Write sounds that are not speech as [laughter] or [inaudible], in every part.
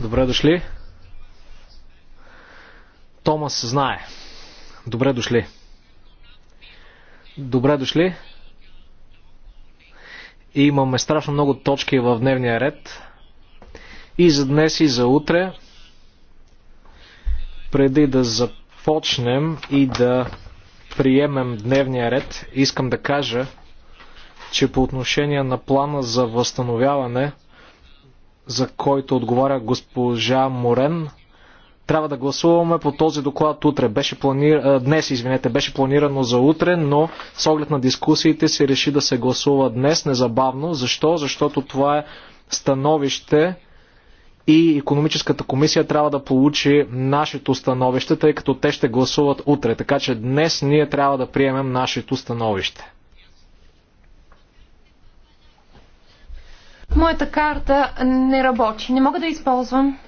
Добре дошли. Томас знае. Добре дошли. Добре дошли. Имаме страшно много точки в дневния ред. И за днес, и за утре. Преди да започнем и да приемем дневния ред, искам да кажа, че по отношение на плана за възстановяване – за който отговаря госпожа Морен. Трябва да гласуваме по този доклад утре. Беше плани... Днес, извинете, беше планирано за утре, но с оглед на дискусиите се реши да се гласува днес, незабавно. Защо? Защото това е становище и економическата комисия трябва да получи нашето становище, тъй като те ще гласуват утре. Така че днес ние трябва да приемем нашето становище. Моята карта не работи. Не мога да използвам.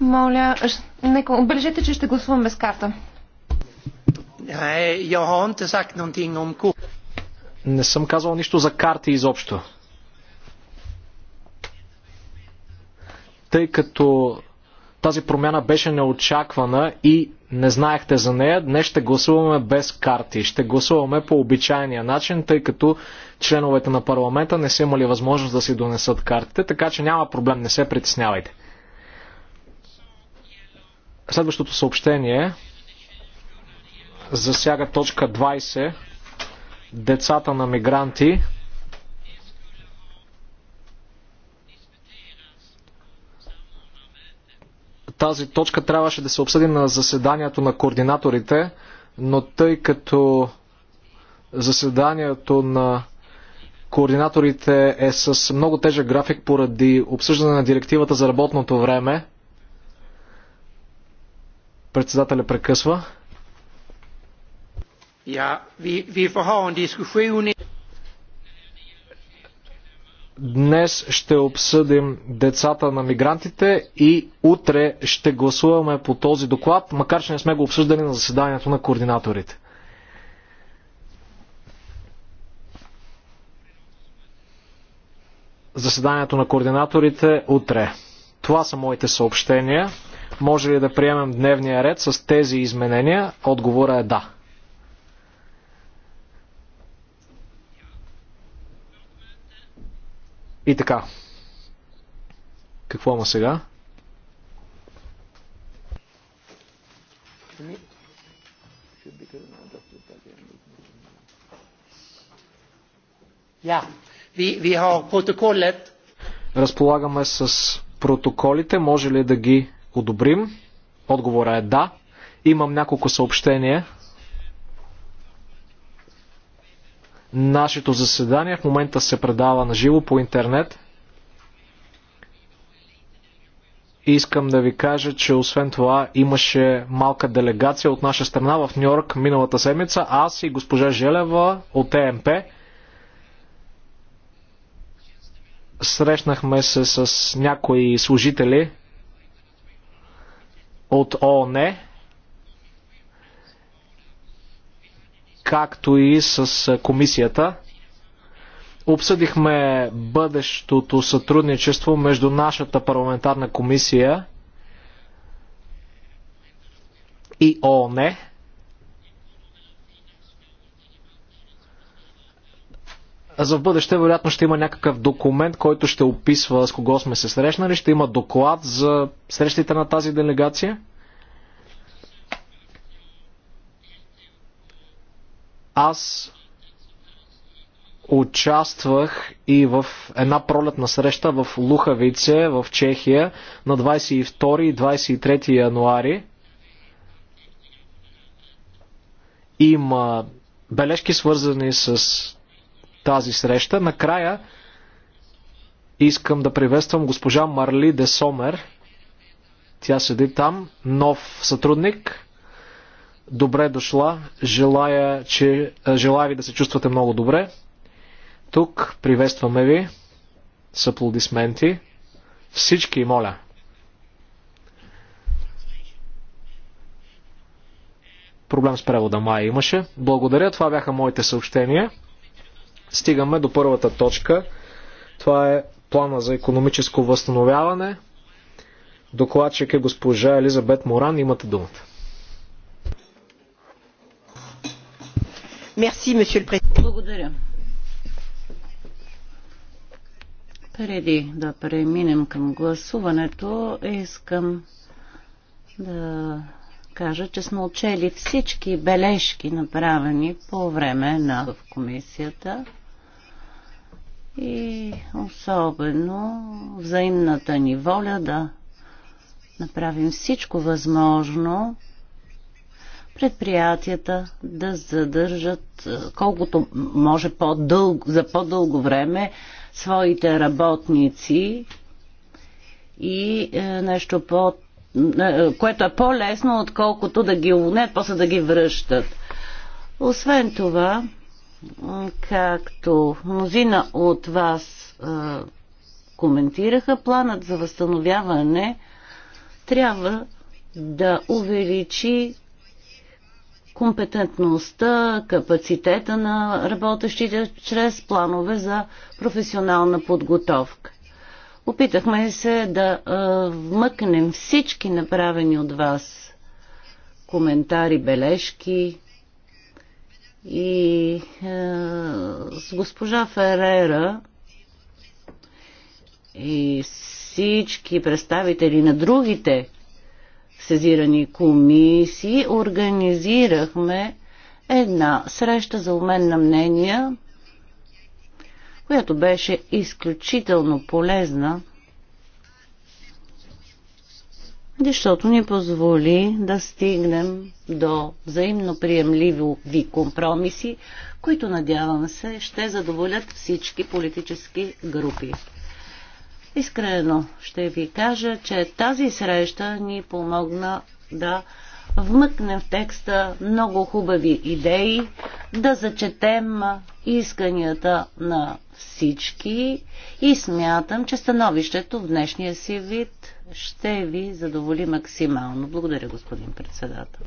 Моля, нека обележете, че ще гласувам без карта. Не съм казал нищо за карти изобщо. Тъй като тази промяна беше неочаквана и не знаехте за нея. Днес ще гласуваме без карти. Ще гласуваме по обичайния начин, тъй като членовете на парламента не са имали възможност да си донесат картите, така че няма проблем, не се притеснявайте. Следващото съобщение засяга точка 20 децата на мигранти. Тази точка трябваше да се обсъди на заседанието на координаторите, но тъй като заседанието на координаторите е с много тежък график поради обсъждане на директивата за работното време, председателя прекъсва. Ja, vi, vi får ha en diskussion. Днес ще обсъдим децата на мигрантите и утре ще гласуваме по този доклад, макар че не сме го обсъждали на заседанието на координаторите. Заседанието на координаторите утре. Това са моите съобщения. Може ли да приемем дневния ред с тези изменения? Отговора е да. И така. Какво има сега? Ja, vi, vi har Разполагаме с протоколите. Може ли да ги одобрим? Отговора е да. Имам няколко съобщения. Нашето заседание в момента се предава на живо по интернет. искам да ви кажа, че освен това имаше малка делегация от наша страна в Нью Йорк миналата седмица. Аз и госпожа Желева от ЕМП. Срещнахме се с някои служители от ООН. Е. както и с комисията. Обсъдихме бъдещото сътрудничество между нашата парламентарна комисия и ООН. За в бъдеще, вероятно, ще има някакъв документ, който ще описва с кого сме се срещнали. Ще има доклад за срещите на тази делегация. Аз участвах и в една пролетна среща в Лухавице, в Чехия, на 22 и 23 януари. Има бележки свързани с тази среща. Накрая искам да приветствам госпожа Марли Десомер. Тя седи там, нов сътрудник добре дошла. Желая, че, желая ви да се чувствате много добре. Тук приветстваме ви с аплодисменти. Всички, моля. Проблем с превода май имаше. Благодаря, това бяха моите съобщения. Стигаме до първата точка. Това е плана за економическо възстановяване. Докладчик е госпожа Елизабет Моран. Имате думата. monsieur le président. Благодаря. Преди да преминем към гласуването, искам да кажа, че сме отчели всички бележки, направени по време на комисията и особено взаимната ни воля да направим всичко възможно предприятията да задържат е, колкото може по-дълго, за по-дълго време своите работници и е, нещо по е, е, което е по-лесно, отколкото да ги уволнят, после да ги връщат. Освен това, както мнозина от вас е, коментираха, планът за възстановяване трябва да увеличи компетентността, капацитета на работещите чрез планове за професионална подготовка. Опитахме се да вмъкнем всички направени от вас коментари, бележки и а, с госпожа Ферера и всички представители на другите сезирани комисии, организирахме една среща за умен на мнения, която беше изключително полезна, защото ни позволи да стигнем до взаимно приемливи компромиси, които надявам се ще задоволят всички политически групи. Искрено ще ви кажа, че тази среща ни помогна да вмъкнем в текста много хубави идеи, да зачетем исканията на всички и смятам, че становището в днешния си вид ще ви задоволи максимално. Благодаря, господин председател.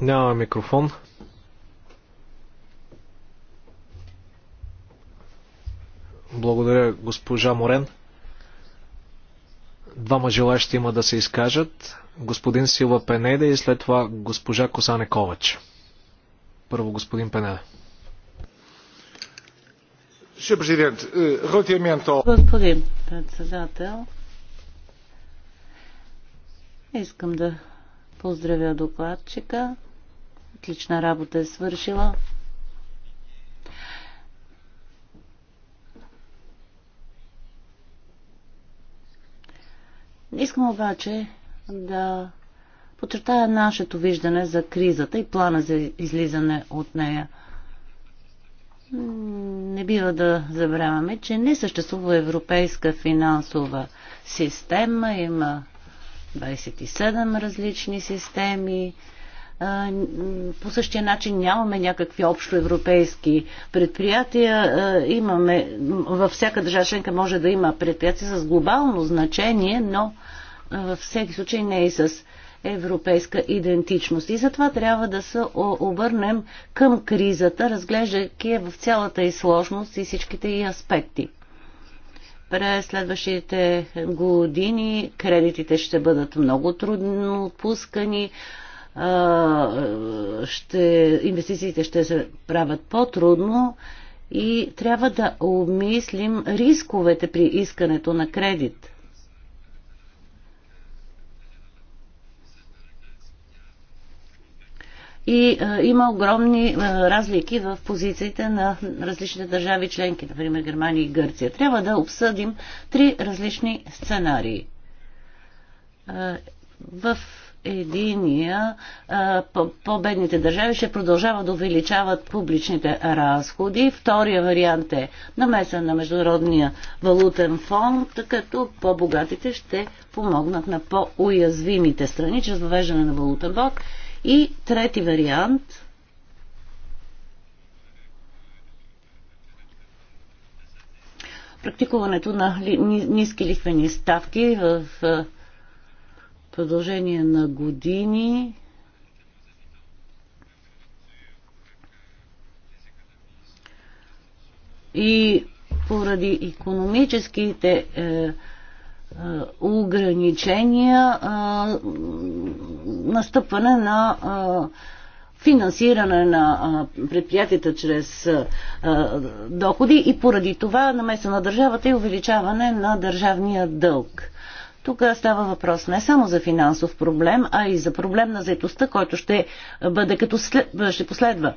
Няма микрофон. Благодаря, госпожа Морен. Двама желащи има да се изкажат. Господин Силва Пенеда и след това госпожа Косане Ковач. Първо господин Пенеда. Euh, господин председател, искам да поздравя докладчика Отлична работа е свършила. Искам обаче да подчертая нашето виждане за кризата и плана за излизане от нея. Не бива да забравяме, че не съществува европейска финансова система. Има 27 различни системи, по същия начин нямаме някакви общо европейски предприятия. Имаме, във всяка държава членка може да има предприятия с глобално значение, но във всеки случай не и с европейска идентичност. И затова трябва да се обърнем към кризата, разглеждайки я в цялата и сложност и всичките и аспекти. През следващите години кредитите ще бъдат много трудно отпускани, ще, инвестициите ще се правят по-трудно и трябва да обмислим рисковете при искането на кредит. И а, има огромни а, разлики в позициите на различните държави членки, например Германия и Гърция. Трябва да обсъдим три различни сценарии. А, в единия по-бедните държави ще продължават да увеличават публичните разходи. Втория вариант е намеса на Международния валутен фонд, като по-богатите ще помогнат на по-уязвимите страни чрез въвеждане на валутен бок. И трети вариант практикуването на ниски лихвени ставки в продължение на години и поради економическите е, е, ограничения е, настъпване на е, финансиране на е, предприятията чрез е, е, доходи и поради това намеса на държавата и увеличаване на държавния дълг. Тук става въпрос не само за финансов проблем, а и за проблем на заетостта, който ще бъде като след, ще последва.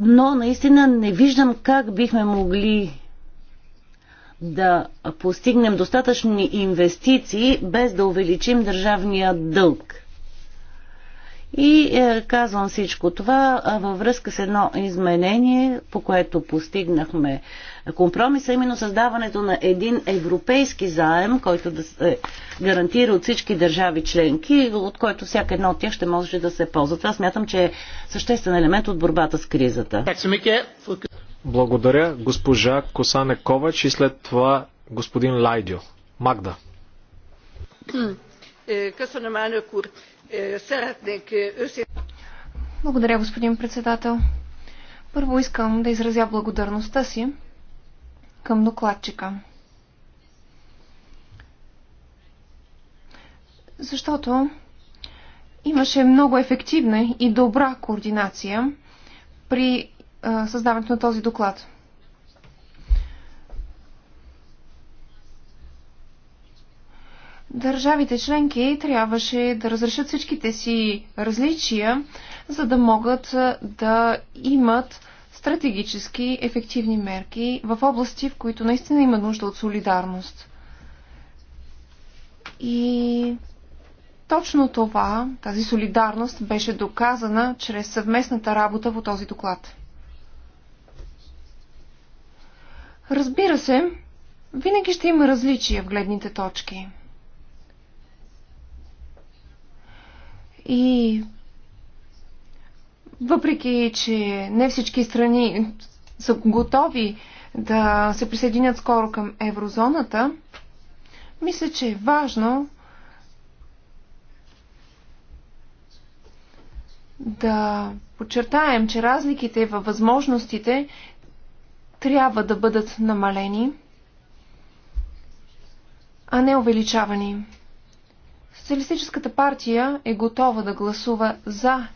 Но наистина не виждам как бихме могли да постигнем достатъчни инвестиции без да увеличим държавния дълг. И е, казвам всичко това във връзка с едно изменение, по което постигнахме компромиса, именно създаването на един европейски заем, който да се гарантира от всички държави членки, от който всяка една от тях ще може да се ползва. Това смятам, че е съществен елемент от борбата с кризата. Благодаря госпожа Косане Ковач и след това господин Лайдио. Магда. Благодаря, господин председател. Първо искам да изразя благодарността си към докладчика. Защото имаше много ефективна и добра координация при създаването на този доклад. държавите членки трябваше да разрешат всичките си различия, за да могат да имат стратегически ефективни мерки в области, в които наистина има нужда от солидарност. И точно това, тази солидарност беше доказана чрез съвместната работа по този доклад. Разбира се, винаги ще има различия в гледните точки. И въпреки, че не всички страни са готови да се присъединят скоро към еврозоната, мисля, че е важно да подчертаем, че разликите във възможностите трябва да бъдат намалени, а не увеличавани. Социалистическата партия е готова да гласува за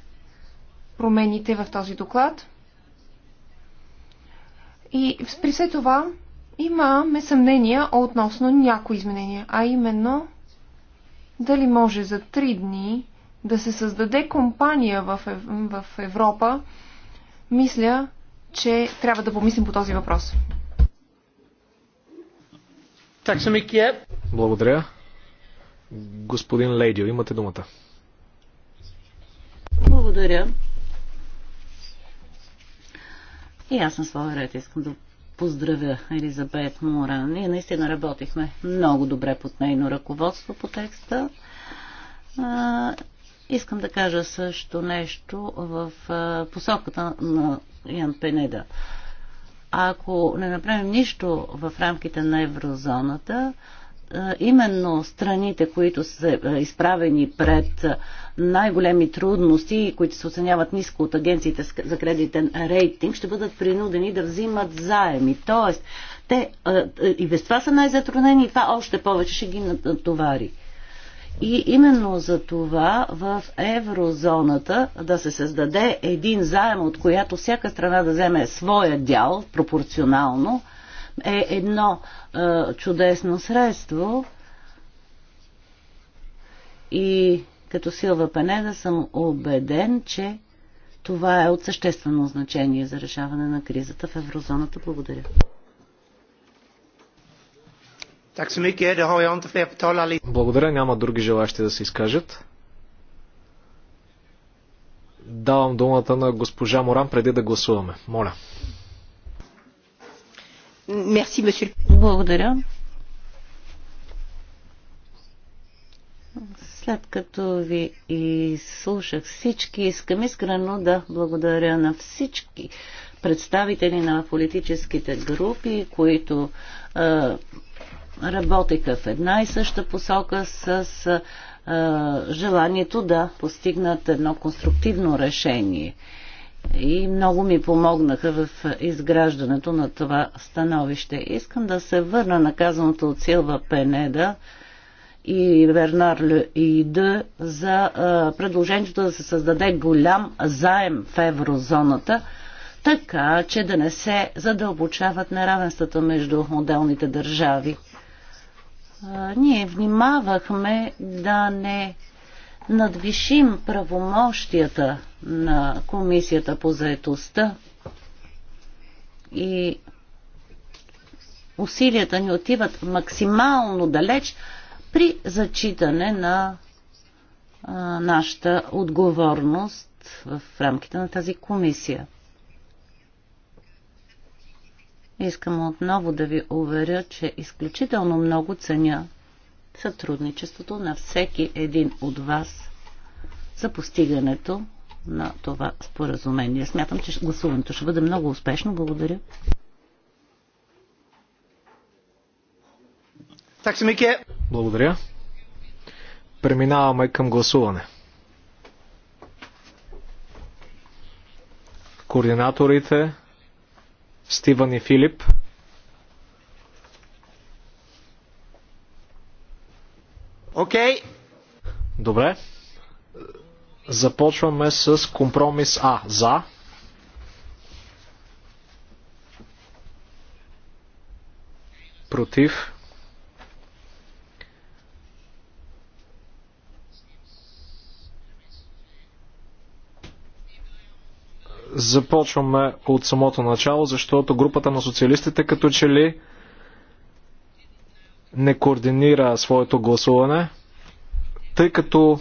промените в този доклад. И при все това имаме съмнения относно някои изменения, а именно дали може за три дни да се създаде компания в, в Европа, мисля, че трябва да помислим по този въпрос. Благодаря. Господин Лейдио, имате думата. Благодаря. И аз на своя ред искам да поздравя Елизабет Мора. Ние наистина работихме много добре под нейно ръководство по текста. А, искам да кажа също нещо в а, посоката на Ян Пенеда. Ако не направим нищо в рамките на еврозоната, именно страните, които са изправени пред най-големи трудности и които се оценяват ниско от агенциите за кредитен рейтинг, ще бъдат принудени да взимат заеми. Тоест, те и без това са най-затруднени и това още повече ще ги натовари. И именно за това в еврозоната да се създаде един заем, от която всяка страна да вземе своя дял пропорционално – е едно е, чудесно средство и като Силва Пенеда съм убеден, че това е от съществено значение за решаване на кризата в еврозоната. Благодаря. Благодаря. Няма други желащи да се изкажат. Давам думата на госпожа Моран преди да гласуваме. Моля. Благодаря. След като ви изслушах всички, искам искрено да благодаря на всички представители на политическите групи, които е, работеха в една и съща посока с е, желанието да постигнат едно конструктивно решение и много ми помогнаха в изграждането на това становище. Искам да се върна на казаното от Силва Пенеда и Бернар Ид за а, предложението да се създаде голям заем в еврозоната, така че да не се задълбочават неравенствата между отделните държави. А, ние внимавахме да не надвишим правомощията на Комисията по заетостта и усилията ни отиват максимално далеч при зачитане на а, нашата отговорност в рамките на тази комисия. Искам отново да ви уверя, че изключително много ценя сътрудничеството на всеки един от вас за постигането на това споразумение. Смятам, че гласуването ще бъде много успешно. Благодаря. Благодаря. Преминаваме към гласуване. Координаторите Стиван и Филип Окей. Okay. Добре. Започваме с компромис А. За. Против. Започваме от самото начало, защото групата на социалистите като че ли не координира своето гласуване, тъй като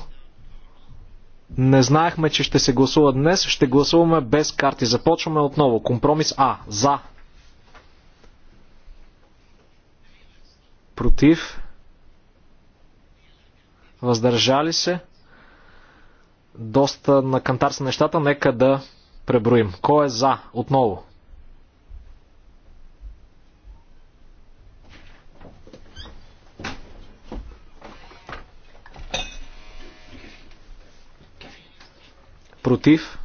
не знаехме, че ще се гласува днес, ще гласуваме без карти. Започваме отново. Компромис А. За. Против. Въздържали се. Доста на кантар са нещата. Нека да преброим. Кой е за? Отново. Против?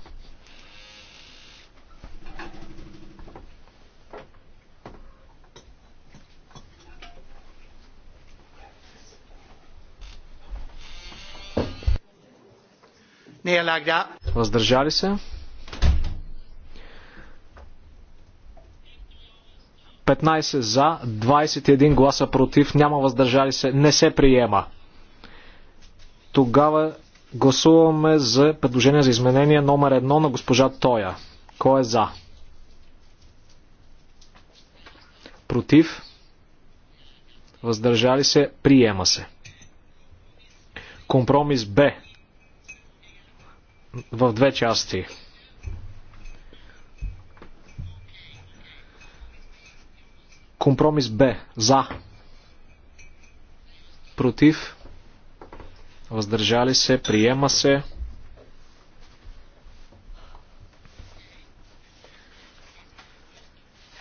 Въздържали се? 15 за, 21 гласа против, няма въздържали се, не се приема. Тогава Гласуваме за предложение за изменение номер едно на госпожа Тоя. Кой е за? Против? Въздържали се? Приема се. Компромис Б. В две части. Компромис Б. За. Против? въздържали се, приема се.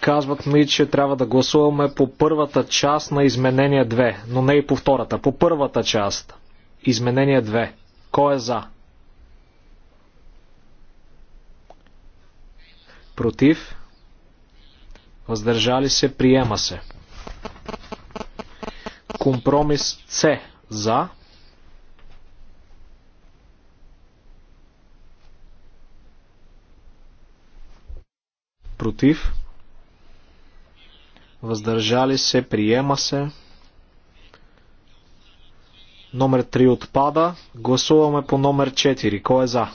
Казват ми, че трябва да гласуваме по първата част на изменение 2, но не и по втората. По първата част. Изменение 2. Кой е за? Против? Въздържали се, приема се. Компромис С за против, въздържали се, приема се. Номер 3 отпада. Гласуваме по номер 4. Кой е за?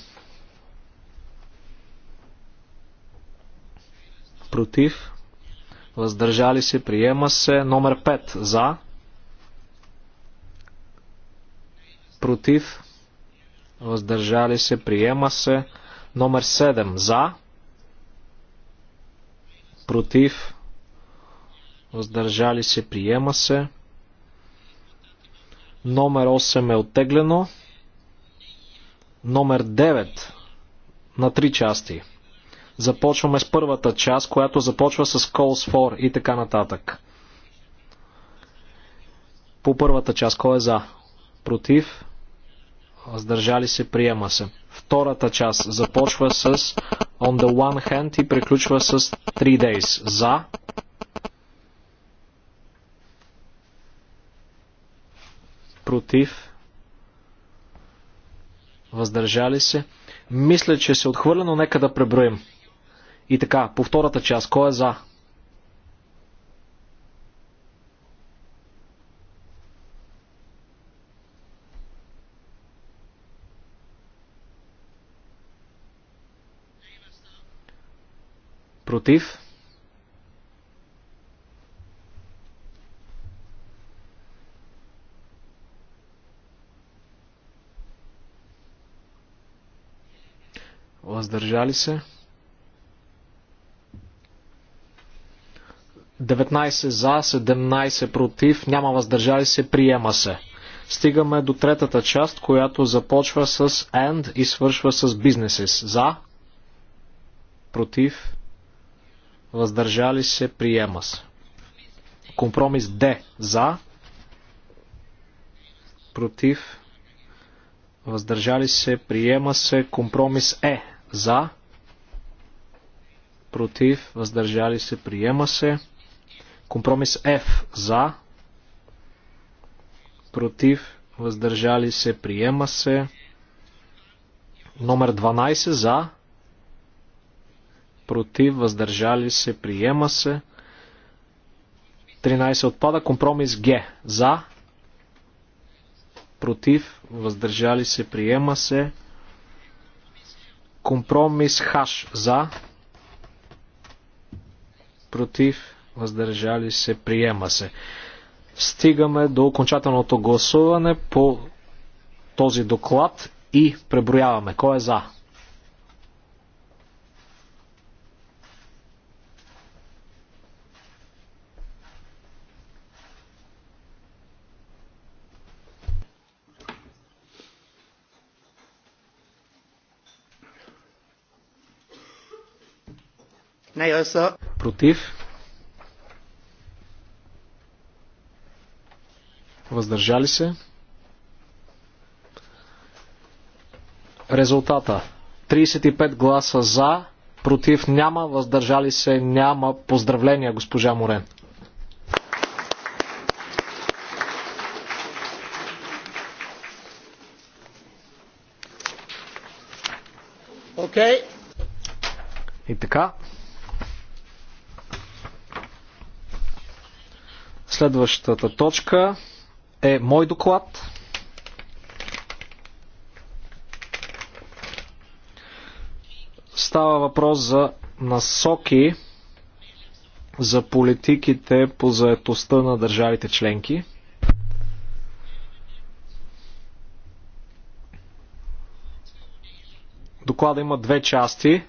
Против. Въздържали се. Приема се. Номер 5. За. Против. Въздържали се. Приема се. Номер 7. За против, въздържали се, приема се. Номер 8 е оттеглено. Номер 9 на три части. Започваме с първата част, която започва с calls for и така нататък. По първата част, кой е за? Против? въздържали се, приема се. Втората част започва с on the one hand и приключва с 3 days. За, против, въздържали се. Мисля, че се отхвърля, но нека да преброим. И така, по втората част, кой е за? Против? Въздържали се? 19 за, 17 против, няма въздържали се, приема се. Стигаме до третата част, която започва с and и свършва с businesses. За, против, въздържали се, приема се. Компромис Д за, против, въздържали се, приема се. Компромис Е за, против, въздържали се, приема се. Компромис Ф за, против, въздържали се, приема се. Номер 12 за, против, въздържали се, приема се. 13 отпада, компромис Г. За, против, въздържали се, приема се. Компромис Х. За, против, въздържали се, приема се. Стигаме до окончателното гласуване по този доклад и преброяваме. Кой е за? Против. Въздържали се. Резултата. 35 гласа за, против няма, въздържали се няма. Поздравления, госпожа Морен. Okay. И така. Следващата точка е мой доклад. Става въпрос за насоки за политиките по заетостта на държавите членки. Доклада има две части.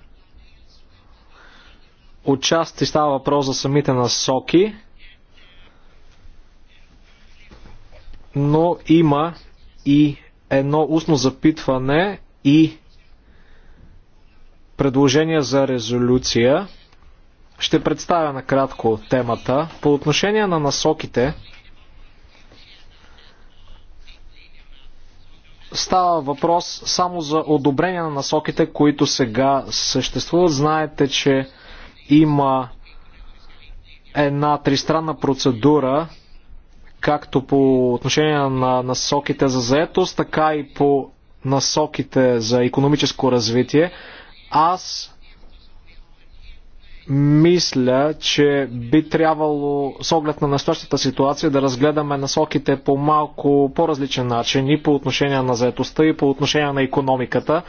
От части става въпрос за самите насоки но има и едно устно запитване и предложение за резолюция. Ще представя накратко темата. По отношение на насоките, става въпрос само за одобрение на насоките, които сега съществуват. Знаете, че има една тристранна процедура както по отношение на насоките за заетост, така и по насоките за економическо развитие. Аз мисля, че би трябвало с оглед на настоящата ситуация да разгледаме насоките по малко по-различен начин и по отношение на заетостта и по отношение на економиката,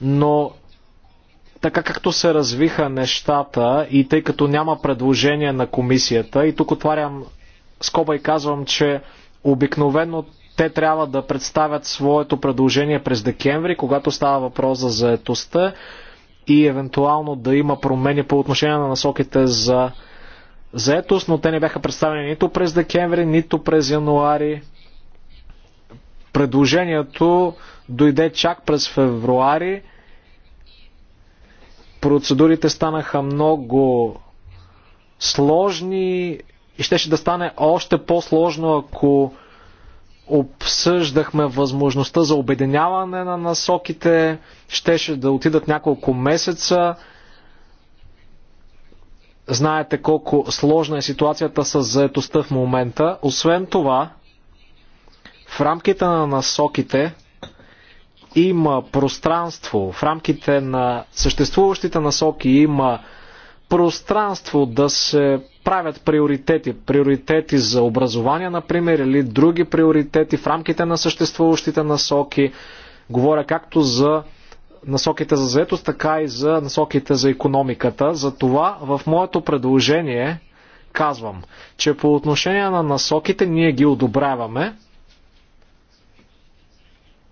но така както се развиха нещата и тъй като няма предложение на комисията и тук отварям скоба и казвам, че обикновено те трябва да представят своето предложение през декември, когато става въпрос за заетостта и евентуално да има промени по отношение на насоките за заетост, но те не бяха представени нито през декември, нито през януари. Предложението дойде чак през февруари. Процедурите станаха много сложни, и щеше да стане още по-сложно, ако обсъждахме възможността за обединяване на насоките, щеше да отидат няколко месеца. Знаете колко сложна е ситуацията с заетостта в момента. Освен това, в рамките на насоките има пространство, в рамките на съществуващите насоки има пространство да се правят приоритети. Приоритети за образование, например, или други приоритети в рамките на съществуващите насоки. Говоря както за насоките за заетост, така и за насоките за економиката. Затова в моето предложение казвам, че по отношение на насоките ние ги одобряваме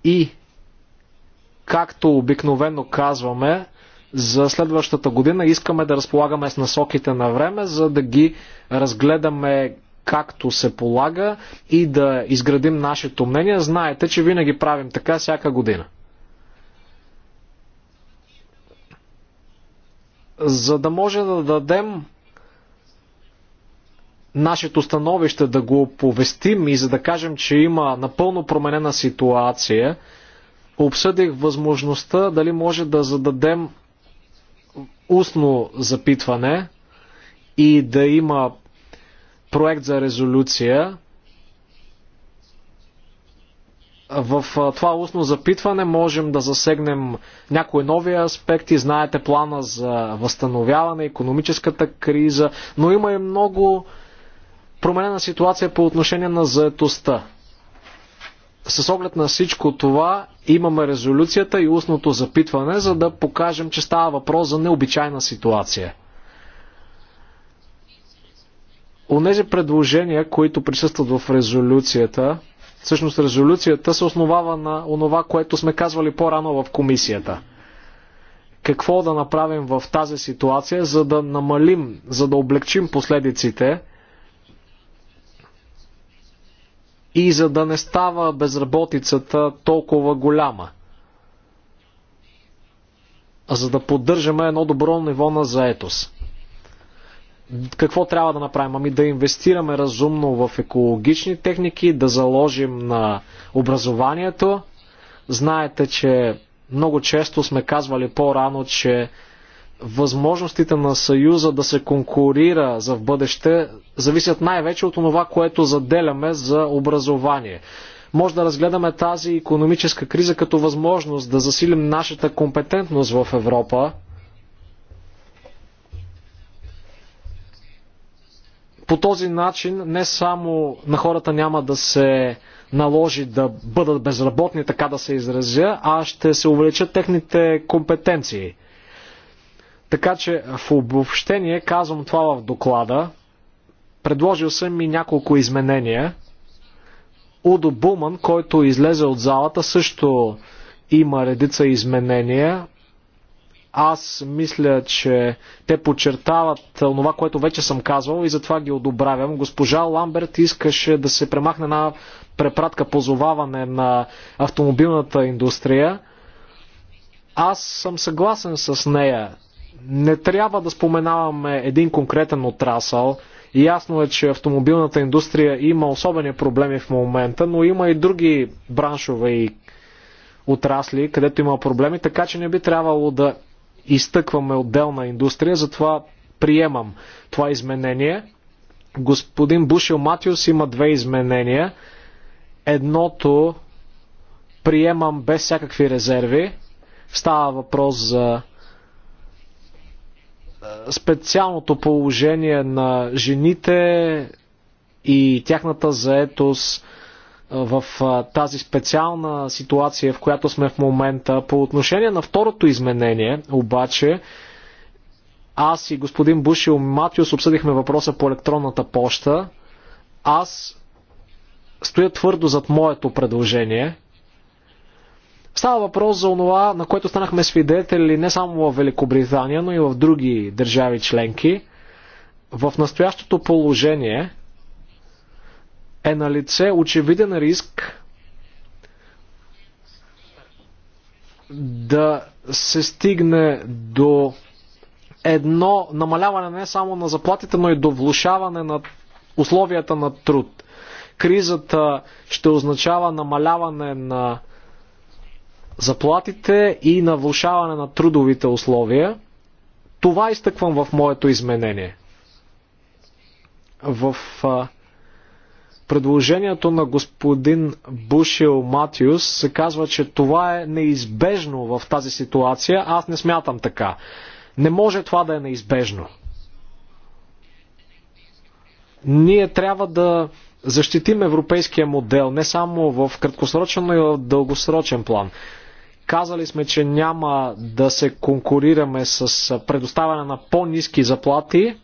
и както обикновено казваме, за следващата година. Искаме да разполагаме с насоките на време, за да ги разгледаме както се полага и да изградим нашето мнение. Знаете, че винаги правим така всяка година. За да може да дадем нашето становище, да го оповестим и за да кажем, че има напълно променена ситуация, обсъдих възможността дали може да зададем устно запитване и да има проект за резолюция, в това устно запитване можем да засегнем някои нови аспекти. Знаете плана за възстановяване, економическата криза, но има и много променена ситуация по отношение на заетостта с оглед на всичко това имаме резолюцията и устното запитване, за да покажем, че става въпрос за необичайна ситуация. Онези предложения, които присъстват в резолюцията, всъщност резолюцията се основава на онова, което сме казвали по-рано в комисията. Какво да направим в тази ситуация, за да намалим, за да облегчим последиците – и за да не става безработицата толкова голяма. А За да поддържаме едно добро ниво на заетост. Какво трябва да направим? Ами да инвестираме разумно в екологични техники, да заложим на образованието. Знаете, че много често сме казвали по-рано, че възможностите на Съюза да се конкурира за в бъдеще зависят най-вече от това, което заделяме за образование. Може да разгледаме тази економическа криза като възможност да засилим нашата компетентност в Европа. По този начин не само на хората няма да се наложи да бъдат безработни, така да се изразя, а ще се увеличат техните компетенции. Така че в обобщение казвам това в доклада. Предложил съм и няколко изменения. Удо Буман, който излезе от залата, също има редица изменения. Аз мисля, че те подчертават това, което вече съм казвал и затова ги одобрявам. Госпожа Ламберт искаше да се премахне на препратка позоваване на автомобилната индустрия. Аз съм съгласен с нея не трябва да споменаваме един конкретен отрасъл. Ясно е, че автомобилната индустрия има особени проблеми в момента, но има и други браншове и отрасли, където има проблеми, така че не би трябвало да изтъкваме отделна индустрия, затова приемам това изменение. Господин Бушил Матиус има две изменения. Едното приемам без всякакви резерви. Става въпрос за специалното положение на жените и тяхната заетост в тази специална ситуация, в която сме в момента. По отношение на второто изменение, обаче, аз и господин Бушил Матиус обсъдихме въпроса по електронната поща. Аз стоя твърдо зад моето предложение. Става въпрос за онова, на което станахме свидетели не само в Великобритания, но и в други държави членки. В настоящото положение е на лице очевиден риск да се стигне до едно намаляване не само на заплатите, но и до влушаване на условията на труд. Кризата ще означава намаляване на заплатите и на влушаване на трудовите условия. Това изтъквам в моето изменение. В а, предложението на господин Бушил Матиус се казва, че това е неизбежно в тази ситуация. Аз не смятам така. Не може това да е неизбежно. Ние трябва да защитим европейския модел не само в краткосрочен, но и в дългосрочен план. Казали сме, че няма да се конкурираме с предоставяне на по-низки заплати.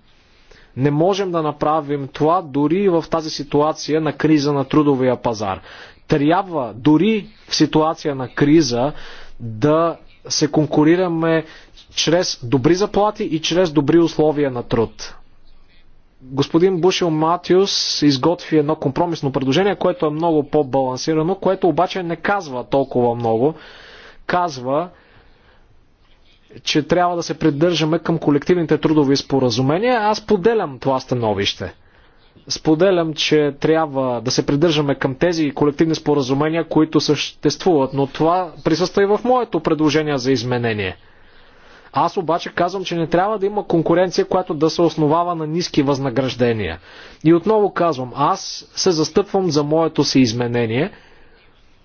Не можем да направим това дори в тази ситуация на криза на трудовия пазар. Трябва дори в ситуация на криза да се конкурираме чрез добри заплати и чрез добри условия на труд. Господин Бушел Матиус изготви едно компромисно предложение, което е много по-балансирано, което обаче не казва толкова много казва, че трябва да се придържаме към колективните трудови споразумения. Аз поделям това становище. Споделям, че трябва да се придържаме към тези колективни споразумения, които съществуват, но това присъства и в моето предложение за изменение. Аз обаче казвам, че не трябва да има конкуренция, която да се основава на ниски възнаграждения. И отново казвам, аз се застъпвам за моето си изменение –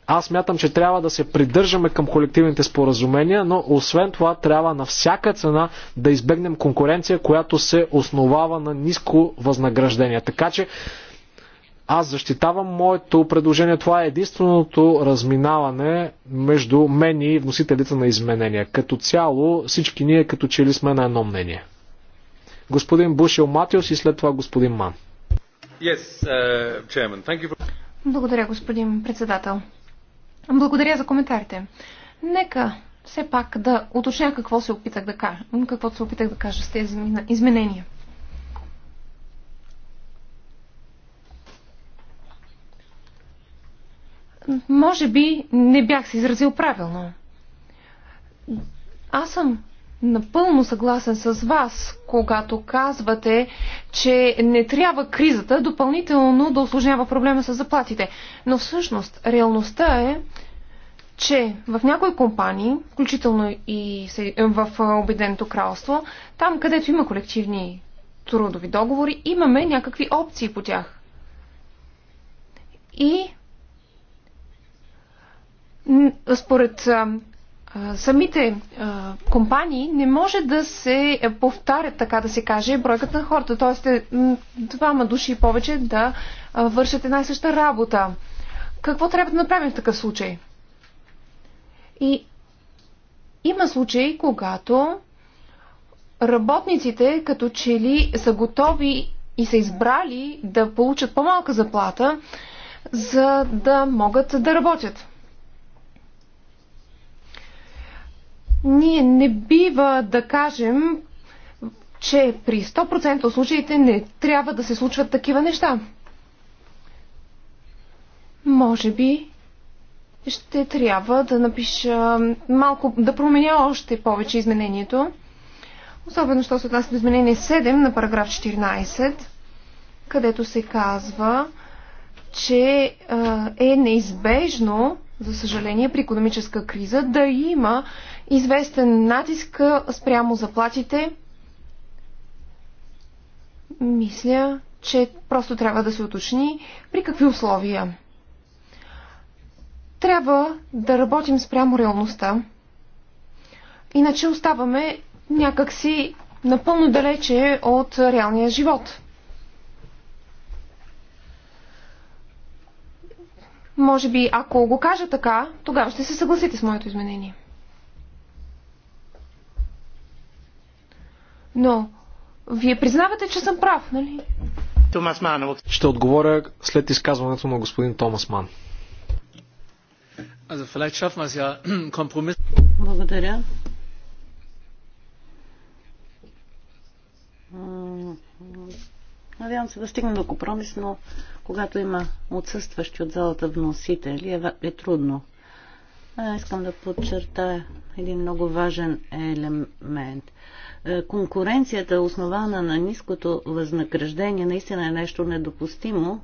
аз мятам, че трябва да се придържаме към колективните споразумения, но освен това трябва на всяка цена да избегнем конкуренция, която се основава на ниско възнаграждение. Така че аз защитавам моето предложение. Това е единственото разминаване между мен и вносителите на изменения. Като цяло всички ние като че ли сме на едно мнение. Господин Бушил Матиос и след това господин Ман. Yes, uh, for... Благодаря, господин председател. Благодаря за коментарите. Нека все пак да уточня какво се опитах да кажа, какво се опитах да кажа с тези изменения. Може би не бях се изразил правилно. Аз съм напълно съгласен с вас, когато казвате, че не трябва кризата допълнително да осложнява проблема с заплатите. Но всъщност реалността е, че в някои компании, включително и в Обеденото кралство, там където има колективни трудови договори, имаме някакви опции по тях. И според самите а, компании не може да се повтарят, така да се каже, бройката на хората. Тоест, е, двама души и повече да а, вършат една и съща работа. Какво трябва да направим в такъв случай? И има случаи, когато работниците като че ли са готови и са избрали да получат по-малка заплата, за да могат да работят. Ние не бива да кажем, че при 100% от случаите не трябва да се случват такива неща. Може би ще трябва да напиша малко, да променя още повече изменението. Особено, що се отнася до изменение 7 на параграф 14, където се казва, че е неизбежно за съжаление, при економическа криза да има известен натиск спрямо заплатите. Мисля, че просто трябва да се уточни при какви условия. Трябва да работим спрямо реалността. Иначе оставаме някакси напълно далече от реалния живот. Може би, ако го кажа така, тогава ще се съгласите с моето изменение. Но, вие признавате, че съм прав, нали? Томас Ман. Ще отговоря след изказването на господин Томас Ман. [clears throat] Благодаря. Надявам се да стигнем до компромис, но когато има отсъстващи от залата вносители, е, е трудно. А, искам да подчертая един много важен елемент. Е, конкуренцията, основана на ниското възнаграждение, наистина е нещо недопустимо,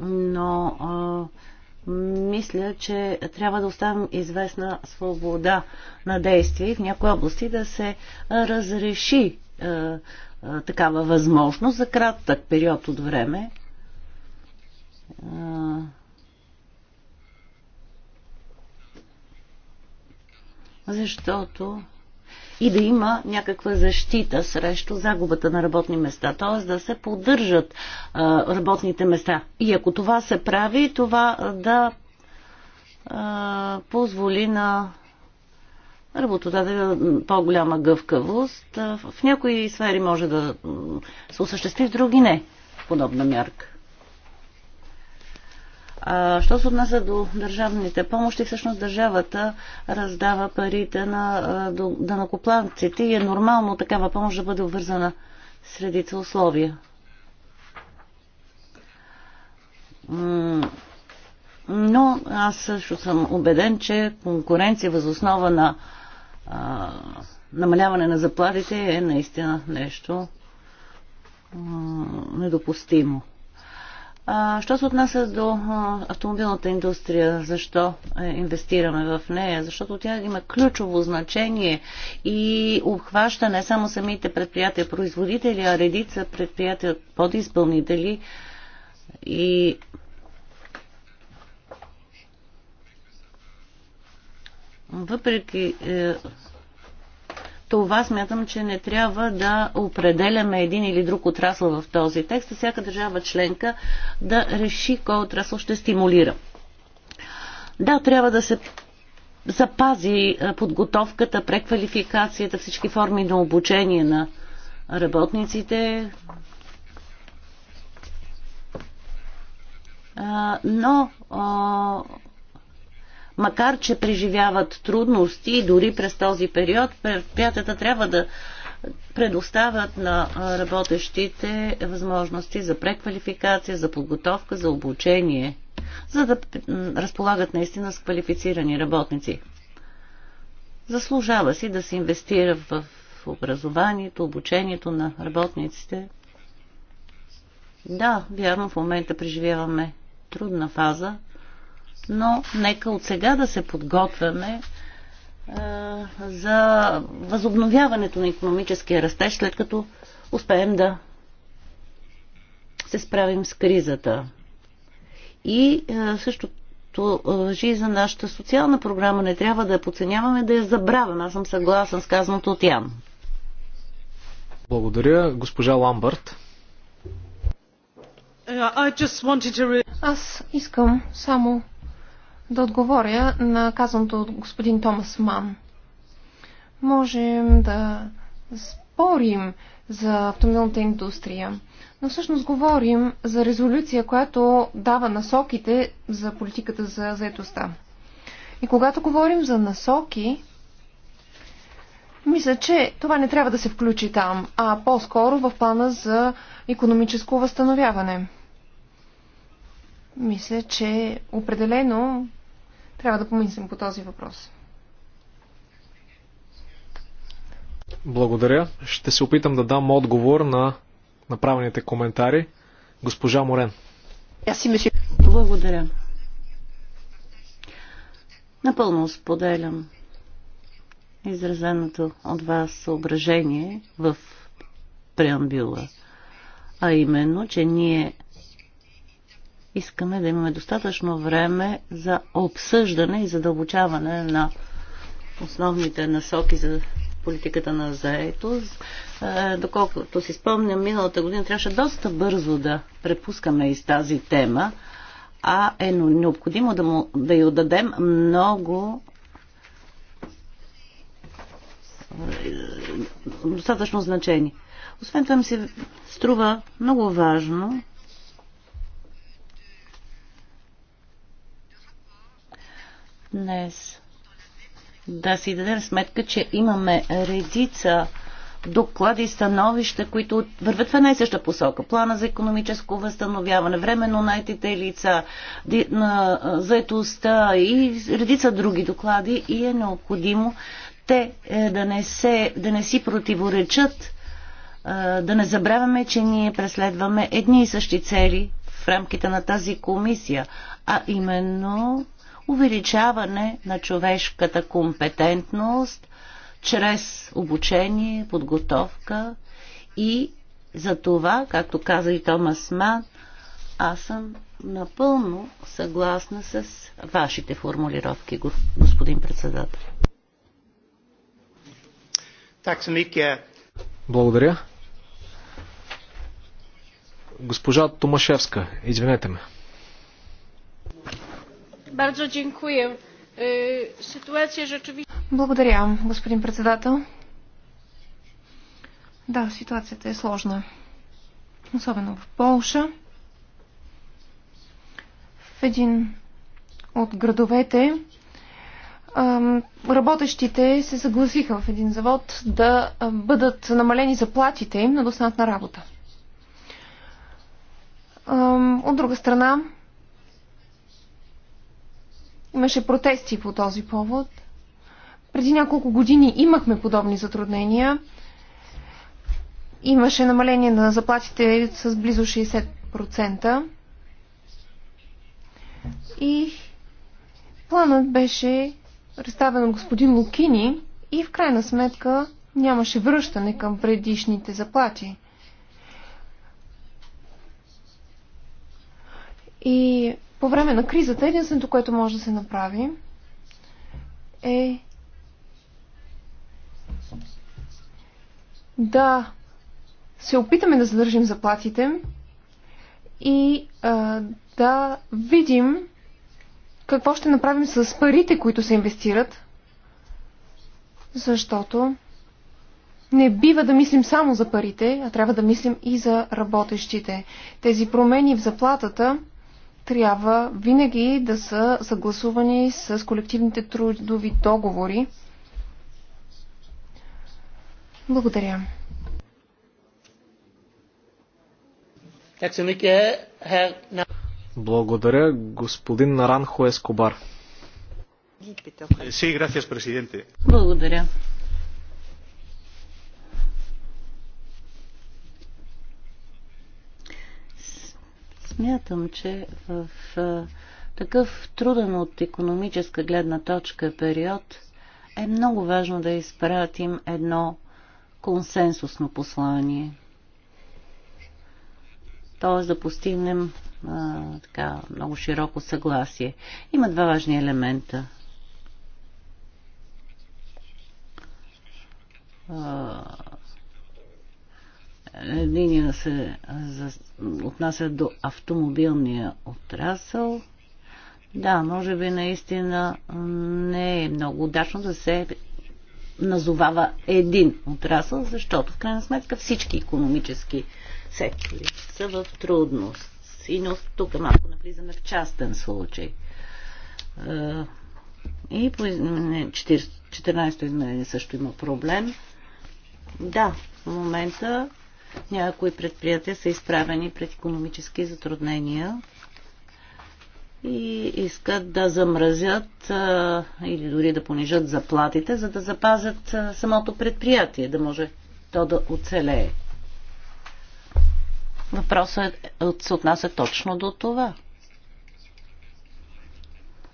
но а, мисля, че трябва да оставим известна свобода на действие в някои области да се разреши а, такава възможност за кратък период от време. Защото и да има някаква защита срещу загубата на работни места, т.е. да се поддържат работните места. И ако това се прави, това да позволи на работодателя по-голяма гъвкавост. В някои сфери може да се осъществи, в други не. Подобна мярка. А, що се отнася до държавните помощи, всъщност държавата раздава парите на данакопланците и е нормално такава помощ да бъде обвързана с редица условия. Но аз също съм убеден, че конкуренция възоснова на а, намаляване на заплатите е наистина нещо а, недопустимо. А, що се отнася до а, автомобилната индустрия, защо е, инвестираме в нея? Защото тя има ключово значение и обхваща не само самите предприятия производители, а редица предприятия подизпълнители и Въпреки е, това смятам, че не трябва да определяме един или друг отрасъл в този текст, а всяка държава членка да реши кой отрасъл ще стимулира. Да, трябва да се запази е, подготовката, преквалификацията, всички форми на обучение на работниците. Е, но е, макар че преживяват трудности, дори през този период, предприятията трябва да предоставят на работещите възможности за преквалификация, за подготовка, за обучение, за да разполагат наистина с квалифицирани работници. Заслужава си да се инвестира в образованието, обучението на работниците. Да, вярно, в момента преживяваме трудна фаза, но нека от сега да се подготвяме е, за възобновяването на економическия растеж, след като успеем да се справим с кризата. И е, същото въжи за нашата социална програма. Не трябва да я подценяваме, да я забравям. Аз съм съгласен с казаното от Ян. Благодаря, госпожа Ламбърт. Uh, Аз искам само да отговоря на казаното от господин Томас Ман. Можем да спорим за автомобилната индустрия, но всъщност говорим за резолюция, която дава насоките за политиката за заедостта. И когато говорим за насоки, мисля, че това не трябва да се включи там, а по-скоро в плана за економическо възстановяване. Мисля, че определено трябва да помислим по този въпрос. Благодаря. Ще се опитам да дам отговор на направените коментари. Госпожа Морен. Благодаря. Напълно споделям изразеното от вас съображение в преамбюла, а именно, че ние Искаме да имаме достатъчно време за обсъждане и задълбочаване на основните насоки за политиката на заетост. Е, доколкото си спомням, миналата година трябваше доста бързо да препускаме из тази тема, а е необходимо да, му, да й отдадем много е, достатъчно значение. Освен това ми се струва много важно днес да си дадем сметка, че имаме редица доклади и становища, които върват в една и съща посока. Плана за економическо възстановяване, временно найтите лица, заетостта и редица други доклади и е необходимо те е, да не, се, да не си противоречат, е, да не забравяме, че ние преследваме едни и същи цели в рамките на тази комисия, а именно увеличаване на човешката компетентност чрез обучение, подготовка и за това, както каза и Томас Ман, аз съм напълно съгласна с вашите формулировки, господин председател. Благодаря. Госпожа Томашевска, извинете ме. Благодаря, господин председател. Да, ситуацията е сложна. Особено в Полша. В един от градовете работещите се съгласиха в един завод да бъдат намалени заплатите им, на да на работа. От друга страна, Имаше протести по този повод. Преди няколко години имахме подобни затруднения. Имаше намаление на заплатите с близо 60%. И планът беше представен от господин Лукини и в крайна сметка нямаше връщане към предишните заплати. И по време на кризата единственото, което може да се направи е да се опитаме да задържим заплатите и а, да видим какво ще направим с парите, които се инвестират, защото не бива да мислим само за парите, а трябва да мислим и за работещите. Тези промени в заплатата трябва винаги да са съгласувани с колективните трудови договори. Благодаря. Благодаря, господин Наранхо Ескобар. Благодаря. Смятам, че в такъв труден от економическа гледна точка период е много важно да изпратим едно консенсусно послание. Тоест да постигнем а, така, много широко съгласие. Има два важни елемента. А, линия се отнася до автомобилния отрасъл. Да, може би наистина не е много удачно да се назовава един отрасъл, защото в крайна сметка всички економически сектори са в трудност. И но тук малко навлизаме в частен случай. И по 14-то изменение също има проблем. Да, в момента някои предприятия са изправени пред економически затруднения и искат да замразят а, или дори да понижат заплатите, за да запазят а, самото предприятие, да може то да оцелее. Въпросът е, се отнася точно до това.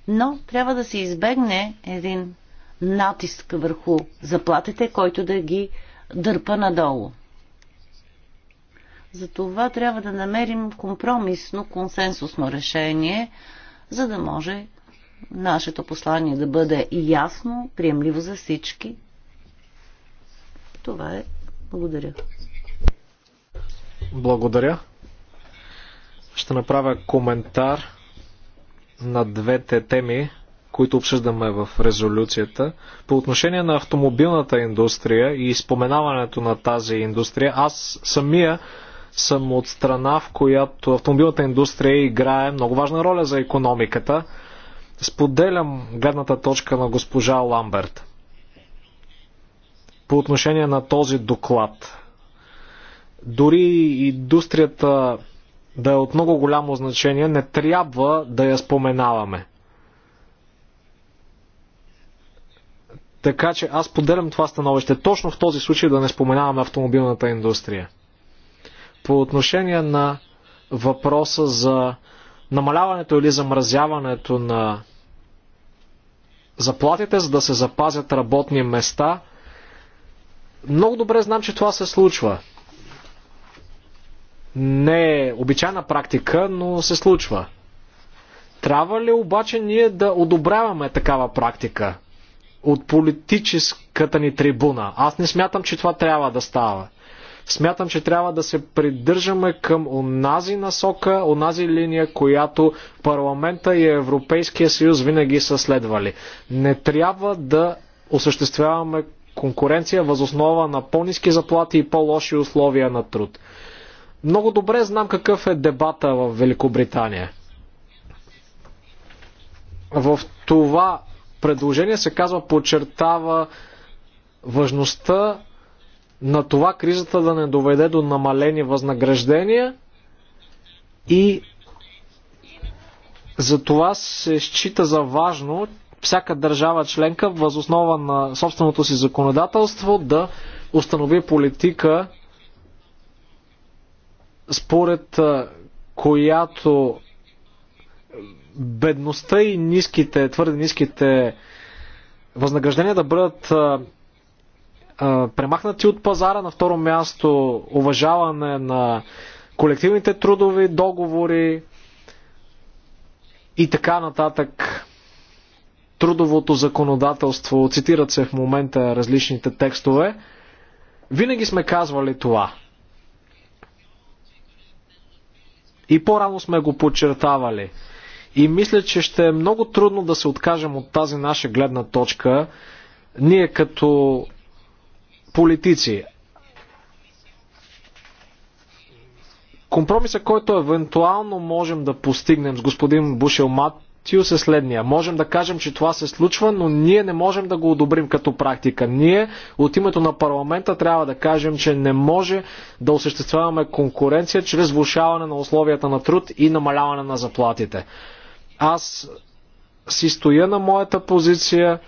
Но трябва да се избегне един натиск върху заплатите, който да ги дърпа надолу. За това трябва да намерим компромисно, консенсусно решение, за да може нашето послание да бъде ясно, приемливо за всички. Това е. Благодаря. Благодаря. Ще направя коментар на двете теми, които обсъждаме в резолюцията. По отношение на автомобилната индустрия и споменаването на тази индустрия, аз самия съм от страна, в която автомобилната индустрия играе много важна роля за економиката. Споделям гледната точка на госпожа Ламберт по отношение на този доклад. Дори индустрията да е от много голямо значение, не трябва да я споменаваме. Така че аз поделям това становище. Точно в този случай да не споменаваме автомобилната индустрия. По отношение на въпроса за намаляването или замразяването на заплатите, за да се запазят работни места, много добре знам, че това се случва. Не е обичайна практика, но се случва. Трябва ли обаче ние да одобряваме такава практика от политическата ни трибуна? Аз не смятам, че това трябва да става. Смятам, че трябва да се придържаме към онази насока, онази линия, която парламента и Европейския съюз винаги са следвали. Не трябва да осъществяваме конкуренция възоснова на по-низки заплати и по-лоши условия на труд. Много добре знам какъв е дебата в Великобритания. В това предложение се казва, подчертава важността на това кризата да не доведе до намалени възнаграждения и за това се счита за важно всяка държава членка възоснова на собственото си законодателство да установи политика според която бедността и ниските, твърде ниските възнаграждения да бъдат премахнати от пазара. На второ място уважаване на колективните трудови договори и така нататък. Трудовото законодателство, цитират се в момента различните текстове. Винаги сме казвали това. И по-рано сме го подчертавали. И мисля, че ще е много трудно да се откажем от тази наша гледна точка. Ние като политици. Компромиса, който евентуално можем да постигнем с господин Бушел Матиус е следния. Можем да кажем, че това се случва, но ние не можем да го одобрим като практика. Ние от името на парламента трябва да кажем, че не може да осъществяваме конкуренция чрез влушаване на условията на труд и намаляване на заплатите. Аз си стоя на моята позиция,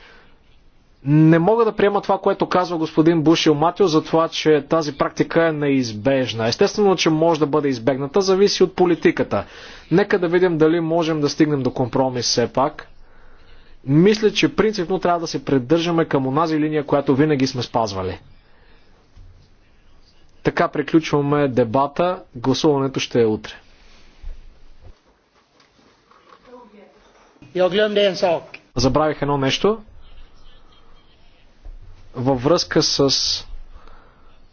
не мога да приема това, което казва господин Бушил Матио за това, че тази практика е неизбежна. Естествено, че може да бъде избегната, зависи от политиката. Нека да видим дали можем да стигнем до компромис все пак. Мисля, че принципно трябва да се придържаме към онази линия, която винаги сме спазвали. Така приключваме дебата. Гласуването ще е утре. Забравих едно нещо във връзка с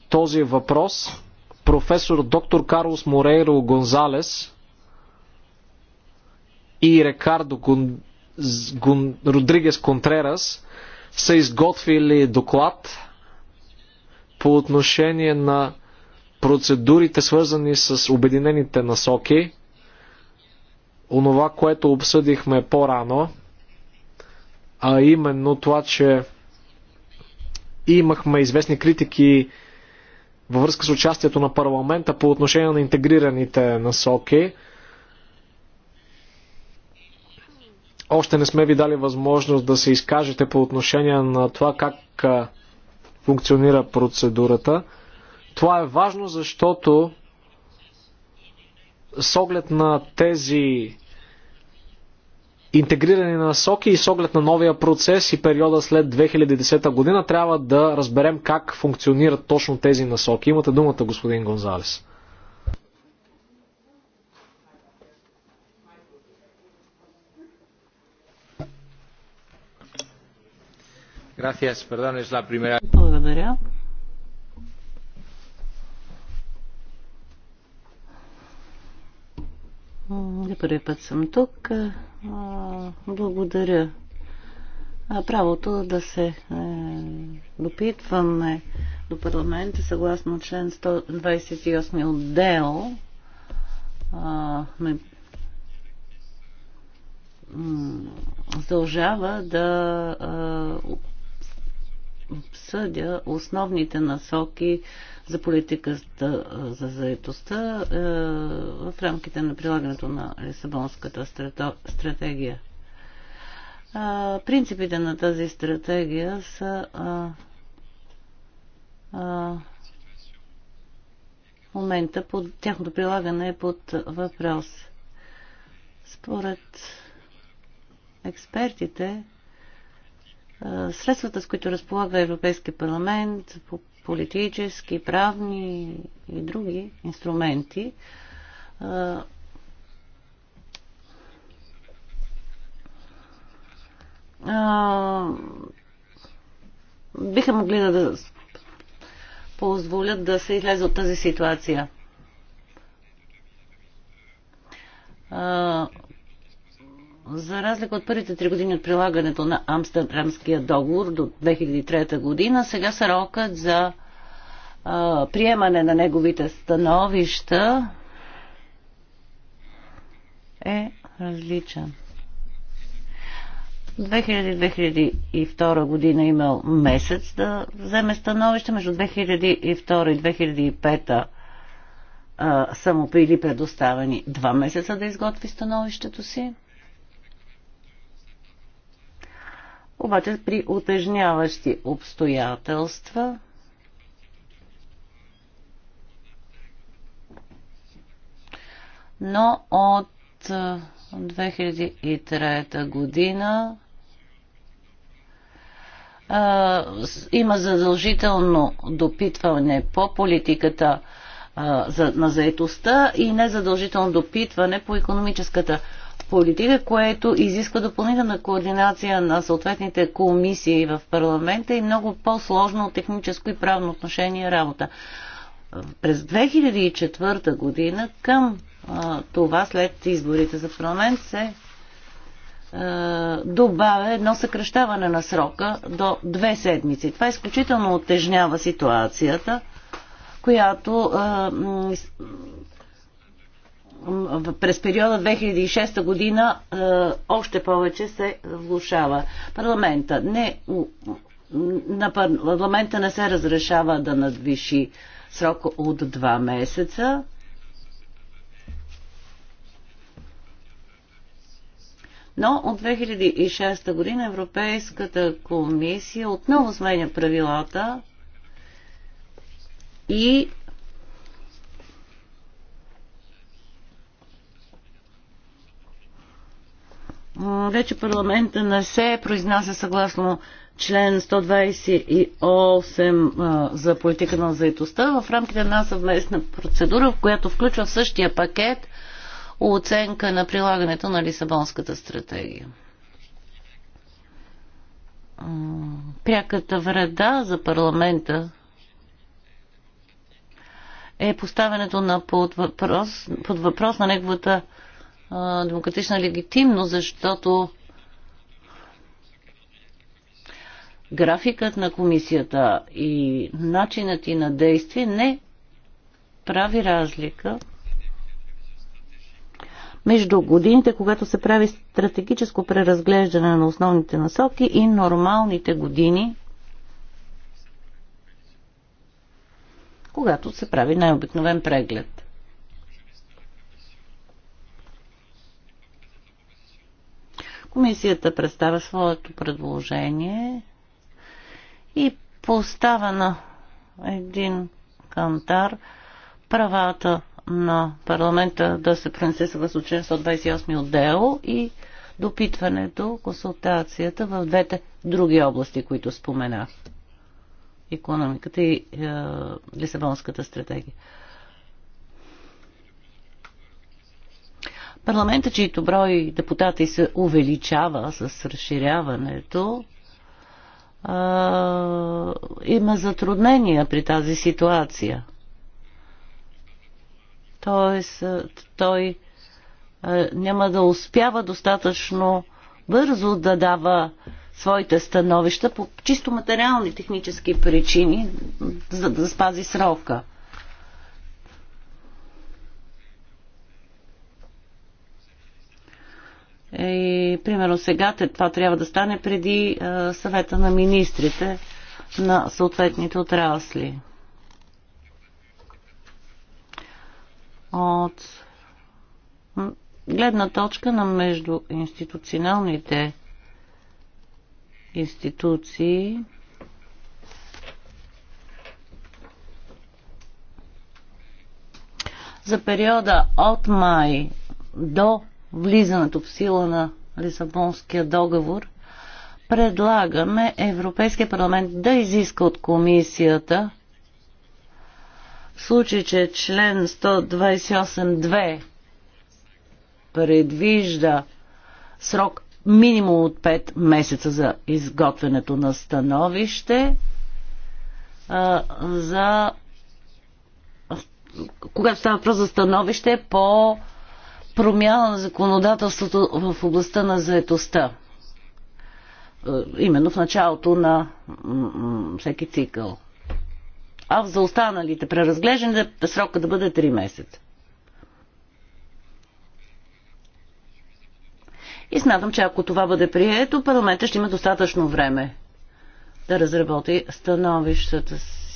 този въпрос. Професор доктор Карлос Морейро Гонзалес и Рекардо Гон... Гон... Родригес Контрерас са изготвили доклад по отношение на процедурите, свързани с обединените насоки, онова, което обсъдихме по-рано, а именно това, че и имахме известни критики във връзка с участието на парламента по отношение на интегрираните насоки. Още не сме ви дали възможност да се изкажете по отношение на това как функционира процедурата. Това е важно, защото с оглед на тези интегрирани насоки и с оглед на новия процес и периода след 2010 година трябва да разберем как функционират точно тези насоки. Имате думата, господин Гонзалес. Благодаря. За първи път съм тук. Благодаря. Правото да се е, допитваме до парламента съгласно член 128 от ДЕО ме задължава да обсъдя основните насоки за политиката за заедостта в рамките на прилагането на Лисабонската стратегия. Принципите на тази стратегия са в момента под, тяхното прилагане е под въпрос. Според експертите, средствата, с които разполага Европейския парламент по политически, правни и други инструменти. А, биха могли да, да позволят да се излезе от тази ситуация. разлика от първите три години от прилагането на Амстердамския договор до 2003 година, сега срокът за а, приемане на неговите становища е различен. 2000-2002 година е имал месец да вземе становище, между 2002 и 2005 а, са му били предоставени два месеца да изготви становището си. Обаче при утежняващи обстоятелства но от 2003 година а, има задължително допитване по политиката а, за, на заетостта и незадължително допитване по економическата политика, което изисква допълнителна координация на съответните комисии в парламента и много по-сложно от техническо и правно отношение работа. През 2004 година към а, това след изборите за парламент се добавя едно съкръщаване на срока до две седмици. Това изключително отежнява ситуацията, която през периода 2006 година е, още повече се влушава. Парламента не, на парламента не се разрешава да надвиши срок от 2 месеца. Но от 2006 година Европейската комисия отново сменя правилата и Вече парламента не се произнася съгласно член 128 за политика на заедостта в рамките на съвместна процедура, в която включва в същия пакет оценка на прилагането на Лисабонската стратегия. Пряката вреда за парламента е поставянето на под въпрос, под въпрос на неговата а, демократична легитимност, защото графикът на комисията и начинът и на действие не прави разлика между годините, когато се прави стратегическо преразглеждане на основните насоки и нормалните години, когато се прави най-обикновен преглед. Комисията представя своето предложение и поставя на един кантар правата на парламента да се пренесе съгласно член 128 отдел и допитването, консултацията в двете други области, които споменах. Економиката и е, Лисабонската стратегия. Парламента, чието брой депутати се увеличава с разширяването, а, има затруднения при тази ситуация. Тоест, той а, няма да успява достатъчно бързо да дава своите становища по чисто материални технически причини, за да спази срока. Е, и, примерно сега това трябва да стане преди е, съвета на министрите на съответните отрасли. От гледна точка на междуинституционалните институции, за периода от май до влизането в сила на Лисабонския договор, предлагаме Европейския парламент да изиска от комисията в случай, че член 128.2 предвижда срок минимум от 5 месеца за изготвянето на становище а, за когато става въпрос за становище по промяна на законодателството в областта на заетостта. Е, именно в началото на всеки цикъл. А за останалите преразглеждане срока да бъде 3 месеца. И смятам, че ако това бъде прието, парламента ще има достатъчно време да разработи становищата си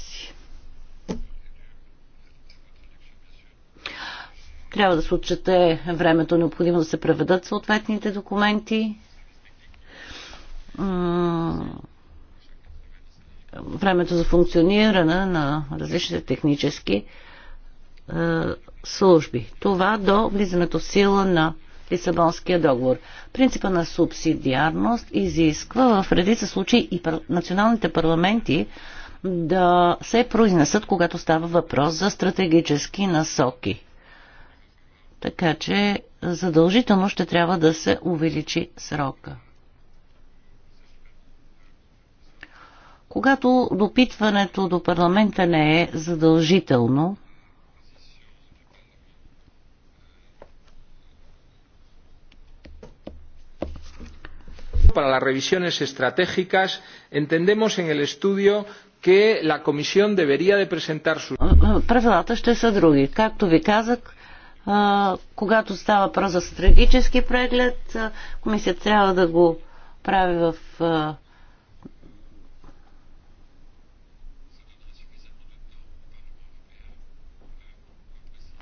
Трябва да се отчете времето необходимо да се преведат съответните документи. Времето за функциониране на различните технически е, служби. Това до влизането в сила на Лисабонския договор. Принципа на субсидиарност изисква в редица случаи и националните парламенти да се произнесат, когато става въпрос за стратегически насоки. Така че задължително ще трябва да се увеличи срока. Когато допитването до парламента не е задължително, para las revisiones estratégicas entendemos en el estudio que la comisión debería de presentar sus Правилата ще са други. Както ви казах, когато става въпрос за стратегически преглед, комисията трябва да го прави в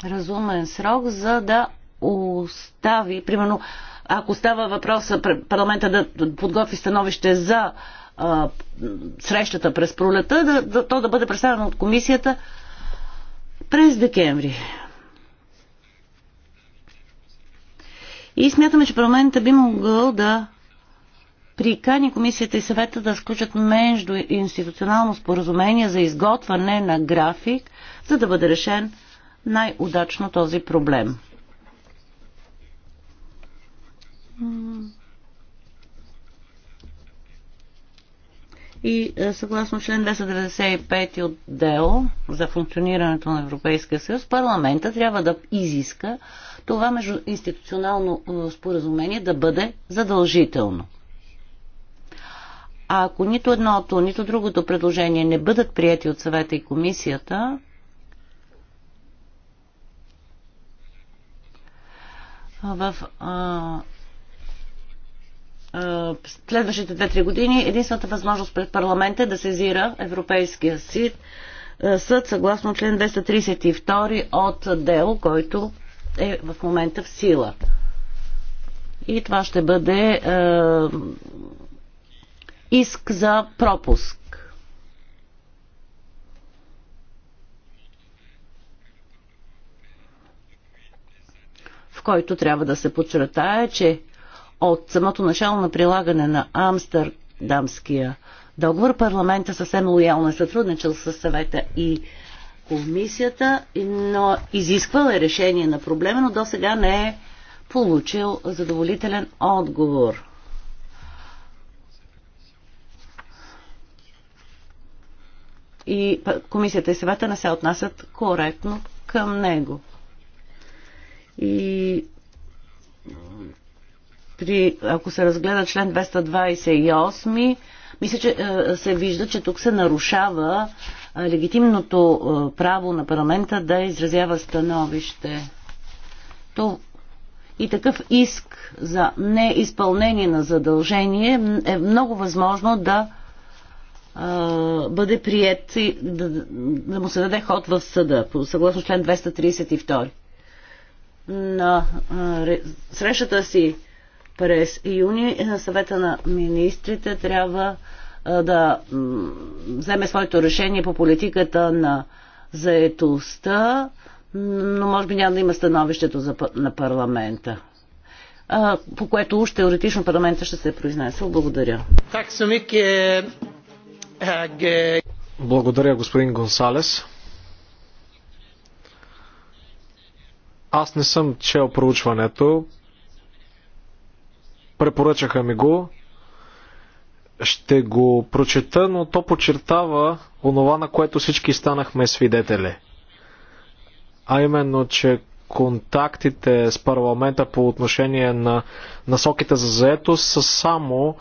разумен срок, за да остави, примерно, ако става въпрос парламента да подготви становище за а, срещата през пролета, да, да, то да бъде представено от комисията през декември. И смятаме, че парламентът би могъл да прикани комисията и съвета да сключат между институционално споразумение за изготвяне на график, за да бъде решен най-удачно този проблем. И е, съгласно член 295 от ДЕО за функционирането на Европейския съюз, парламента трябва да изиска това междуинституционално споразумение да бъде задължително. А ако нито едното, нито другото предложение не бъдат прияти от съвета и комисията, в а, а, следващите 2-3 години единствената възможност пред парламента е да сезира Европейския съд, съд съгласно член 232 от дело, който е в момента в сила. И това ще бъде е, иск за пропуск. в който трябва да се подчертае, че от самото начало на прилагане на Амстердамския договор парламента съвсем лоялно е сътрудничал с съвета и комисията, но изисквал е решение на проблема, но до сега не е получил задоволителен отговор. И комисията и съвета не се отнасят коректно към него. И при, ако се разгледа член 228, мисля, че е, се вижда, че тук се нарушава легитимното право на парламента да изразява становище. То и такъв иск за неизпълнение на задължение е много възможно да бъде прият и да, да му се даде ход в съда, съгласно член 232. На срещата си през юни на съвета на министрите трябва да вземе своето решение по политиката на заетостта, но може би няма да има становището за, на парламента, по което уж теоретично парламента ще се е произнесъл. Благодаря. Благодаря, господин Гонсалес. Аз не съм чел проучването. Препоръчаха ми го. Ще го прочета, но то подчертава онова, на което всички станахме свидетели. А именно, че контактите с парламента по отношение на насоките за заетост са само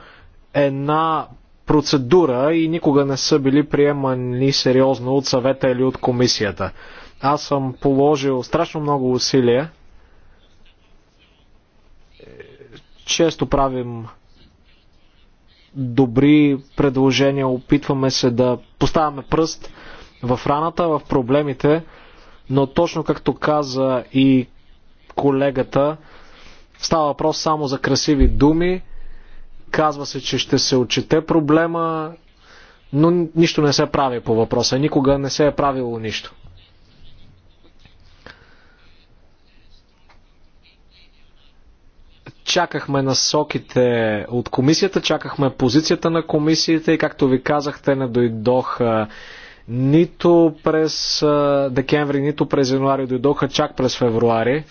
една процедура и никога не са били приемани сериозно от съвета или от комисията. Аз съм положил страшно много усилия. Често правим добри предложения, опитваме се да поставяме пръст в раната, в проблемите, но точно както каза и колегата, става въпрос само за красиви думи, казва се, че ще се отчете проблема, но нищо не се прави по въпроса, никога не се е правило нищо. Чакахме насоките от комисията, чакахме позицията на комисията и както ви казах, те не дойдоха нито през декември, нито през януари, дойдоха чак през февруари.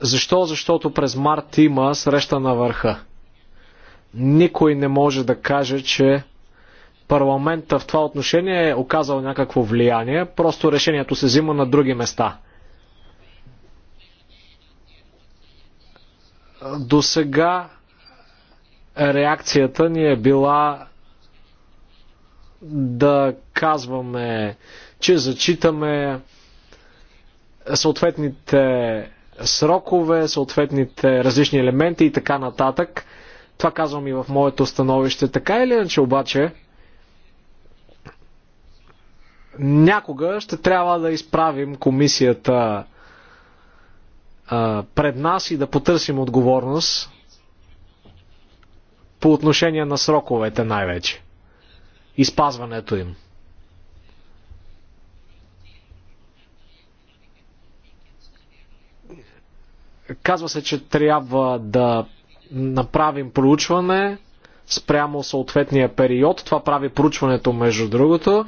Защо? Защото през март има среща на върха. Никой не може да каже, че парламента в това отношение е оказал някакво влияние, просто решението се взима на други места. До сега реакцията ни е била да казваме, че зачитаме съответните срокове, съответните различни елементи и така нататък. Това казвам и в моето становище. Така или иначе обаче, някога ще трябва да изправим комисията пред нас и да потърсим отговорност по отношение на сроковете най-вече Изпазването им. Казва се, че трябва да направим проучване спрямо съответния период. Това прави проучването, между другото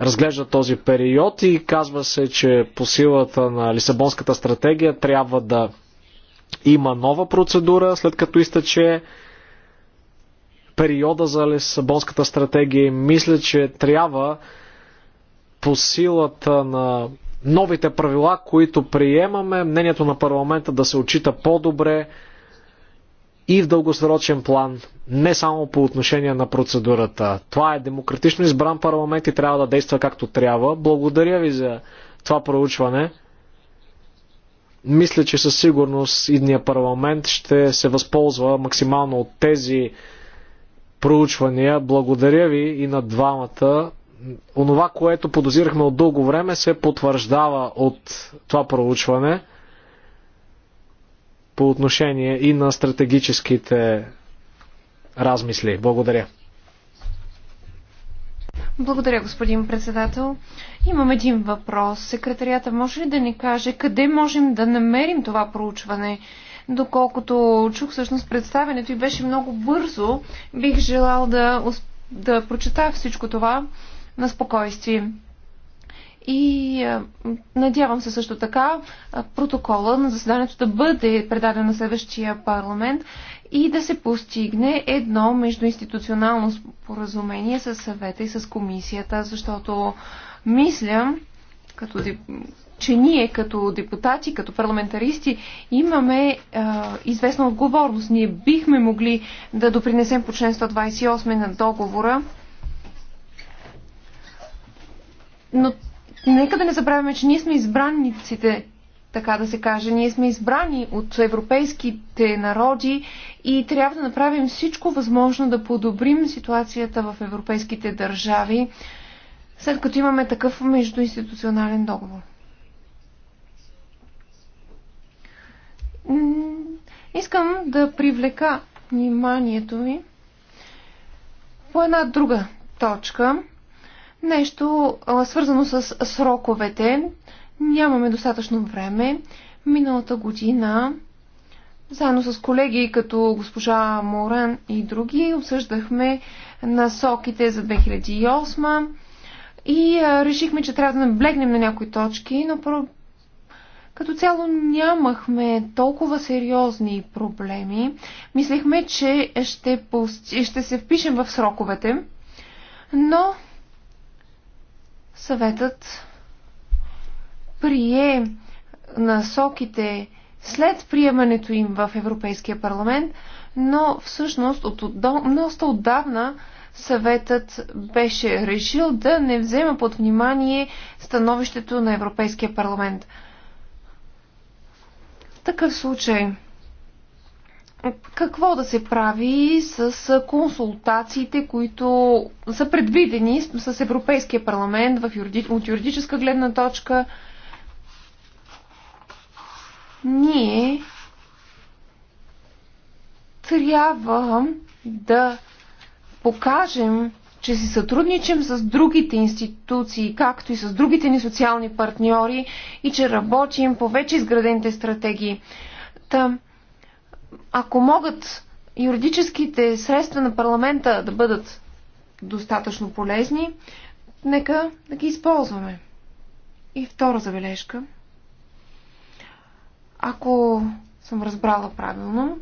разглежда този период и казва се, че по силата на Лисабонската стратегия трябва да има нова процедура, след като изтече периода за Лисабонската стратегия и мисля, че трябва по силата на новите правила, които приемаме, мнението на парламента да се отчита по-добре, и в дългосрочен план, не само по отношение на процедурата. Това е демократично избран парламент и трябва да действа както трябва. Благодаря ви за това проучване. Мисля, че със сигурност идния парламент ще се възползва максимално от тези проучвания. Благодаря ви и на двамата. Онова, което подозирахме от дълго време, се потвърждава от това проучване по отношение и на стратегическите размисли. Благодаря. Благодаря, господин председател. Имам един въпрос. Секретарията може ли да ни каже къде можем да намерим това проучване? Доколкото чух всъщност представенето и беше много бързо, бих желал да, да прочета всичко това на спокойствие. И е, надявам се също така е, протокола на заседанието да бъде предаден на следващия парламент и да се постигне едно междуинституционално споразумение с съвета и с комисията, защото мисля, като, че ние като депутати, като парламентаристи имаме е, известна отговорност. Ние бихме могли да допринесем по член 128 на договора, но Нека да не забравяме, че ние сме избранниците, така да се каже. Ние сме избрани от европейските народи и трябва да направим всичко възможно да подобрим ситуацията в европейските държави, след като имаме такъв междуинституционален договор. Искам да привлека вниманието ви по една друга точка, Нещо свързано с сроковете. Нямаме достатъчно време. Миналата година, заедно с колеги като госпожа Моран и други, обсъждахме насоките за 2008 и решихме, че трябва да наблегнем на някои точки, но като цяло нямахме толкова сериозни проблеми. Мислехме, че ще, пусти, ще се впишем в сроковете, но съветът прие насоките след приемането им в Европейския парламент, но всъщност от, доста отдавна съветът беше решил да не взема под внимание становището на Европейския парламент. В такъв случай какво да се прави с консултациите, които са предвидени с Европейския парламент в юриди... от юридическа гледна точка. Ние трябва да покажем, че си сътрудничим с другите институции, както и с другите ни социални партньори и че работим по вече изградените стратегии. Та, ако могат юридическите средства на парламента да бъдат достатъчно полезни, нека да ги използваме. И втора забележка. Ако съм разбрала правилно,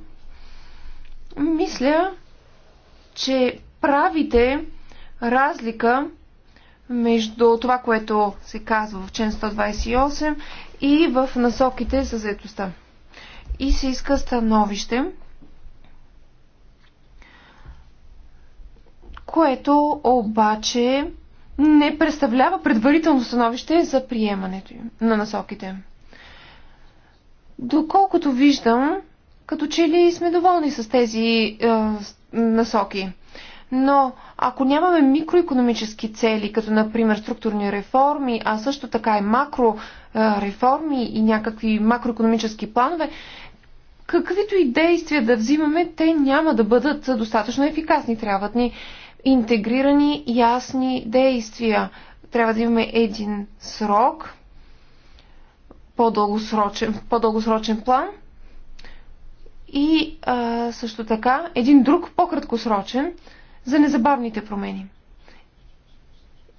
мисля, че правите разлика между това, което се казва в член 128 и в насоките за заедостта и се иска становище, което обаче не представлява предварително становище за приемането на насоките. Доколкото виждам, като че ли сме доволни с тези е, насоки. Но ако нямаме микроекономически цели, като например структурни реформи, а също така и макро е, реформи и някакви макроекономически планове, каквито и действия да взимаме, те няма да бъдат достатъчно ефикасни. Трябват ни интегрирани, ясни действия. Трябва да имаме един срок, по-дългосрочен, по-дългосрочен план и а, също така един друг по-краткосрочен за незабавните промени.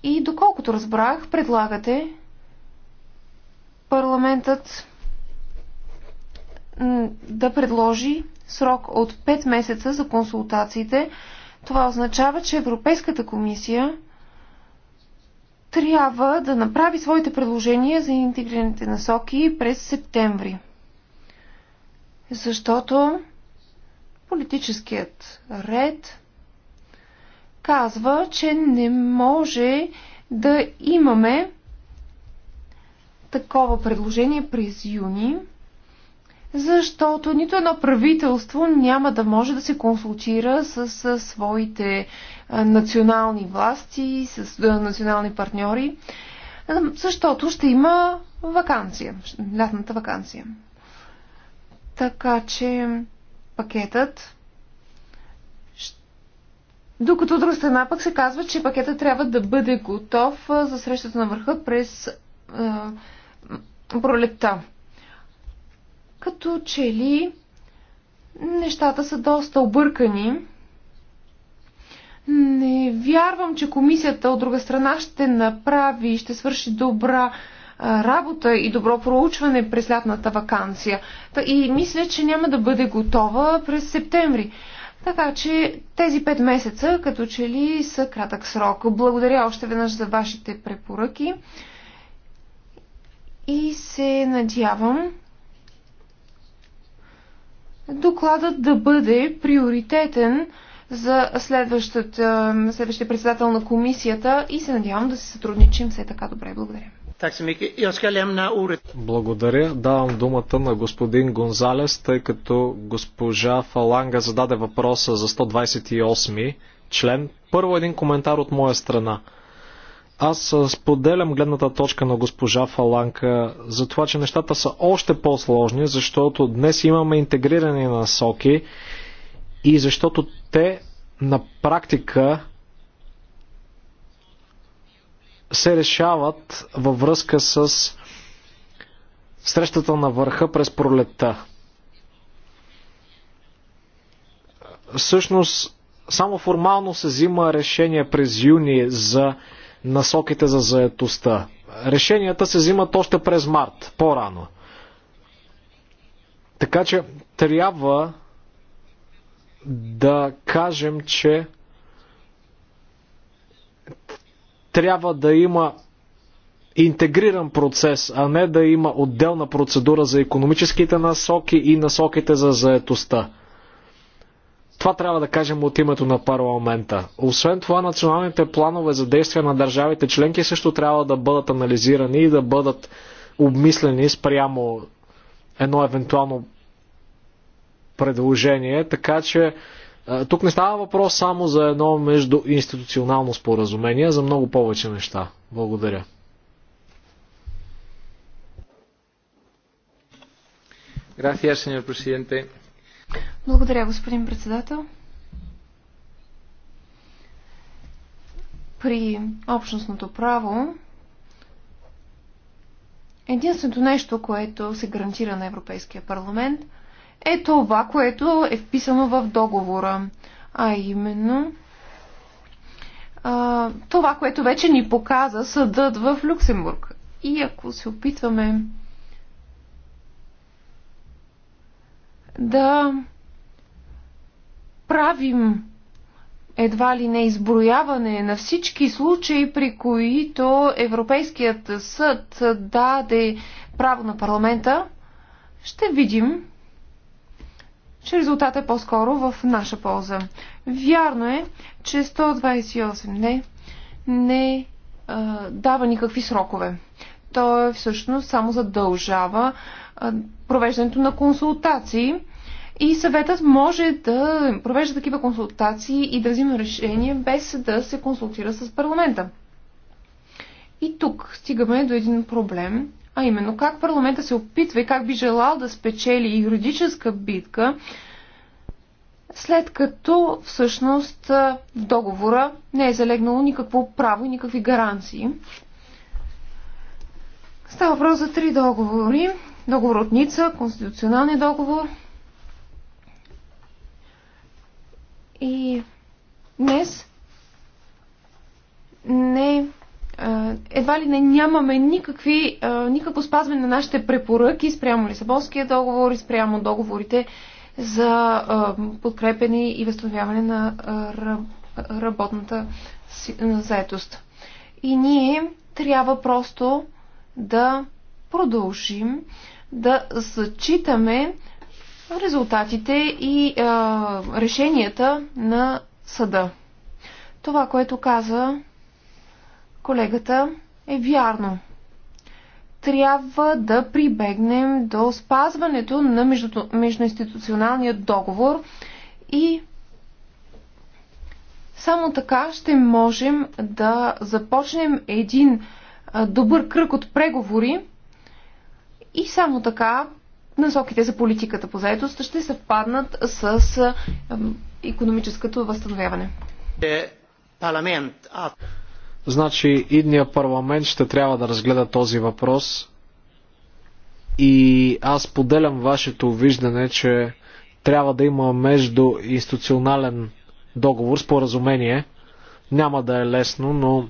И доколкото разбрах, предлагате парламентът да предложи срок от 5 месеца за консултациите. Това означава, че Европейската комисия трябва да направи своите предложения за интегрираните насоки през септември. Защото политическият ред казва, че не може да имаме такова предложение през юни, защото нито едно правителство няма да може да се консултира с, с своите национални власти, с национални партньори, защото ще има вакансия, лятната вакансия. Така че пакетът. Докато от друга страна пък се казва, че пакетът трябва да бъде готов за срещата на върха през е, пролетта като че ли нещата са доста объркани. Не вярвам, че комисията от друга страна ще направи, и ще свърши добра работа и добро проучване през лятната вакансия. И мисля, че няма да бъде готова през септември. Така че тези 5 месеца като че ли са кратък срок. Благодаря още веднъж за вашите препоръки и се надявам, докладът да бъде приоритетен за следващия председател на комисията и се надявам да се сътрудничим все така добре. Благодаря. Благодаря. Давам думата на господин Гонзалес, тъй като госпожа Фаланга зададе въпроса за 128 член. Първо един коментар от моя страна. Аз споделям гледната точка на госпожа Фаланка за това, че нещата са още по-сложни, защото днес имаме интегрирани насоки и защото те на практика се решават във връзка с срещата на върха през пролетта. Всъщност, само формално се взима решение през юни за насоките за заетостта. Решенията се взимат още през март, по-рано. Така че трябва да кажем, че трябва да има интегриран процес, а не да има отделна процедура за економическите насоки и насоките за заетостта. Това трябва да кажем от името на парламента. Освен това, националните планове за действия на държавите членки също трябва да бъдат анализирани и да бъдат обмислени спрямо едно евентуално предложение, така че тук не става въпрос само за едно междуинституционално споразумение, за много повече неща. Благодаря. Gracias, señor presidente. Благодаря, господин председател. При общностното право единственото нещо, което се гарантира на Европейския парламент, е това, което е вписано в договора. А именно а, това, което вече ни показа съдът в Люксембург. И ако се опитваме да правим едва ли не изброяване на всички случаи, при които Европейският съд даде право на парламента, ще видим, че резултатът е по-скоро в наша полза. Вярно е, че 128 не, не а, дава никакви срокове. Той всъщност само задължава а, провеждането на консултации и съветът може да провежда такива консултации и да взима решение без да се консултира с парламента. И тук стигаме до един проблем, а именно как парламента се опитва и как би желал да спечели юридическа битка, след като всъщност в договора не е залегнало никакво право и никакви гаранции. Става въпрос за три договори. Договор от Ница, конституционалния договор И днес не, едва ли не нямаме никакви, никакво спазване на нашите препоръки спрямо Лисабонския договор и спрямо договорите за подкрепене и възстановяване на работната заетост. И ние трябва просто да продължим да зачитаме резултатите и а, решенията на съда. Това, което каза колегата, е вярно. Трябва да прибегнем до спазването на между, междуинституционалния договор и само така ще можем да започнем един добър кръг от преговори и само така насоките за политиката по заедост ще съвпаднат с економическото възстановяване. Е, значи идния парламент ще трябва да разгледа този въпрос и аз поделям вашето виждане, че трябва да има между институционален договор, споразумение. Няма да е лесно, но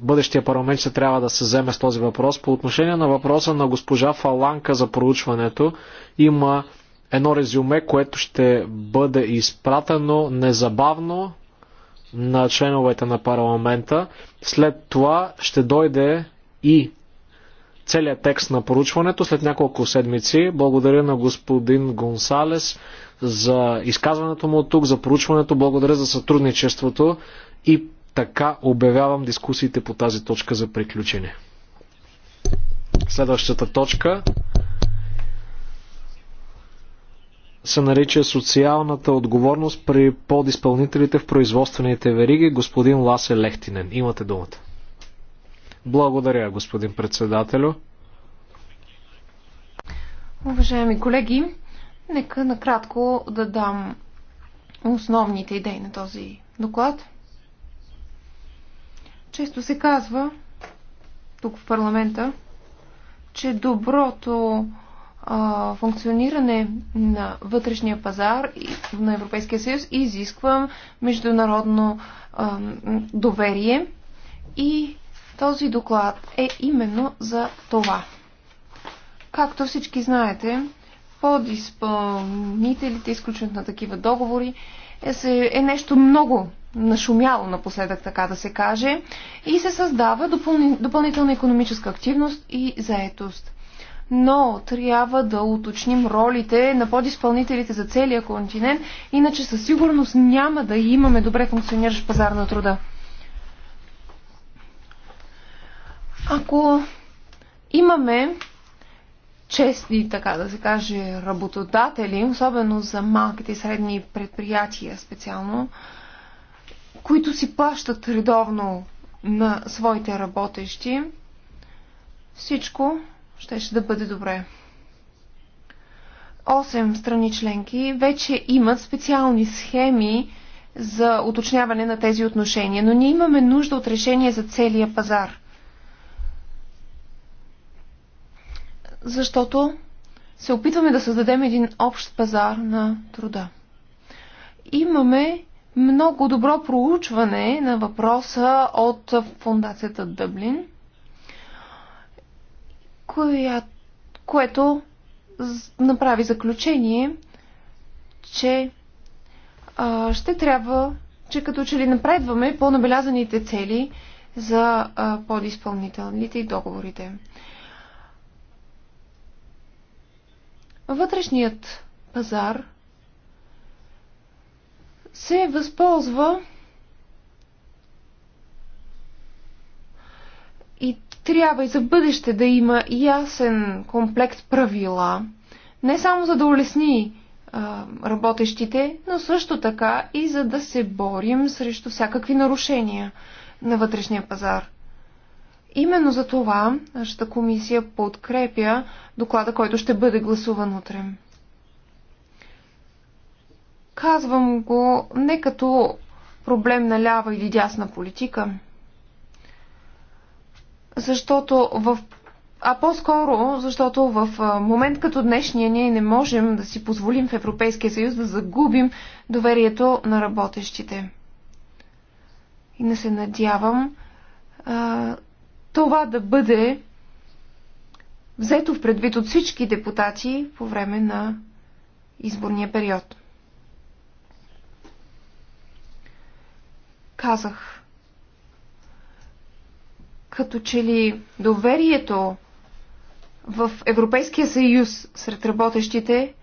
бъдещия парламент ще трябва да се вземе с този въпрос. По отношение на въпроса на госпожа Фаланка за проучването, има едно резюме, което ще бъде изпратено незабавно на членовете на парламента. След това ще дойде и целият текст на поручването след няколко седмици. Благодаря на господин Гонсалес за изказването му от тук, за поручването. Благодаря за сътрудничеството и така обявявам дискусиите по тази точка за приключение. Следващата точка се нарича социалната отговорност при подиспълнителите в производствените вериги. Господин Ласе Лехтинен, имате думата. Благодаря, господин председателю. Уважаеми колеги, нека накратко да дам основните идеи на този доклад. Често се казва тук в парламента, че доброто а, функциониране на вътрешния пазар и на Европейския съюз изисква международно а, доверие и този доклад е именно за това. Както всички знаете, подизпълнителите изключват на такива договори е, е нещо много нашумяло напоследък, така да се каже, и се създава допълни, допълнителна економическа активност и заетост. Но трябва да уточним ролите на подиспълнителите за целия континент, иначе със сигурност няма да имаме добре функциониращ пазар на труда. Ако имаме честни, така да се каже, работодатели, особено за малките и средни предприятия специално, които си плащат редовно на своите работещи, всичко ще, ще да бъде добре. Осем страни членки вече имат специални схеми за уточняване на тези отношения, но ние имаме нужда от решение за целия пазар – защото се опитваме да създадем един общ пазар на труда. Имаме много добро проучване на въпроса от фундацията Дъблин, коя, което направи заключение, че а, ще трябва, че като че ли напредваме по набелязаните цели за а, и договорите. вътрешният пазар се възползва и трябва и за бъдеще да има ясен комплект правила, не само за да улесни работещите, но също така и за да се борим срещу всякакви нарушения на вътрешния пазар. Именно за това нашата комисия подкрепя доклада, който ще бъде гласуван утре. Казвам го не като проблем на лява или дясна политика, защото в а по-скоро, защото в момент като днешния ние не можем да си позволим в Европейския съюз да загубим доверието на работещите. И не се надявам това да бъде взето в предвид от всички депутати по време на изборния период. Казах, като че ли доверието в Европейския съюз сред работещите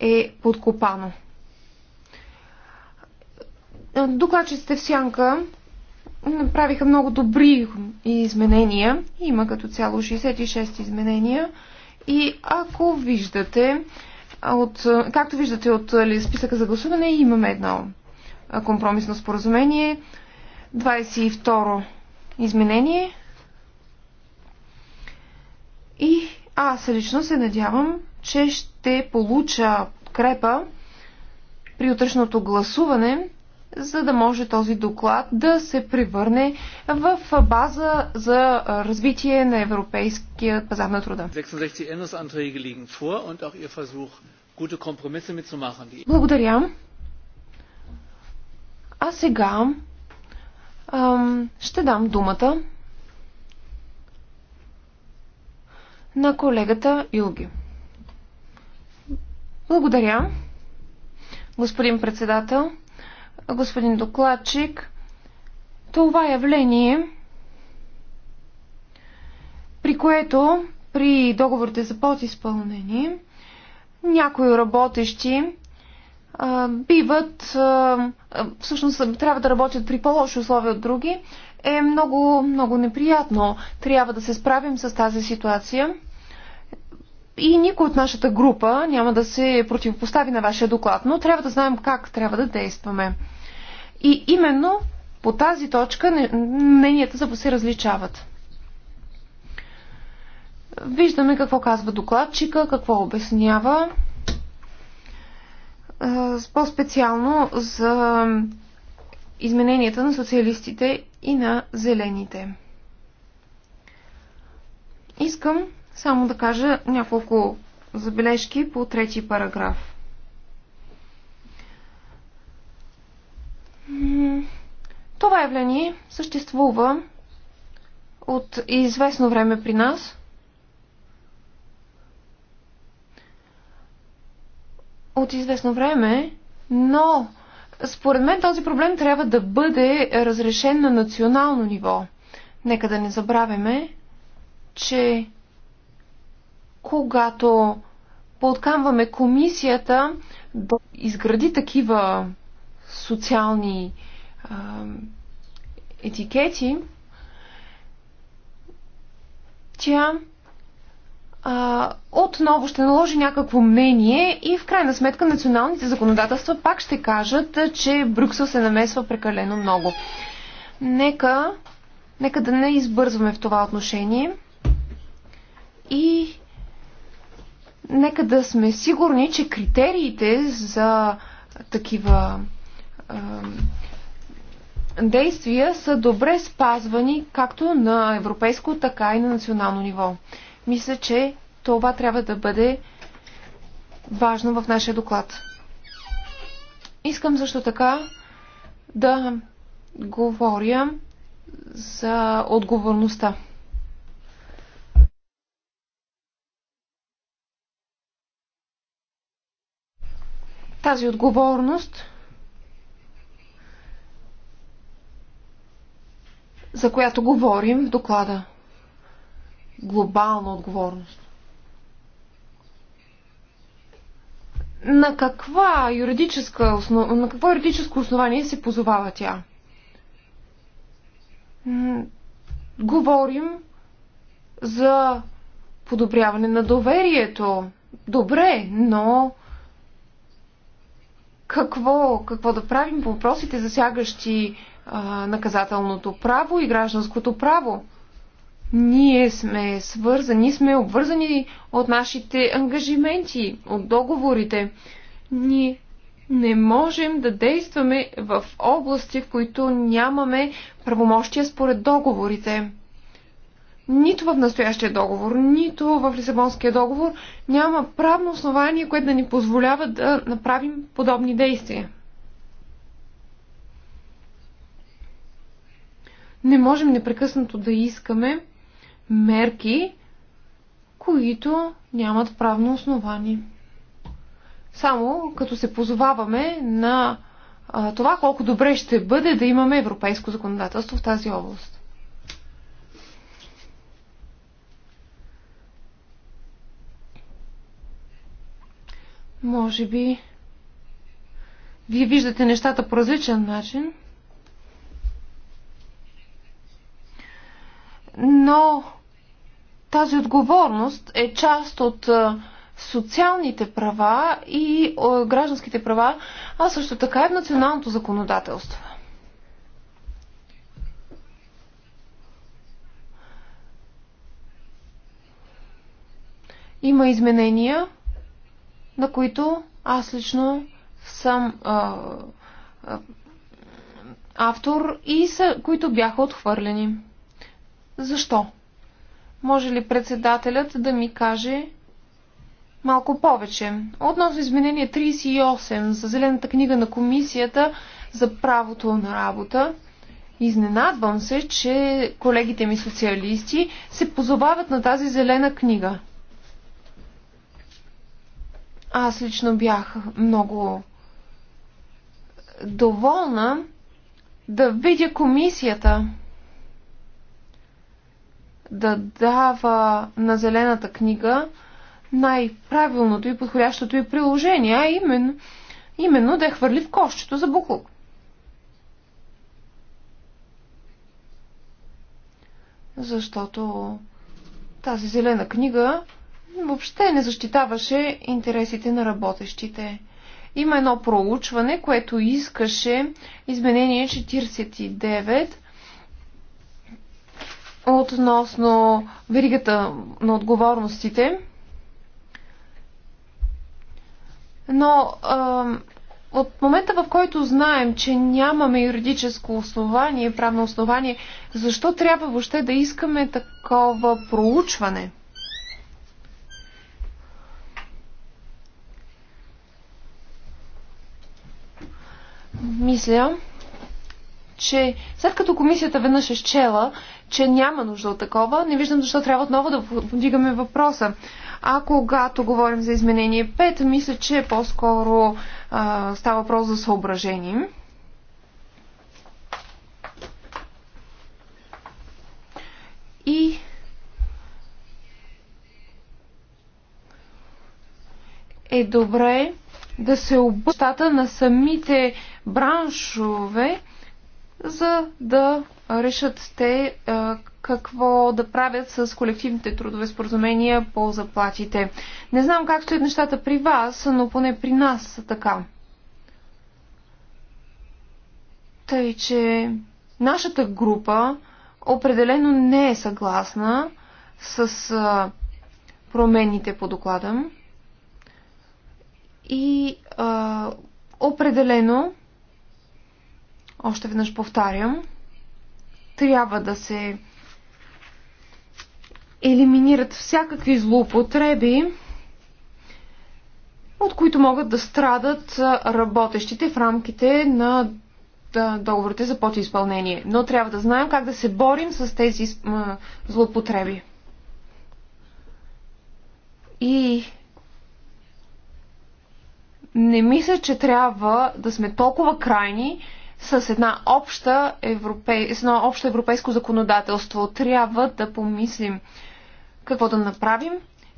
е подкопано. Докладчиците в сянка направиха много добри изменения. Има като цяло 66 изменения. И ако виждате, от, както виждате от списъка за гласуване, имаме едно компромисно споразумение. 22 изменение. И аз лично се надявам, че ще получа подкрепа при утрешното гласуване за да може този доклад да се превърне в база за развитие на европейския пазар на труда. Благодаря. А сега ам, ще дам думата на колегата Юлги. Благодаря, господин председател господин докладчик, това явление, при което при договорите за подизпълнение някои работещи а, биват, а, всъщност трябва да работят при по-лоши условия от други, е много, много неприятно. Трябва да се справим с тази ситуация. И никой от нашата група няма да се противопостави на вашия доклад, но трябва да знаем как трябва да действаме. И именно по тази точка мненията се различават. Виждаме какво казва докладчика, какво обяснява. Е, по-специално за измененията на социалистите и на зелените. Искам само да кажа няколко забележки по трети параграф. Това явление съществува от известно време при нас. От известно време, но според мен този проблем трябва да бъде разрешен на национално ниво. Нека да не забравяме, че когато подкамваме комисията да изгради такива социални а, етикети, тя а, отново ще наложи някакво мнение и в крайна сметка националните законодателства пак ще кажат, че Брюксел се намесва прекалено много. Нека, нека да не избързваме в това отношение и нека да сме сигурни, че критериите за такива действия са добре спазвани както на европейско, така и на национално ниво. Мисля, че това трябва да бъде важно в нашия доклад. Искам също така да говоря за отговорността. Тази отговорност за която говорим в доклада. Глобална отговорност. На, каква юридическа основ... на какво юридическо основание се позовава тя? Говорим за подобряване на доверието. Добре, но какво, какво да правим по въпросите, засягащи наказателното право и гражданското право. Ние сме свързани, сме обвързани от нашите ангажименти, от договорите. Ние не можем да действаме в области, в които нямаме правомощия според договорите. Нито в настоящия договор, нито в Лисабонския договор няма правно основание, което да ни позволява да направим подобни действия. Не можем непрекъснато да искаме мерки, които нямат правно основание. Само като се позоваваме на а, това колко добре ще бъде да имаме европейско законодателство в тази област. Може би вие виждате нещата по различен начин – но тази отговорност е част от социалните права и гражданските права, а също така и в националното законодателство. Има изменения, на които аз лично съм а, а, автор и са, които бяха отхвърлени. Защо? Може ли председателят да ми каже малко повече? Относно изменение 38 за Зелената книга на комисията за правото на работа, изненадвам се, че колегите ми социалисти се позовават на тази Зелена книга. Аз лично бях много доволна да видя комисията да дава на зелената книга най-правилното и подходящото и приложение, а именно, именно да я хвърли в кошчето за буклук. Защото тази зелена книга въобще не защитаваше интересите на работещите. Има едно проучване, което искаше изменение 49 относно веригата на отговорностите. Но а, от момента, в който знаем, че нямаме юридическо основание, правно основание, защо трябва въобще да искаме такова проучване? Мисля, че след като комисията веднъж е счела, че няма нужда от такова, не виждам защо трябва отново да подигаме въпроса. А когато говорим за изменение 5, мисля, че по-скоро става въпрос за съображение. И е добре да се обустата на самите браншове, за да решат те какво да правят с колективните трудове споразумения по заплатите. Не знам как стоят нещата при вас, но поне при нас са така. Тъй, че нашата група определено не е съгласна с промените по доклада и а, определено още веднъж повтарям. Трябва да се елиминират всякакви злоупотреби, от които могат да страдат работещите в рамките на договорите за подизпълнение. Но трябва да знаем как да се борим с тези злоупотреби. И не мисля, че трябва да сме толкова крайни, с една обща европей... с едно общо европейско законодателство. Трябва да помислим какво да направим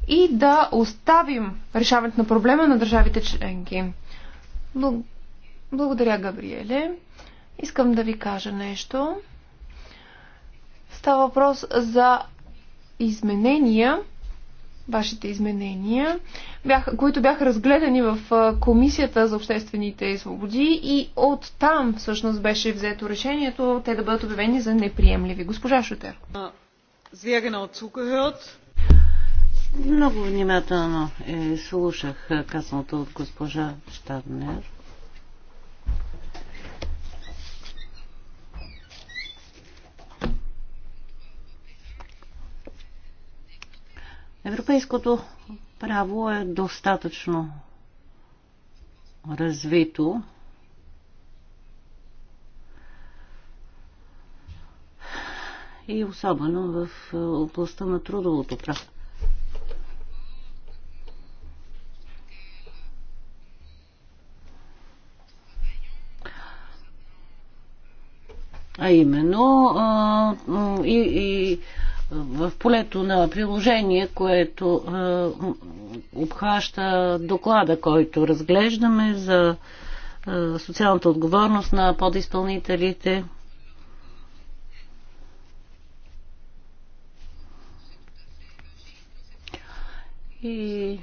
и да оставим решаването на проблема на държавите членки. Благодаря, Габриеле. Искам да ви кажа нещо. Става въпрос за изменения вашите изменения, бяха, които бяха разгледани в Комисията за обществените свободи и от там всъщност беше взето решението те да бъдат обявени за неприемливи. Госпожа Шутер. Много внимателно е, слушах казаното от госпожа Штабнер. Европейското право е достатъчно развито. И особено в е, областта на трудовото право. А именно, и, и в полето на приложение, което е, обхваща доклада, който разглеждаме за е, социалната отговорност на подизпълнителите. И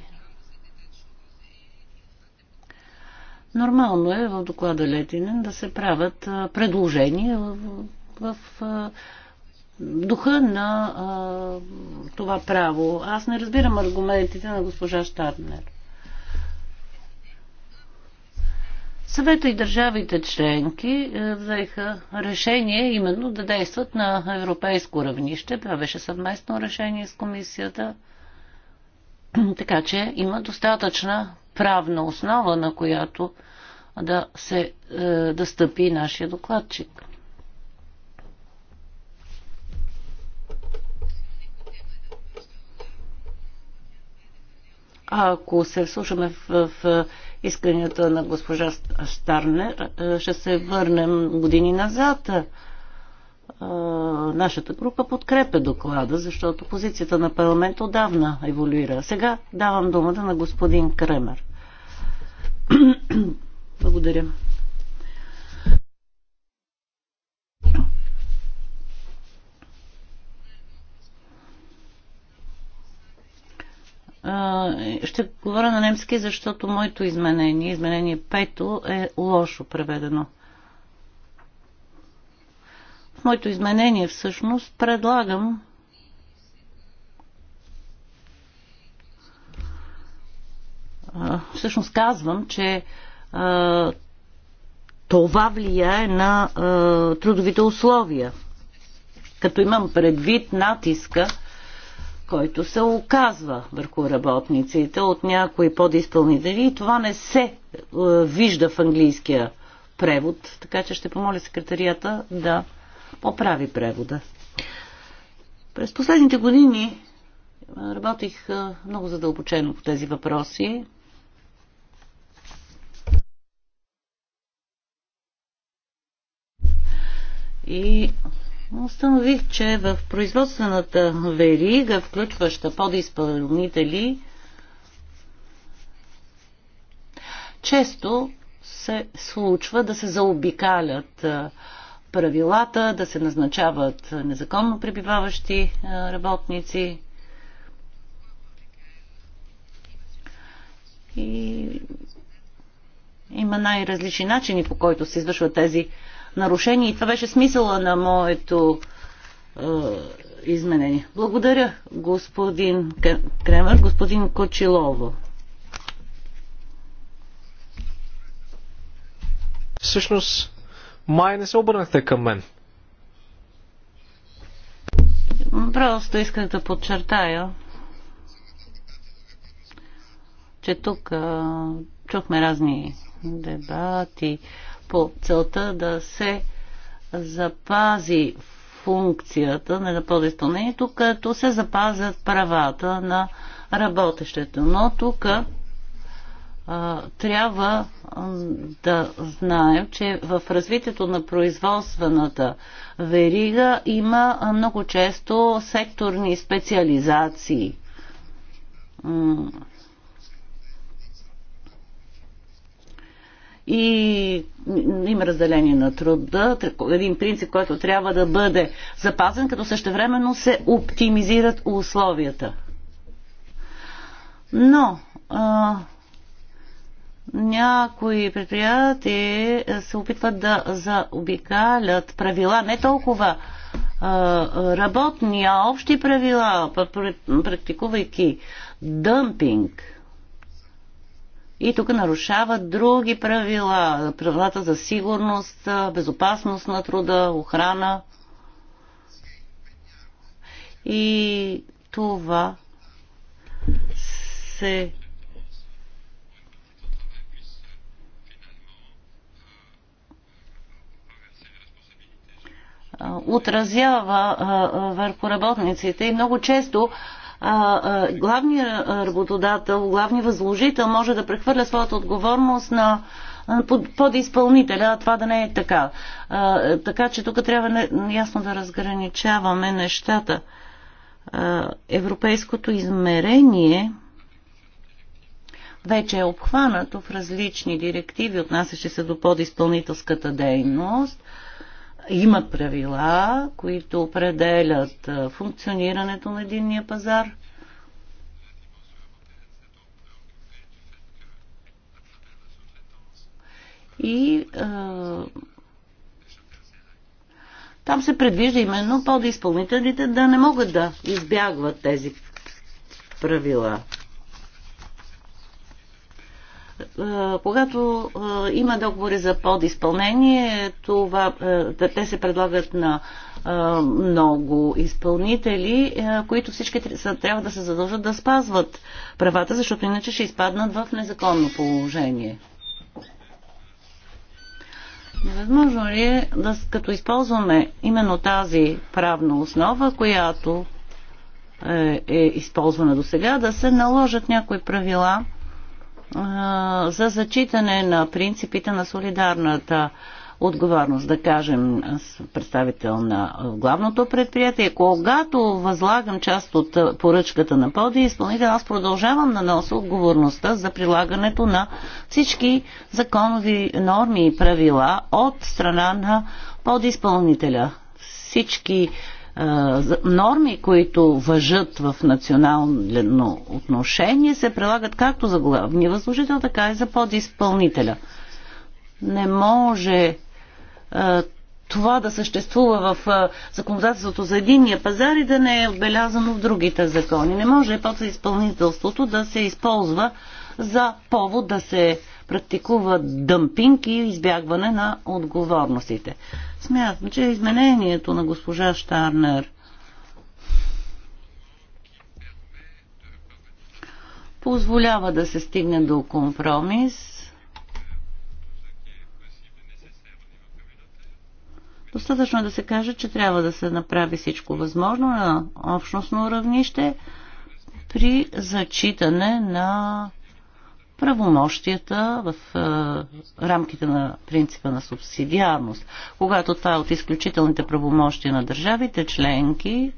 нормално е в доклада Летинен да се правят е, предложения в, в, в духа на а, това право. Аз не разбирам аргументите на госпожа Штарнер. Съвета и държавите членки е, взеха решение именно да действат на европейско равнище. Това беше съвместно решение с комисията. Така че има достатъчна правна основа, на която да, се, е, да стъпи нашия докладчик. Ако се слушаме в, в исканията на госпожа Штарнер, ще се върнем години назад. Нашата група подкрепя доклада, защото позицията на парламент отдавна еволюира. Сега давам думата на господин Кремер. [clears throat] Благодаря. ще говоря на немски, защото моето изменение, изменение пето, е лошо преведено. В моето изменение всъщност предлагам всъщност казвам, че това влияе на трудовите условия. Като имам предвид натиска, който се оказва върху работниците от някои подиспълнители и това не се е, вижда в английския превод, така че ще помоля секретарията да поправи превода. През последните години е, работих е, много задълбочено по тези въпроси. И установих, че в производствената верига, включваща подизпълнители, често се случва да се заобикалят правилата, да се назначават незаконно пребиваващи работници. И има най-различни начини, по който се извършват тези нарушение. И това беше смисъла на моето е, изменение. Благодаря, господин Кремер, господин Кочилово. Всъщност, май не се обърнахте към мен. Просто исках да подчертая, че тук а, е, чухме разни дебати по целта да се запази функцията на подизпълнението, като се запазят правата на работещето. Но тук трябва да знаем, че в развитието на производствената верига има много често секторни специализации. и има разделение на труда, един принцип, който трябва да бъде запазен, като същевременно се оптимизират условията. Но а, някои предприятия се опитват да заобикалят правила, не толкова а, работни, а общи правила, практикувайки дъмпинг – и тук нарушават други правила. Правилата за сигурност, безопасност на труда, охрана. И това се отразява върху работниците и много често главният работодател, главният възложител може да прехвърля своята отговорност на подизпълнителя, а това да не е така. А, така че тук трябва не, ясно да разграничаваме нещата. А, европейското измерение вече е обхванато в различни директиви, отнасящи се до подизпълнителската дейност. А, има правила, които определят функционирането на единния пазар. И а, там се предвижда именно подизпълнителите да не могат да избягват тези правила. Когато има договори за подизпълнение, това, те се предлагат на много изпълнители, които всички трябва да се задължат да спазват правата, защото иначе ще изпаднат в незаконно положение. Невъзможно ли е да като използваме именно тази правна основа, която е, е използвана до сега, да се наложат някои правила, за зачитане на принципите на солидарната отговорност, да кажем, представител на главното предприятие. Когато възлагам част от поръчката на поди изпълнител, аз продължавам да нося отговорността за прилагането на всички законови норми и правила от страна на подизпълнителя. Всички норми, които въжат в национално отношение, се прилагат както за главния възложител, така и за подизпълнителя. Не може това да съществува в законодателството за единния пазар и да не е отбелязано в другите закони. Не може подизпълнителството да се използва за повод да се практикува дъмпинг и избягване на отговорностите. Смятам, че е изменението на госпожа Штарнер позволява да се стигне до компромис, Достатъчно е да се каже, че трябва да се направи всичко възможно на общностно равнище при зачитане на правомощията в а, е, рамките на принципа на субсидиарност, когато това е от изключителните правомощия на държавите членки,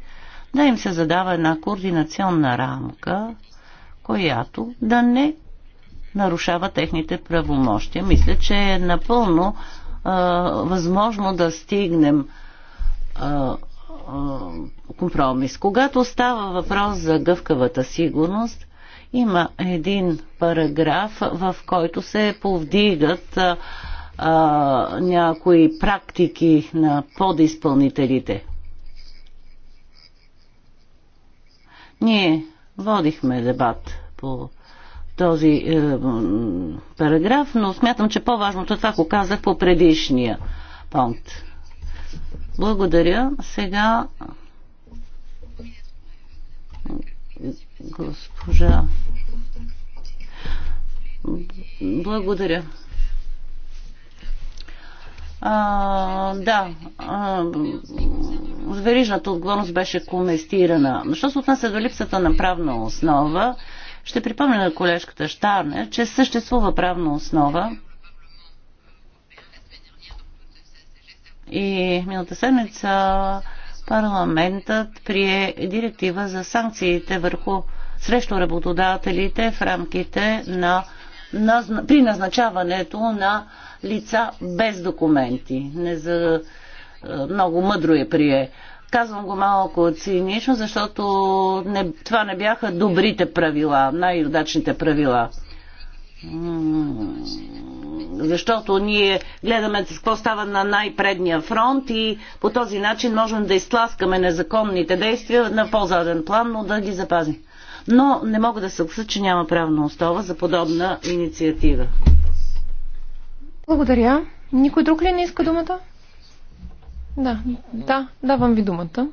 да им се задава една координационна рамка, която да не нарушава техните правомощия. Мисля, че е напълно а, е, възможно да стигнем а, е, а, компромис. Когато става въпрос за гъвкавата сигурност, има един параграф, в който се повдигат а, а, някои практики на подиспълнителите. Ние водихме дебат по този е, параграф, но смятам, че по-важното е това, ако казах по предишния пункт. Благодаря. Сега госпожа. Благодаря. А, да, а, верижната отговорност беше коместирана. Що се отнася до липсата на правна основа, ще припомня на колежката Штарне, че съществува правна основа и миналата седмица парламентът прие директива за санкциите върху срещу работодателите в рамките на, на при назначаването на лица без документи. Не за, е, много мъдро я е прие. Казвам го малко цинично, защото не, това не бяха добрите правила, най-удачните правила защото ние гледаме какво става на най-предния фронт и по този начин можем да изтласкаме незаконните действия на по-заден план, но да ги запазим. Но не мога да се съглася, че няма правна основа за подобна инициатива. Благодаря. Никой друг ли не иска думата? Да, да, давам ви думата.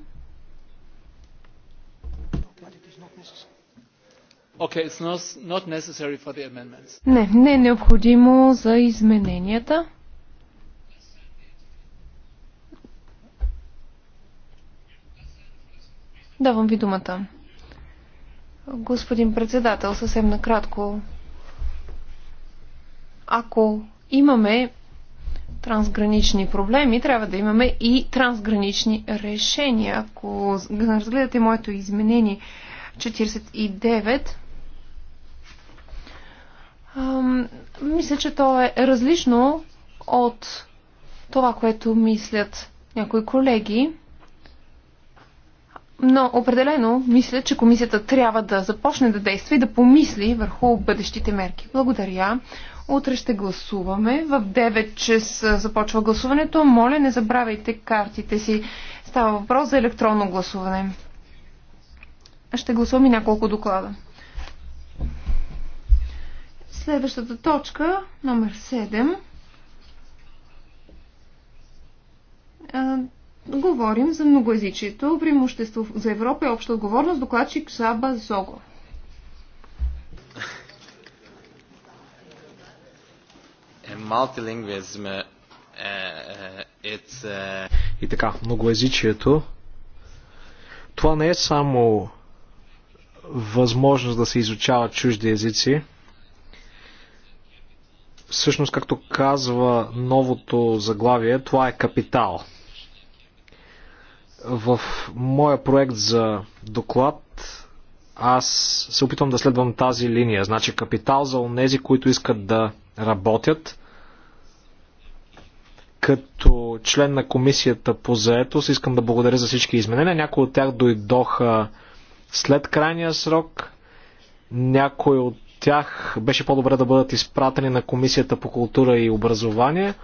Не, не е необходимо за измененията. Давам ви думата. Господин председател, съвсем накратко. Ако имаме трансгранични проблеми, трябва да имаме и трансгранични решения. Ако разгледате моето изменение 49, мисля, че то е различно от това, което мислят някои колеги. Но определено мисля, че комисията трябва да започне да действа и да помисли върху бъдещите мерки. Благодаря. Утре ще гласуваме. В 9 часа започва гласуването. Моля, не забравяйте картите си. Става въпрос за електронно гласуване. Ще гласуваме няколко доклада. Следващата точка, номер 7. А, говорим за многоязичието, преимущество за Европа и обща отговорност, докладчик Саба Зого. Multilingualism, е И така, многоязичието. Това не е само възможност да се изучават чужди езици, Всъщност, както казва новото заглавие, това е капитал. В моя проект за доклад аз се опитвам да следвам тази линия. Значи капитал за онези, които искат да работят. Като член на комисията по заетост искам да благодаря за всички изменения. Някои от тях дойдоха след крайния срок. Някои от тях беше по-добре да бъдат изпратени на Комисията по култура и образование.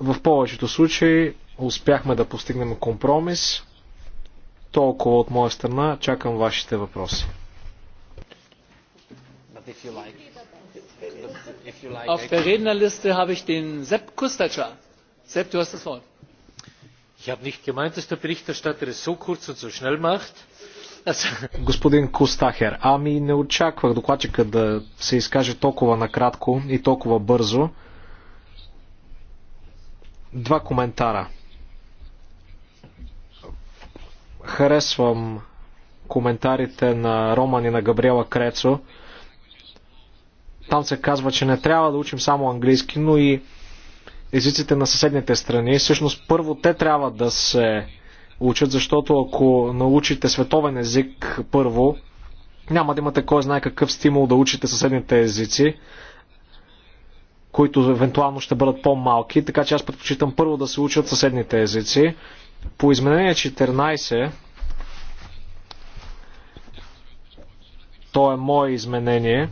В повечето случаи успяхме да постигнем компромис. Толкова от моя страна. Чакам вашите въпроси. Auf der Rednerliste habe ich den Sepp Kustacher. Sepp, du hast das Wort. Ich habe nicht gemeint, dass der Berichterstatter es so kurz und so schnell macht [laughs] Господин Костахер, ами не очаквах докладчика да се изкаже толкова накратко и толкова бързо. Два коментара. Харесвам коментарите на Роман и на Габриела Крецо. Там се казва, че не трябва да учим само английски, но и езиците на съседните страни. Всъщност първо те трябва да се учат, защото ако научите световен език първо, няма да имате кой знае какъв стимул да учите съседните езици, които евентуално ще бъдат по-малки, така че аз предпочитам първо да се учат съседните езици. По изменение 14, то е мое изменение,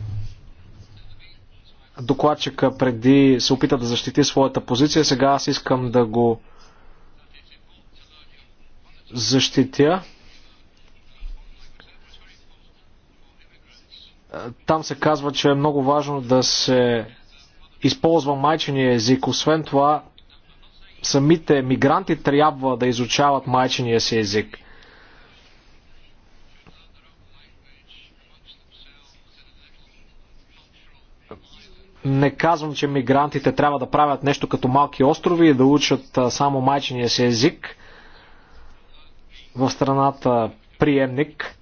докладчика преди се опита да защити своята позиция, сега аз искам да го защитя. Там се казва, че е много важно да се използва майчения език. Освен това, самите мигранти трябва да изучават майчения си език. Не казвам, че мигрантите трябва да правят нещо като малки острови и да учат само майчения си език в страната приемник,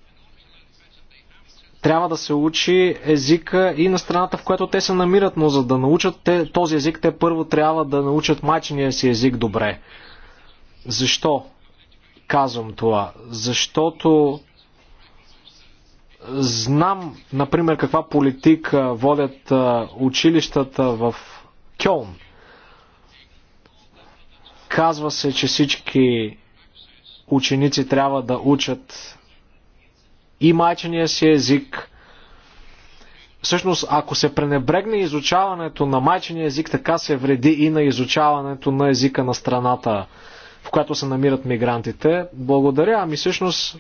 трябва да се учи езика и на страната, в която те се намират, но за да научат те, този език, те първо трябва да научат майчиния си език добре. Защо казвам това? Защото знам, например, каква политика водят училищата в Кьон. Казва се, че всички ученици трябва да учат и майчения си език. Всъщност, ако се пренебрегне изучаването на майчения език, така се вреди и на изучаването на езика на страната, в която се намират мигрантите. Благодаря, ами всъщност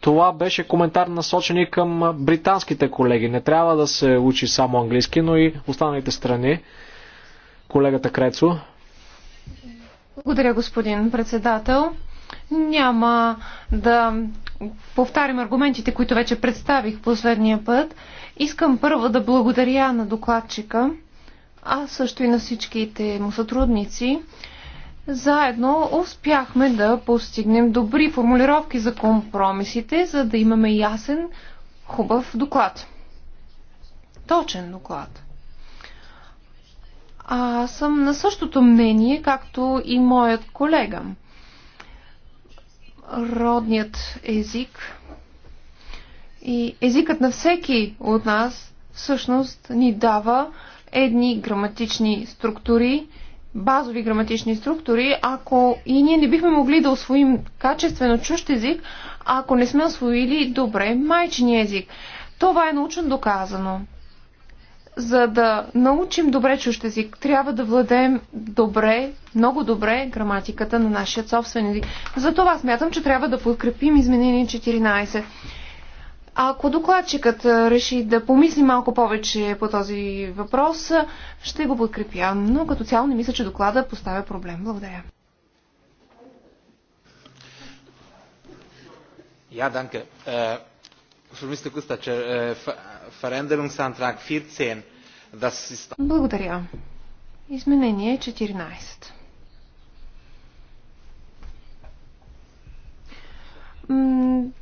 това беше коментар насочен и към британските колеги. Не трябва да се учи само английски, но и останалите страни. Колегата Крецо. Благодаря, господин председател. Няма да повтарям аргументите, които вече представих последния път. Искам първо да благодаря на докладчика, а също и на всичките му сътрудници. Заедно успяхме да постигнем добри формулировки за компромисите, за да имаме ясен, хубав доклад. Точен доклад. А съм на същото мнение, както и моят колега родният език и езикът на всеки от нас всъщност ни дава едни граматични структури, базови граматични структури, ако и ние не бихме могли да освоим качествено чущ език, ако не сме освоили добре майчиния език. Това е научно доказано за да научим добре чущ език, трябва да владеем добре, много добре граматиката на нашия собствен език. Затова смятам, че трябва да подкрепим изменение 14. Ако докладчикът реши да помисли малко повече по този въпрос, ще го подкрепя. Но като цяло не мисля, че доклада поставя проблем. Благодаря. Ja, danke. Äh, Frau Mr. äh, благодаря. Изменение 14.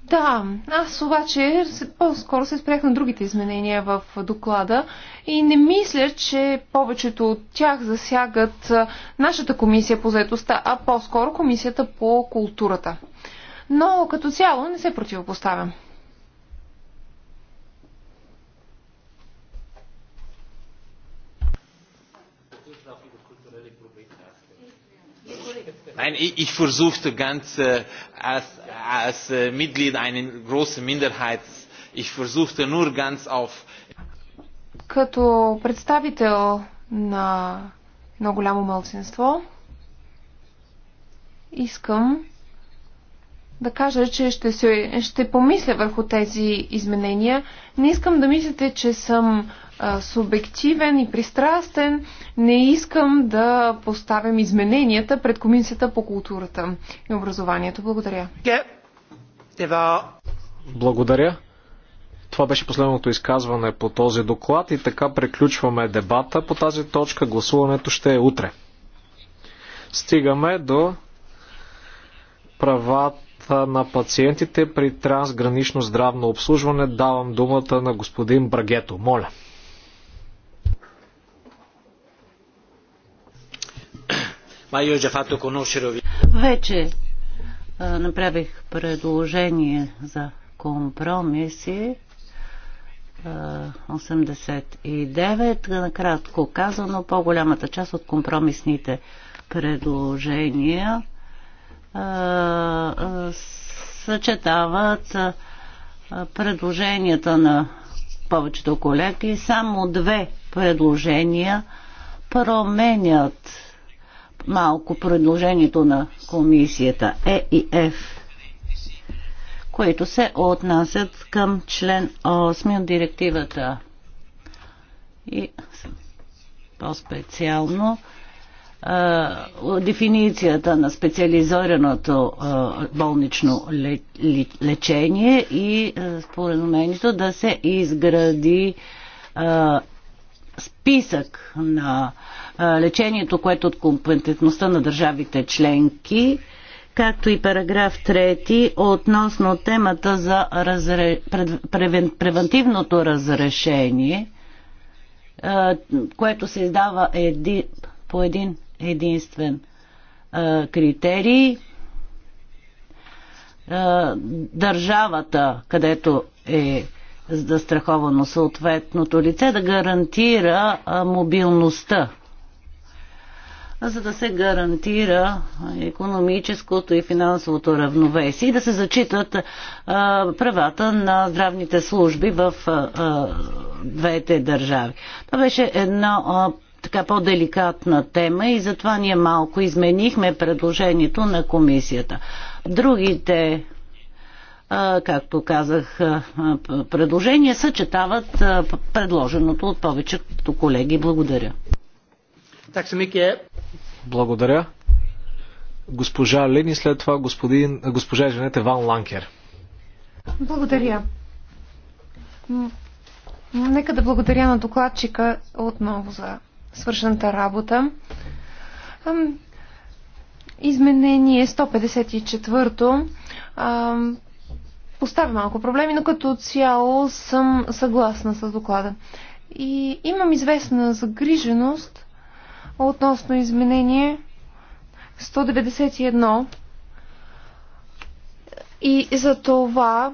Да, аз обаче по-скоро се спрях на другите изменения в доклада и не мисля, че повечето от тях засягат нашата комисия по заедостта, а по-скоро комисията по културата. Но като цяло не се противопоставям. Nein, ich, ich versuchte ganz äh, als, als äh, Mitglied einer großen Minderheit, ich versuchte nur ganz auf. Като представител на много голямо мълцинство, искам да кажа, че ще, се, ще помисля върху тези изменения. Не искам да мислите, че съм а, субективен и пристрастен. Не искам да поставям измененията пред Комисията по културата и образованието. Благодаря. Благодаря. Това беше последното изказване по този доклад и така приключваме дебата по тази точка. Гласуването ще е утре. Стигаме до правата на пациентите при трансгранично здравно обслужване. Давам думата на господин Брагето. Моля. Вече а, направих предложение за компромиси. 89. Накратко казано, по-голямата част от компромисните предложения съчетават предложенията на повечето колеги. Само две предложения променят малко предложението на комисията Е и Ф, които се отнасят към член 8 от директивата. И по-специално дефиницията на специализираното болнично лечение и според споразумението да се изгради списък на лечението, което от компетентността на държавите членки, както и параграф 3 относно темата за разре... превентивното разрешение, което се издава еди... по един единствен а, критерий. А, държавата, където е застраховано съответното лице, да гарантира а, мобилността за да се гарантира економическото и финансовото равновесие и да се зачитат а, правата на здравните служби в а, а, двете държави. Това беше едно а, така по-деликатна тема и затова ние малко изменихме предложението на комисията. Другите както казах, предложения съчетават предложеното от повечето колеги. Благодаря. Так Благодаря. Госпожа Лени, след това господин, госпожа Женете Ван Ланкер. Благодаря. Нека да благодаря на докладчика отново за свършената работа. Изменение 154-то поставя малко проблеми, но като цяло съм съгласна с доклада. И имам известна загриженост относно изменение 191 и за това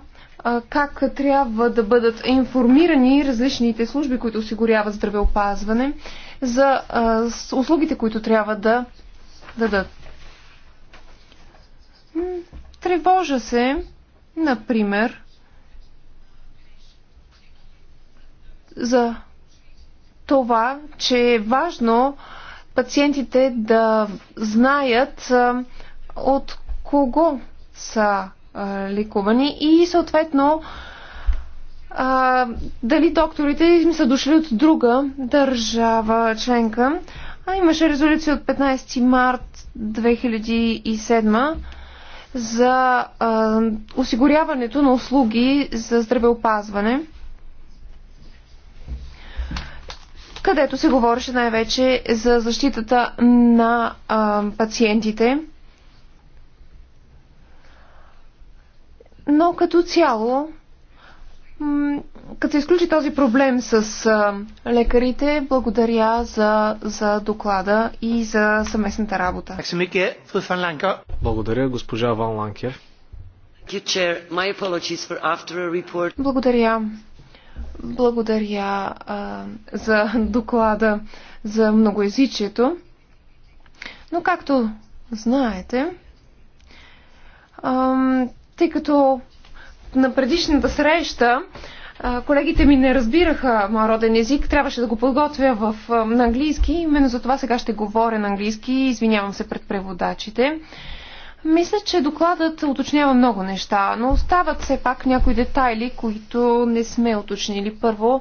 как трябва да бъдат информирани различните служби, които осигуряват здравеопазване за а, услугите, които трябва да дадат. Тревожа се, например, за това, че е важно пациентите да знаят от кого са ликувани, и съответно а, дали докторите им са дошли от друга държава членка. А имаше резолюция от 15 март 2007 за а, осигуряването на услуги за здравеопазване, където се говореше най-вече за защитата на а, пациентите. Но като цяло като се изключи този проблем с лекарите, благодаря за, за доклада и за съместната работа. Благодаря, госпожа Ван Ланкер. Благодаря. Благодаря а, за доклада за многоязичието. Но както знаете, а, тъй като на предишната среща колегите ми не разбираха моя роден език. Трябваше да го подготвя в, на английски. Именно за това сега ще говоря на английски. Извинявам се пред преводачите. Мисля, че докладът уточнява много неща, но остават все пак някои детайли, които не сме уточнили. Първо,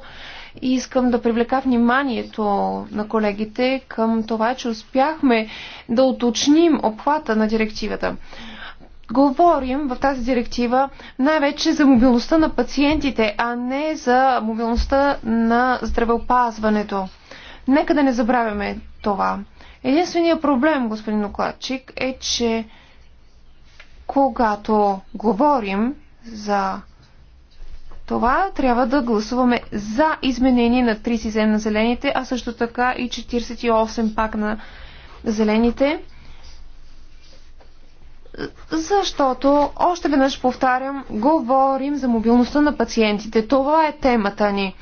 и искам да привлека вниманието на колегите към това, че успяхме да уточним обхвата на директивата говорим в тази директива най-вече за мобилността на пациентите, а не за мобилността на здравеопазването. Нека да не забравяме това. Единственият проблем, господин Окладчик, е, че когато говорим за това, трябва да гласуваме за изменение на 37 на зелените, а също така и 48 пак на зелените защото, още веднъж повтарям, говорим за мобилността на пациентите. Това е темата ни.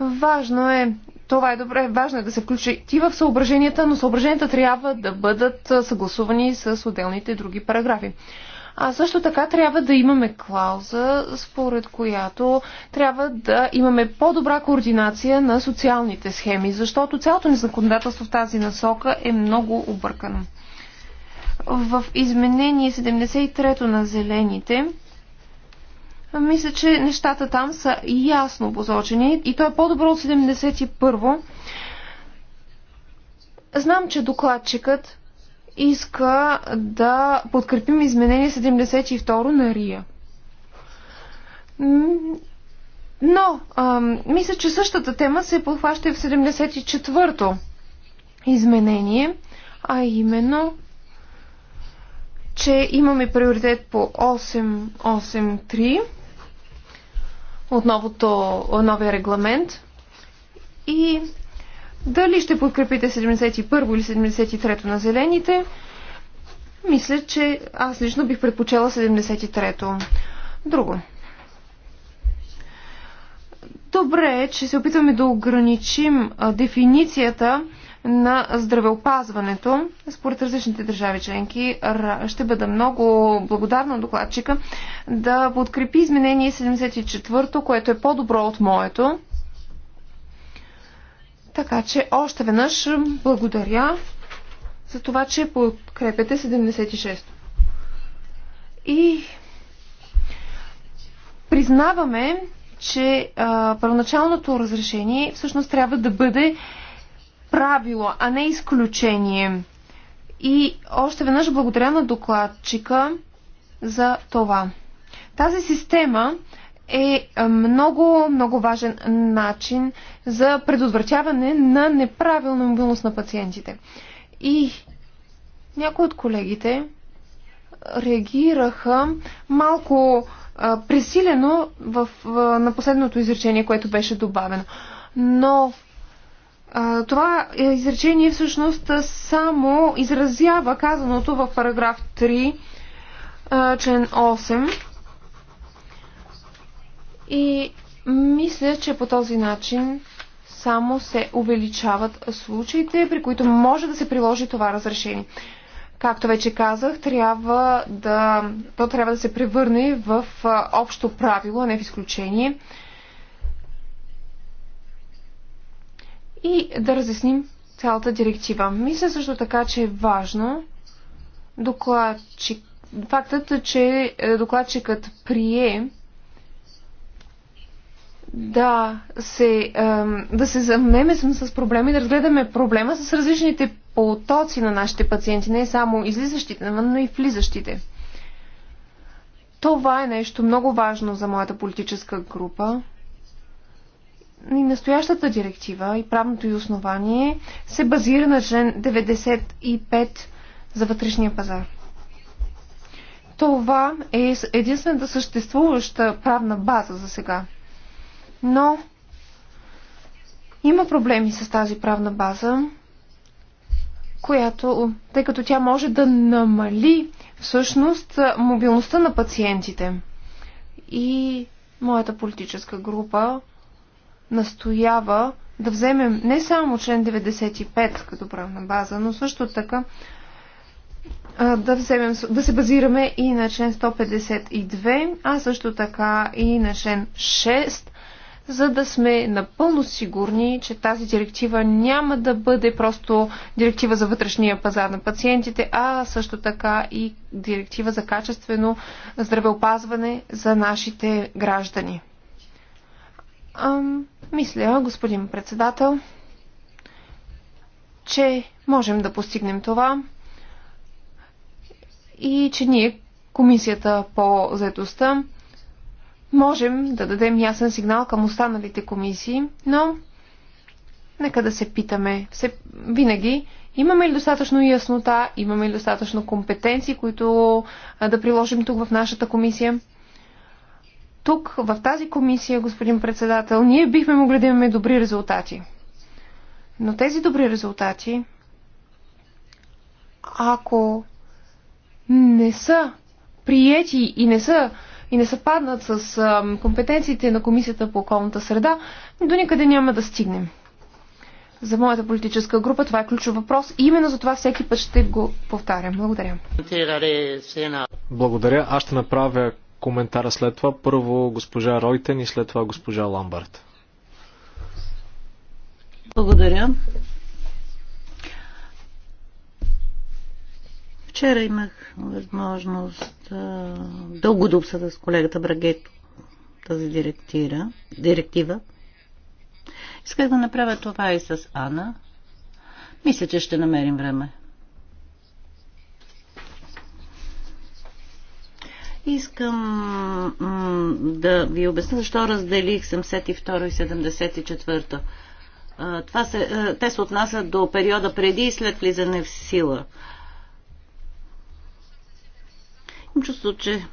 Важно е, това е добре, важно е да се включи и в съображенията, но съображенията трябва да бъдат съгласувани с отделните други параграфи. А също така трябва да имаме клауза, според която трябва да имаме по-добра координация на социалните схеми, защото цялото ни законодателство в тази насока е много объркано в изменение 73-то на зелените, мисля, че нещата там са ясно посочени и то е по-добро от 71-во. Знам, че докладчикът иска да подкрепим изменение 72 на Рия. Но, мисля, че същата тема се подхваща и в 74-то изменение, а именно че имаме приоритет по 8.8.3 от новото, новия регламент и дали ще подкрепите 71 или 73 то на зелените, мисля, че аз лично бих предпочела 73-то. Друго. Добре е, че се опитваме да ограничим дефиницията на здравеопазването според различните държави членки. Ще бъда много благодарна на докладчика да подкрепи изменение 74, то което е по-добро от моето. Така че още веднъж благодаря за това, че подкрепяте 76. то И признаваме, че а, първоначалното разрешение всъщност трябва да бъде правило, а не изключение. И още веднъж благодаря на докладчика за това. Тази система е много, много важен начин за предотвратяване на неправилна мобилност на пациентите. И някои от колегите реагираха малко а, пресилено в, в, на последното изречение, което беше добавено. Но това е изречение всъщност само изразява казаното в параграф 3, член 8. И мисля, че по този начин само се увеличават случаите, при които може да се приложи това разрешение. Както вече казах, трябва да, то трябва да се превърне в общо правило, а не в изключение. и да разясним цялата директива. Мисля също така, че е важно докладчик, фактът, че е, докладчикът прие да се, да се замнеме с проблема и да разгледаме проблема с различните потоци на нашите пациенти, не само излизащите, но и влизащите. Това е нещо много важно за моята политическа група. И настоящата директива и правното и основание се базира на член 95 за вътрешния пазар. Това е единствената съществуваща правна база за сега. Но има проблеми с тази правна база, която, тъй като тя може да намали всъщност мобилността на пациентите. И моята политическа група настоява да вземем не само член 95 като правна база, но също така да, вземем, да се базираме и на член 152, а също така и на член 6, за да сме напълно сигурни, че тази директива няма да бъде просто директива за вътрешния пазар на пациентите, а също така и директива за качествено здравеопазване за нашите граждани мисля, господин председател, че можем да постигнем това и че ние, Комисията по заедостта, можем да дадем ясен сигнал към останалите комисии, но нека да се питаме все, винаги, имаме ли достатъчно яснота, имаме ли достатъчно компетенции, които да приложим тук в нашата комисия тук, в тази комисия, господин председател, ние бихме могли да имаме добри резултати. Но тези добри резултати, ако не са приети и не са и не съпаднат с компетенциите на Комисията по околната среда, до никъде няма да стигнем. За моята политическа група това е ключов въпрос и именно за това всеки път ще го повтарям. Благодаря. Благодаря. Аз ще направя коментара след това. Първо госпожа Ройтен и след това госпожа Ламбард. Благодаря. Вчера имах възможност а, дълго да обсъда с колегата Брагето тази директира, директива. Исках да направя това и с Ана. Мисля, че ще намерим време. Искам да ви обясня защо разделих 72 и 74. Това се, те се отнасят до периода преди и след влизане в сила. Имам чувство, че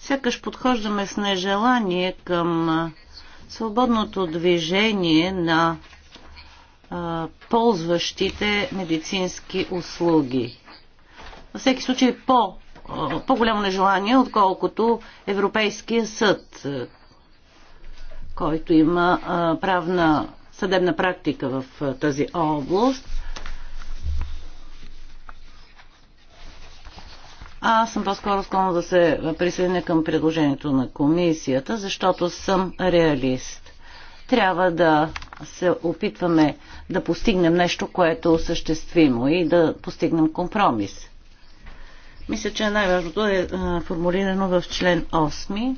сякаш подхождаме с нежелание към свободното движение на ползващите медицински услуги. Във всеки случай по по-голямо нежелание, отколкото Европейския съд, който има правна съдебна практика в тази област. Аз съм по-скоро склонна да се присъединя към предложението на комисията, защото съм реалист. Трябва да се опитваме да постигнем нещо, което е осъществимо и да постигнем компромис. Мисля, че най-важното е формулирано в член 8,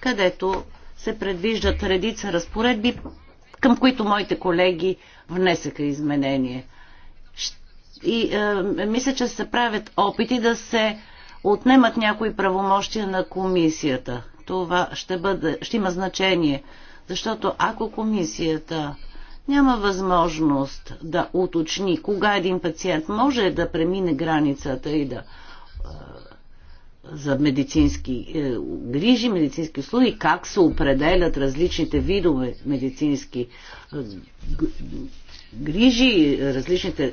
където се предвиждат редица разпоредби, към които моите колеги внесаха изменение. И е, мисля, че се правят опити да се отнемат някои правомощия на комисията. Това ще, бъде, ще има значение, защото ако комисията няма възможност да уточни кога един пациент може да премине границата и да е, за медицински е, грижи, медицински услуги, как се определят различните видове медицински е, грижи, различните е,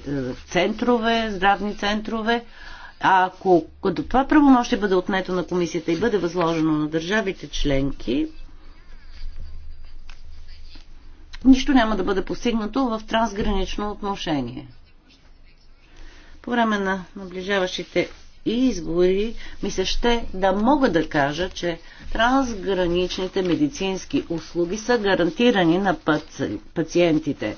центрове, здравни центрове. А ако, ако това правомощие бъде отнето на комисията и бъде възложено на държавите членки, нищо няма да бъде постигнато в трансгранично отношение. По време на наближаващите избори ми се ще да мога да кажа, че трансграничните медицински услуги са гарантирани на паци... пациентите.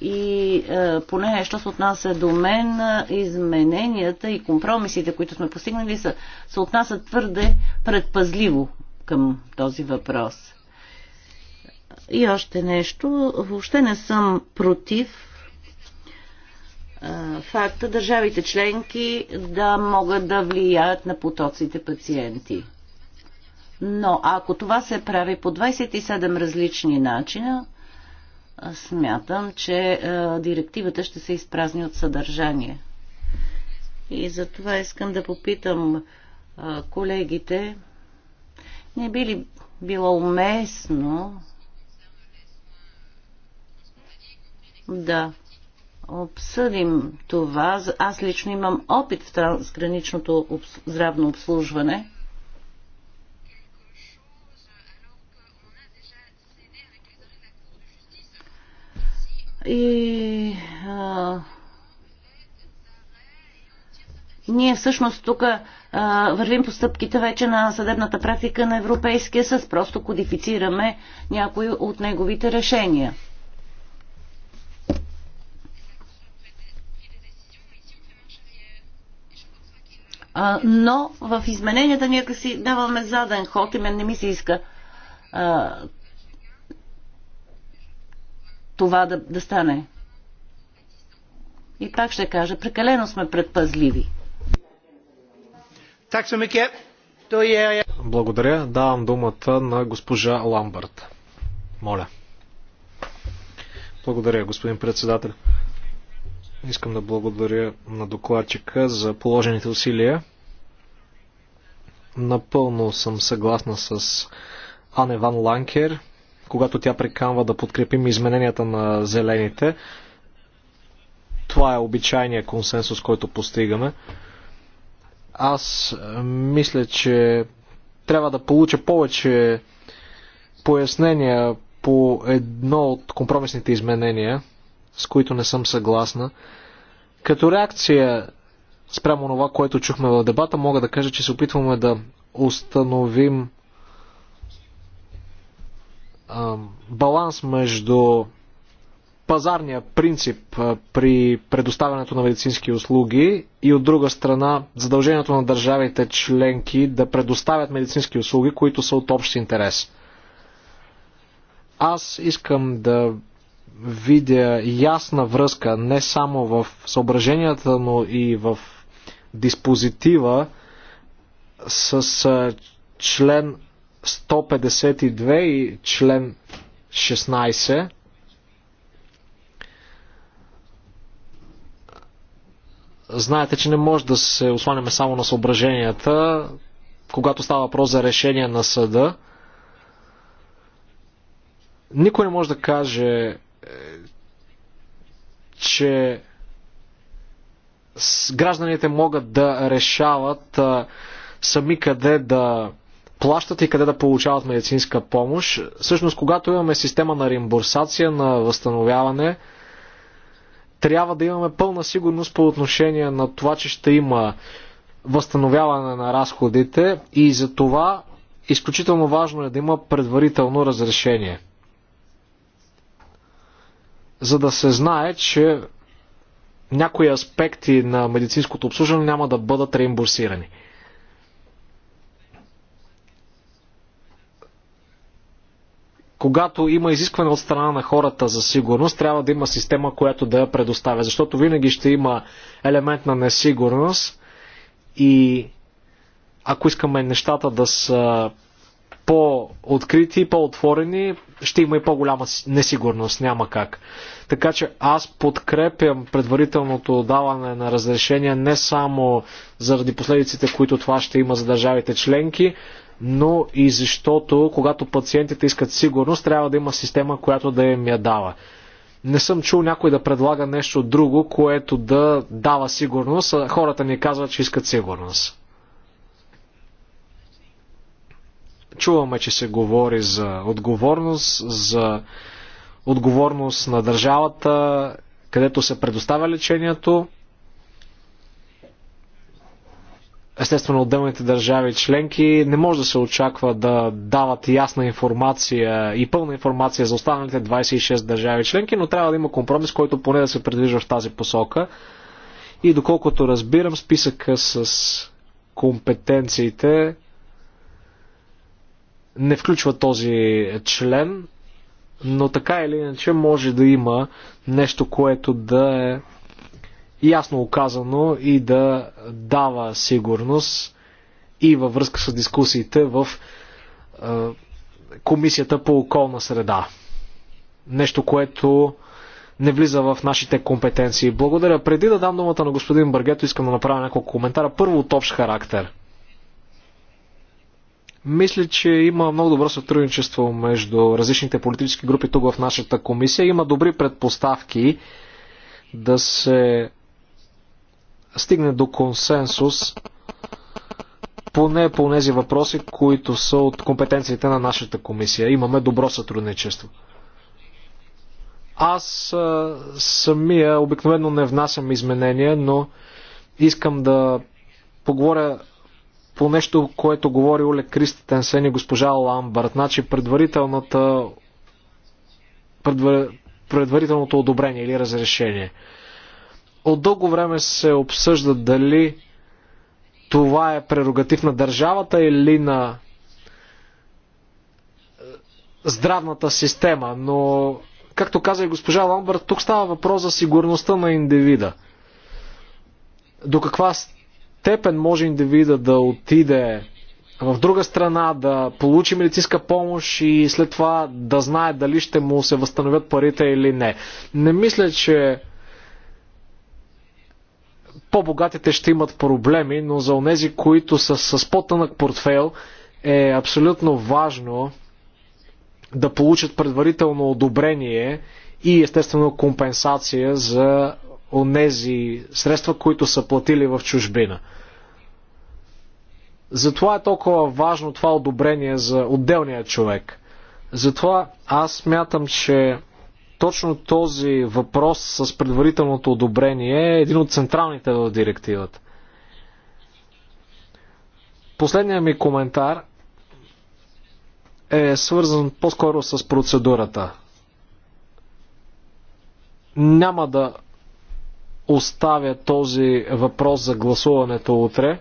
И е, поне, що се отнася до мен, измененията и компромисите, които сме постигнали, са, се отнасят твърде предпазливо към този въпрос. И още нещо. Въобще не съм против факта държавите членки да могат да влияят на потоците пациенти. Но ако това се прави по 27 различни начина, смятам, че директивата ще се изпразни от съдържание. И за това искам да попитам колегите, не би ли било уместно да обсъдим това. Аз лично имам опит в трансграничното здравно обслужване. И а, ние всъщност тук а, вървим по стъпките вече на съдебната практика на Европейския съд. Просто кодифицираме някои от неговите решения. А, но в измененията ние си даваме заден ход и мен не ми се иска а, това да, да стане. И пак ще кажа, прекалено сме предпазливи. Е- Благодаря. Давам думата на госпожа Ламбърт. Моля. Благодаря, господин председател. Искам да благодаря на докладчика за положените усилия. Напълно съм съгласна с Ане Ван Ланкер, когато тя приканва да подкрепим измененията на зелените. Това е обичайният консенсус, който постигаме. Аз е, мисля, че трябва да получа повече пояснения по едно от компромисните изменения – с които не съм съгласна. Като реакция спрямо това, което чухме в дебата, мога да кажа, че се опитваме да установим а, баланс между пазарния принцип а, при предоставянето на медицински услуги и от друга страна задължението на държавите членки да предоставят медицински услуги, които са от общ интерес. Аз искам да видя ясна връзка не само в съображенията, но и в диспозитива с член 152 и член 16. Знаете, че не може да се осланяме само на съображенията, когато става въпрос за решение на съда. Никой не може да каже че гражданите могат да решават сами къде да плащат и къде да получават медицинска помощ. Всъщност, когато имаме система на реимбурсация, на възстановяване, трябва да имаме пълна сигурност по отношение на това, че ще има възстановяване на разходите и за това изключително важно е да има предварително разрешение за да се знае, че някои аспекти на медицинското обслужване няма да бъдат реимбурсирани. Когато има изискване от страна на хората за сигурност, трябва да има система, която да я предоставя, защото винаги ще има елемент на несигурност и ако искаме нещата да са по-открити, по-отворени, ще има и по-голяма несигурност, няма как. Така че аз подкрепям предварителното даване на разрешение не само заради последиците, които това ще има за държавите членки, но и защото, когато пациентите искат сигурност, трябва да има система, която да им я дава. Не съм чул някой да предлага нещо друго, което да дава сигурност, а хората ни казват, че искат сигурност. Чуваме, че се говори за отговорност, за отговорност на държавата, където се предоставя лечението. Естествено, отделните държави членки не може да се очаква да дават ясна информация и пълна информация за останалите 26 държави членки, но трябва да има компромис, който поне да се предвижда в тази посока. И доколкото разбирам, списъка с компетенциите не включва този член, но така или иначе може да има нещо, което да е ясно оказано и да дава сигурност и във връзка с дискусиите в е, Комисията по околна среда. Нещо, което не влиза в нашите компетенции. Благодаря. Преди да дам думата на господин Баргето, искам да направя няколко коментара. Първо от общ характер – мисля, че има много добро сътрудничество между различните политически групи тук в нашата комисия. Има добри предпоставки да се стигне до консенсус поне по тези въпроси, които са от компетенциите на нашата комисия. Имаме добро сътрудничество. Аз а, самия обикновено не внасям изменения, но искам да поговоря по нещо, което говори Оле Кристенсен и госпожа Ламбърт. Значи предварителната предвар... предварителното одобрение или разрешение. От дълго време се обсъжда дали това е прерогатив на държавата или на е, здравната система, но както каза и госпожа Ламбърт, тук става въпрос за сигурността на индивида. До каква степен може индивида да отиде в друга страна, да получи медицинска помощ и след това да знае дали ще му се възстановят парите или не. Не мисля, че по-богатите ще имат проблеми, но за онези, които са с по-тънък портфейл, е абсолютно важно да получат предварително одобрение и естествено компенсация за онези средства, които са платили в чужбина. Затова е толкова важно това одобрение за отделния човек. Затова аз мятам, че точно този въпрос с предварителното одобрение е един от централните в директивата. Последният ми коментар е свързан по-скоро с процедурата. Няма да оставя този въпрос за гласуването утре.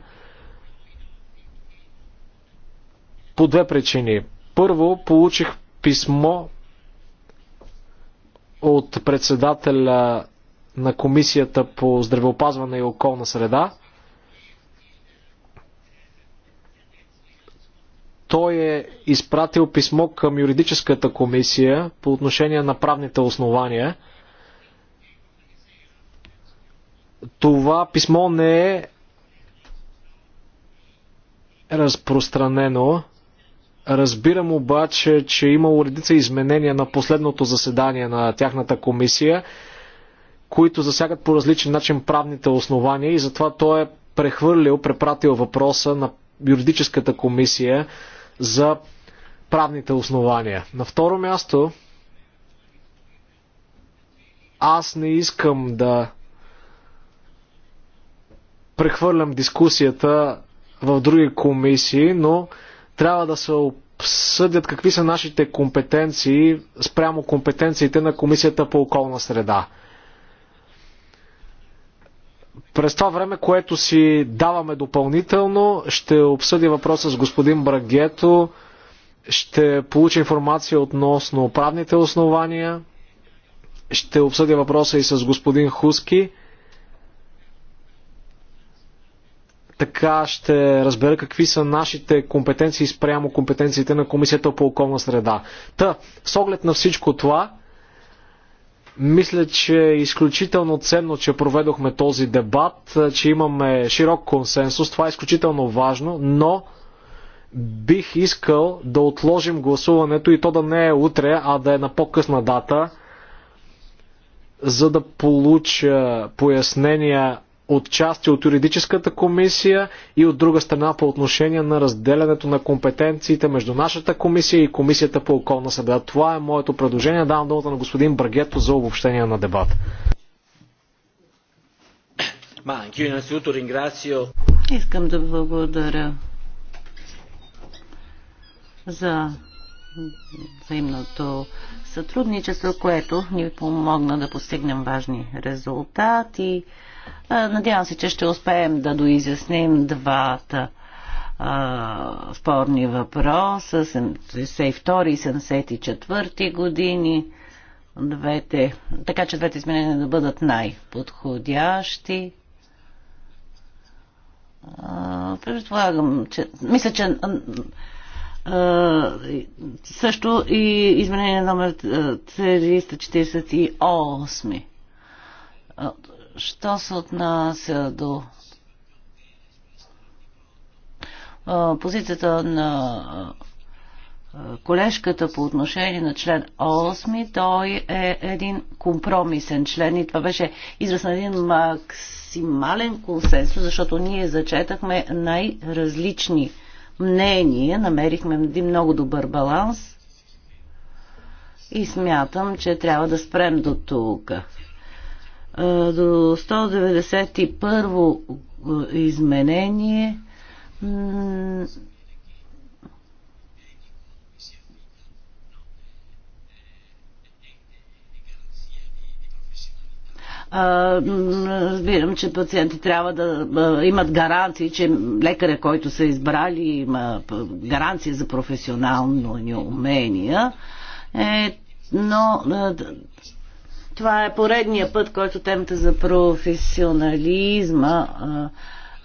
По две причини. Първо, получих писмо от председателя на Комисията по здравеопазване и околна среда. Той е изпратил писмо към юридическата комисия по отношение на правните основания – това писмо не е разпространено. Разбирам обаче, че има редица изменения на последното заседание на тяхната комисия, които засягат по различен начин правните основания и затова той е прехвърлил, препратил въпроса на юридическата комисия за правните основания. На второ място, аз не искам да прехвърлям дискусията в други комисии, но трябва да се обсъдят какви са нашите компетенции спрямо компетенциите на Комисията по околна среда. През това време, което си даваме допълнително, ще обсъдя въпроса с господин Брагето, ще получа информация относно правните основания, ще обсъдя въпроса и с господин Хуски. така ще разбера какви са нашите компетенции спрямо компетенциите на Комисията по околна среда. Та, с оглед на всичко това, мисля, че е изключително ценно, че проведохме този дебат, че имаме широк консенсус. Това е изключително важно, но бих искал да отложим гласуването и то да не е утре, а да е на по-късна дата, за да получа пояснения от части от юридическата комисия и от друга страна по отношение на разделянето на компетенциите между нашата комисия и комисията по околна среда. Това е моето предложение. Давам думата на господин Брагето за обобщение на дебат. Искам да благодаря за взаимното сътрудничество, което ни помогна да постигнем важни резултати. Надявам се, че ще успеем да доизясним двата а, спорни въпроса 72 и 74 години. Двете, така че двете изменения да бъдат най-подходящи. Предполагам, че... Мисля, че а, също и изменение номер 348 Що се отнася до позицията на колежката по отношение на член 8, той е един компромисен член и това беше израз на един максимален консенсус, защото ние зачетахме най-различни мнения, намерихме един много добър баланс и смятам, че трябва да спрем до тук до 191 изменение разбирам, че пациенти трябва да имат гаранции, че лекаря, който са избрали, има гаранция за професионални умения. Е, но това е поредния път, който темата за професионализма а,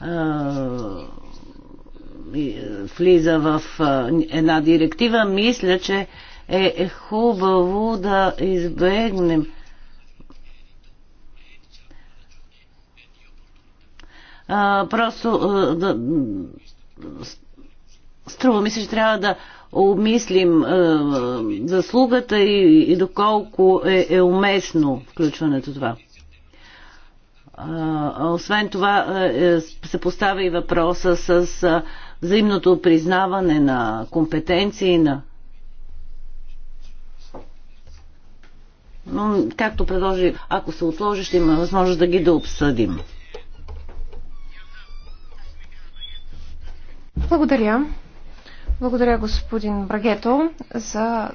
а, е, влиза в а, една директива. Мисля, че е, е хубаво да избегнем. А, просто а, да, струва ми се, че трябва да обмислим е, заслугата и, и доколко е, е уместно включването това. Освен това е, е, се поставя и въпроса с взаимното признаване на компетенции на Но, както предложи, ако се отложи, ще има възможност да ги да обсъдим. Благодаря. Благодаря господин Брагето за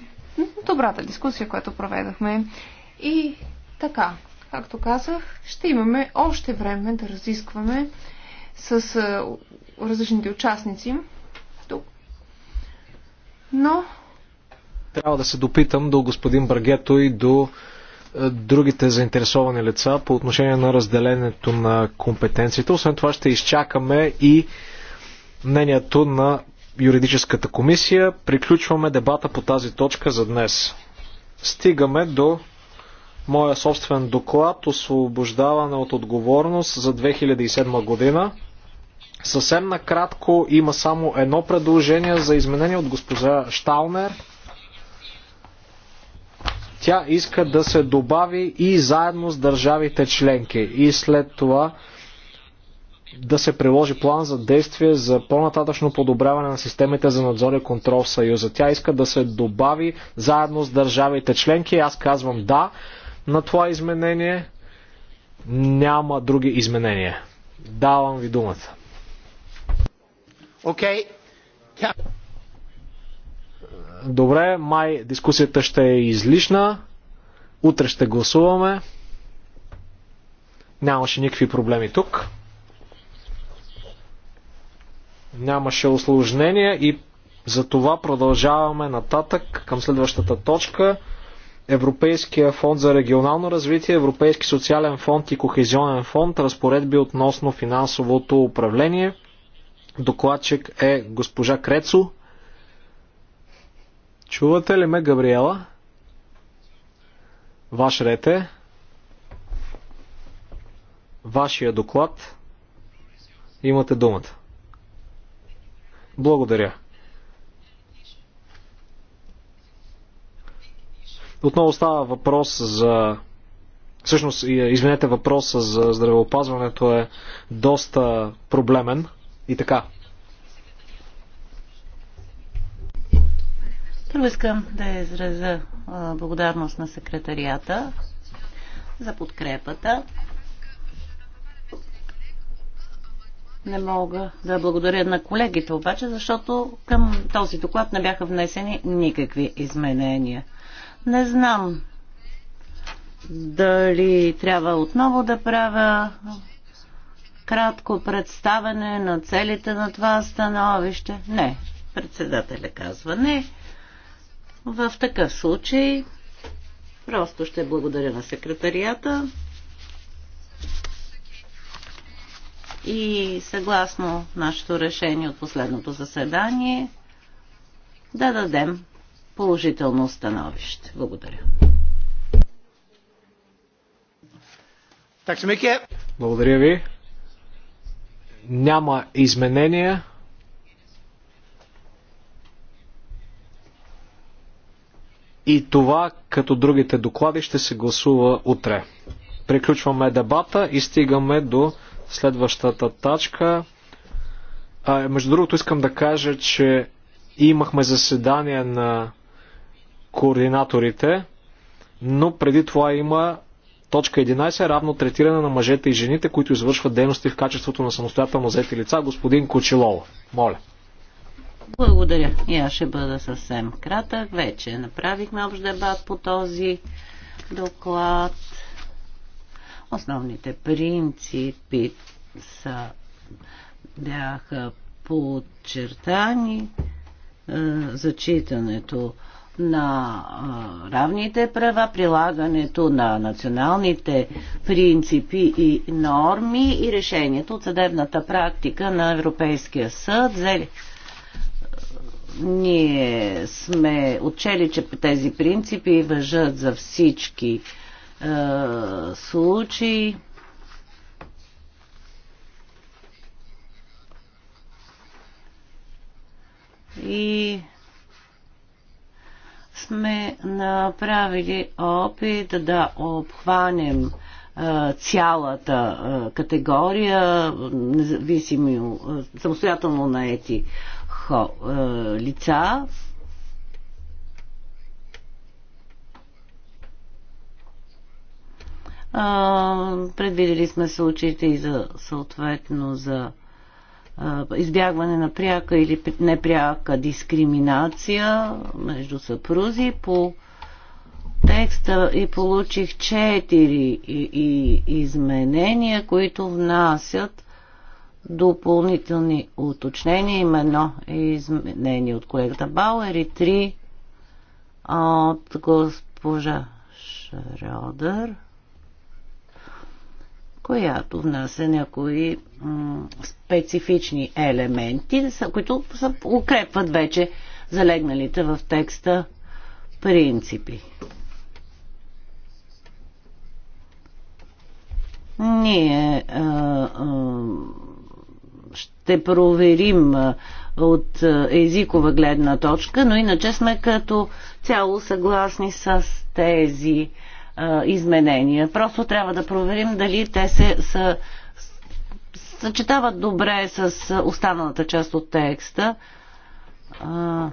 добрата дискусия, която проведахме. И така, както казах, ще имаме още време да разискваме с е, различните участници тук. Но. Трябва да се допитам до господин Брагето и до е, другите заинтересовани лица по отношение на разделението на компетенциите. Освен това ще изчакаме и мнението на юридическата комисия. Приключваме дебата по тази точка за днес. Стигаме до моя собствен доклад Освобождаване от отговорност за 2007 година. Съвсем накратко има само едно предложение за изменение от госпожа Шталнер. Тя иска да се добави и заедно с държавите членки. И след това да се приложи план за действие за по-нататъчно подобряване на системите за надзор и контрол в Съюза. Тя иска да се добави заедно с държавите членки. Аз казвам да на това изменение. Няма други изменения. Давам ви думата. Окей. Okay. Добре, май дискусията ще е излишна. Утре ще гласуваме. Нямаше никакви проблеми тук нямаше осложнения и за това продължаваме нататък към следващата точка. Европейския фонд за регионално развитие, Европейски социален фонд и Кохезионен фонд, разпоредби относно финансовото управление. Докладчик е госпожа Крецо. Чувате ли ме, Габриела? Ваш рете. Вашия доклад. Имате думата. Благодаря. Отново става въпрос за. Всъщност, извинете, въпроса за здравеопазването е доста проблемен. И така. Първо искам да изразя благодарност на секретарията за подкрепата. Не мога да благодаря на колегите обаче, защото към този доклад не бяха внесени никакви изменения. Не знам дали трябва отново да правя кратко представене на целите на това становище. Не, председателя казва не. В такъв случай просто ще благодаря на секретарията и съгласно нашето решение от последното заседание да дадем положително становище. Благодаря. Благодаря ви. Няма изменения. И това, като другите доклади, ще се гласува утре. Приключваме дебата и стигаме до следващата тачка. А, между другото искам да кажа, че имахме заседание на координаторите, но преди това има точка 11 равно третиране на мъжете и жените, които извършват дейности в качеството на самостоятелно заети лица. Господин Кочилов, моля. Благодаря. И аз ще бъда съвсем кратък. Вече направихме общ дебат по този доклад. Основните принципи са, бяха подчертани е, зачитането на е, равните права, прилагането на националните принципи и норми и решението от съдебната практика на Европейския съд. Взели. Е, ние сме отчели, че тези принципи въжат за всички е, случаи. И сме направили опит да обхванем е, цялата е, категория, независимо, самостоятелно наети лица А, предвидели сме случаите и за съответно за а, избягване на пряка или непряка дискриминация между съпрузи по текста и получих четири и, и изменения, които внасят допълнителни уточнения, именно изменения от колегата Бауер и три от госпожа Шрёдър която внася някои специфични елементи, които са, укрепват вече залегналите в текста принципи. Ние а, а, ще проверим от езикова гледна точка, но иначе сме като цяло съгласни с тези а, изменения. Просто трябва да проверим дали те се са, съчетават добре с останалата част от текста. А,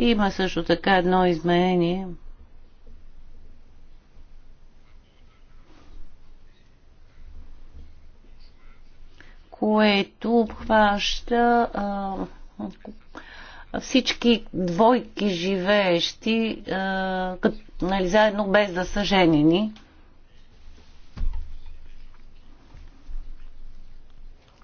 Има също така едно изменение. което обхваща а, всички двойки живеещи а, като, нали, заедно без да са женени.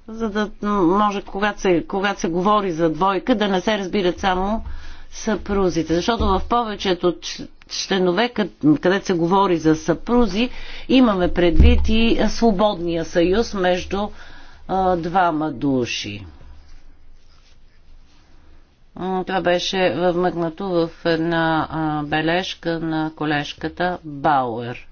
За да може, когато се, когато се говори за двойка, да не се разбират само съпрузите. Защото в повечето членове, където се говори за съпрузи, имаме предвид и свободния съюз между а, двама души. Това беше вмъкнато в една бележка на колежката Бауер.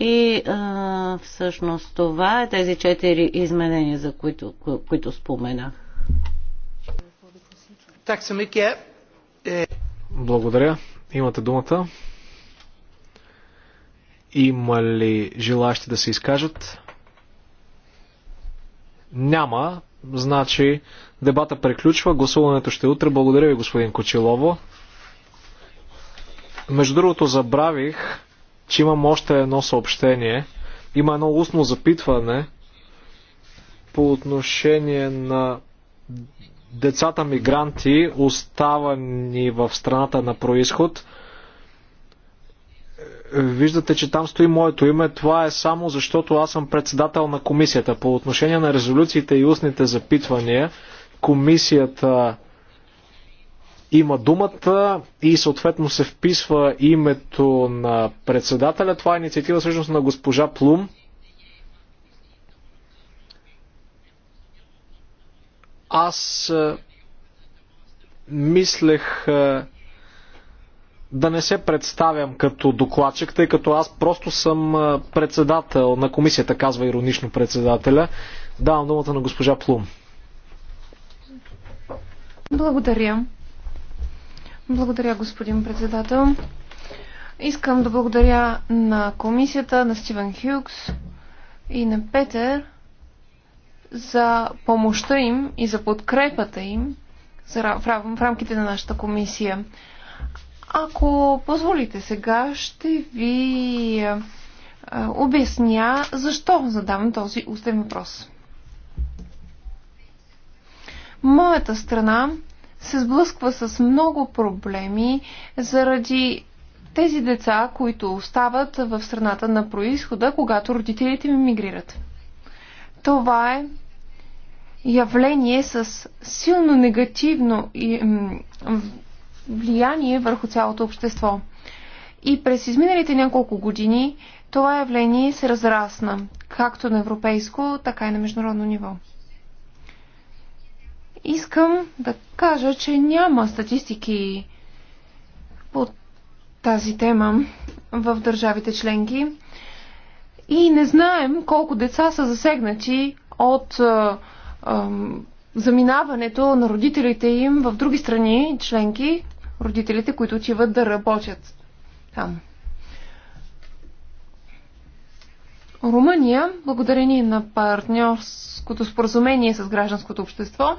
И а, всъщност това е тези четири изменения, за които, кои, които споменах. Е. Благодаря. Имате думата. Има ли желащи да се изкажат? Няма. Значи дебата приключва. Гласуването ще е утре. Благодаря ви, господин Кочилово. Между другото, забравих, че имам още едно съобщение. Има едно устно запитване по отношение на децата мигранти, оставани в страната на происход виждате, че там стои моето име. Това е само защото аз съм председател на комисията. По отношение на резолюциите и устните запитвания, комисията има думата и съответно се вписва името на председателя. Това е инициатива всъщност на госпожа Плум. Аз е, мислех е, да не се представям като докладчик, тъй като аз просто съм председател на комисията, казва иронично председателя. Давам думата на госпожа Плум. Благодаря. Благодаря, господин председател. Искам да благодаря на комисията, на Стивен Хюкс и на Петър за помощта им и за подкрепата им в рамките на нашата комисия. Ако позволите сега, ще ви е, е, обясня защо задавам този устен въпрос. Моята страна се сблъсква с много проблеми заради тези деца, които остават в страната на происхода, когато родителите ми мигрират. Това е явление с силно негативно влияние върху цялото общество. И през изминалите няколко години това явление се разрасна, както на европейско, така и на международно ниво. Искам да кажа, че няма статистики по тази тема в държавите членки и не знаем колко деца са засегнати от а, а, заминаването на родителите им в други страни членки, родителите, които отиват да работят там. Румъния, благодарение на партньорското споразумение с гражданското общество,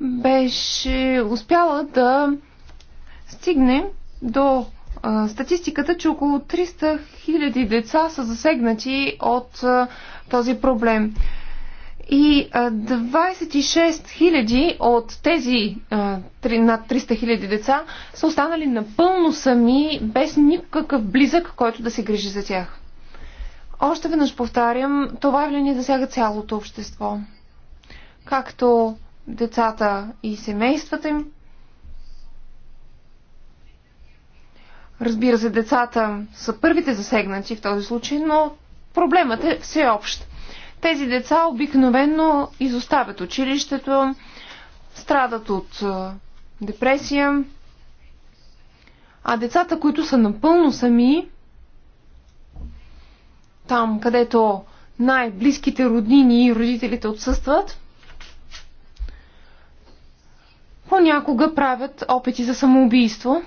беше успяла да стигне до а, статистиката, че около 300 000 деца са засегнати от а, този проблем. И 26 000 от тези над 300 000 деца са останали напълно сами, без никакъв близък, който да се грижи за тях. Още веднъж повтарям, това явление засяга цялото общество. Както децата и семействата им. Разбира се, децата са първите засегнати в този случай, но проблемът е всеобщ. Тези деца обикновенно изоставят училището, страдат от депресия, а децата, които са напълно сами, там където най-близките роднини и родителите отсъстват, понякога правят опити за самоубийство.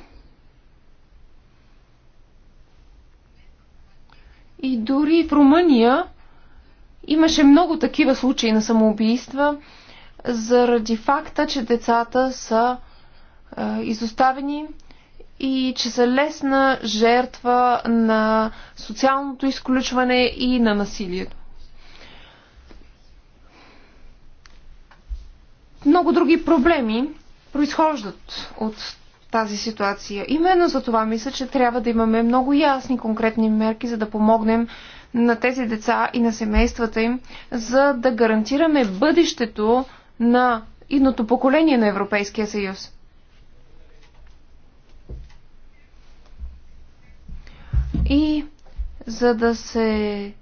И дори в Румъния Имаше много такива случаи на самоубийства заради факта, че децата са е, изоставени и че са лесна жертва на социалното изключване и на насилието. Много други проблеми произхождат от тази ситуация. Именно за това мисля, че трябва да имаме много ясни конкретни мерки, за да помогнем на тези деца и на семействата им, за да гарантираме бъдещето на идното поколение на Европейския съюз. И за да се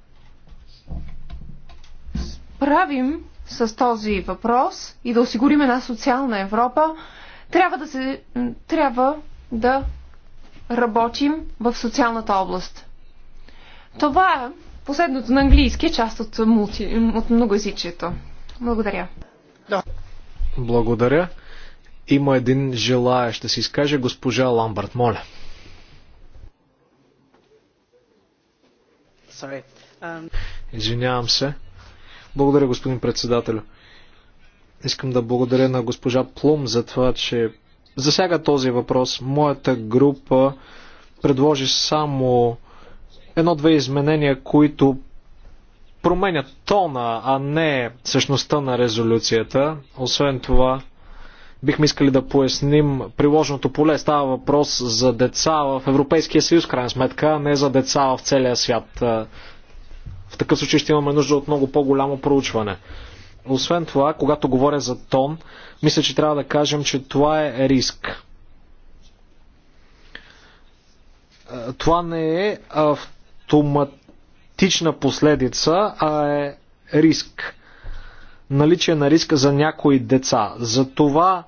справим с този въпрос и да осигурим една социална Европа, трябва да, се, трябва да работим в социалната област. Това, е последното на английски, част от, мулти, от многоязичието. Благодаря. Да. Благодаря. Има един желаящ да се изкаже госпожа Ламбард. Моля. Um, Извинявам се. Благодаря, господин председател. Искам да благодаря на госпожа Плум за това, че засяга този въпрос. Моята група предложи само едно-две изменения, които променят тона, а не същността на резолюцията. Освен това, бихме искали да поясним приложеното поле. Става въпрос за деца в Европейския съюз, крайна сметка, а не за деца в целия свят. В такъв случай ще имаме нужда от много по-голямо проучване. Освен това, когато говоря за тон, мисля, че трябва да кажем, че това е риск. Това не е в автоматична последица, а е риск. Наличие на риска за някои деца. Затова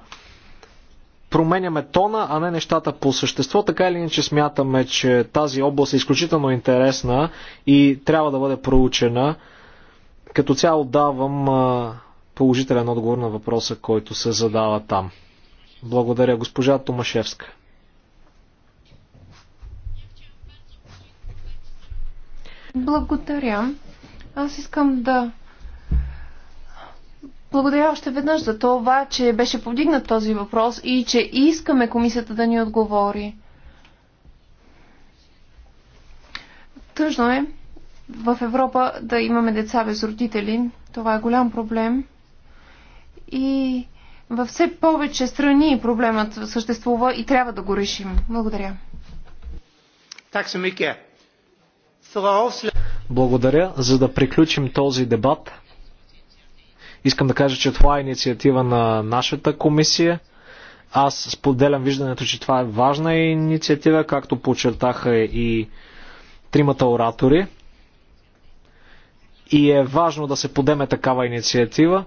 променяме тона, а не нещата по същество. Така или иначе смятаме, че тази област е изключително интересна и трябва да бъде проучена. Като цяло давам положителен отговор на въпроса, който се задава там. Благодаря, госпожа Томашевска. Благодаря. Аз искам да благодаря още веднъж за това, че беше повдигнат този въпрос и че искаме комисията да ни отговори. Тъжно е в Европа да имаме деца без родители. Това е голям проблем. И във все повече страни проблемът съществува и трябва да го решим. Благодаря. Так благодаря. За да приключим този дебат, искам да кажа, че това е инициатива на нашата комисия. Аз споделям виждането, че това е важна инициатива, както подчертаха и тримата оратори. И е важно да се подеме такава инициатива.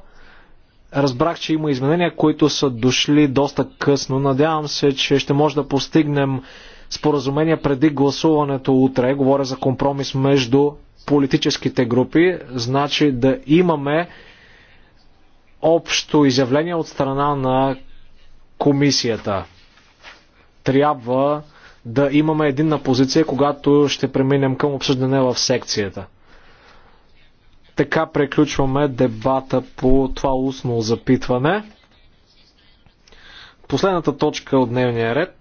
Разбрах, че има изменения, които са дошли доста късно. Надявам се, че ще може да постигнем споразумение преди гласуването утре. Говоря за компромис между политическите групи. Значи да имаме общо изявление от страна на комисията. Трябва да имаме единна позиция, когато ще преминем към обсъждане в секцията. Така приключваме дебата по това устно запитване. Последната точка от дневния ред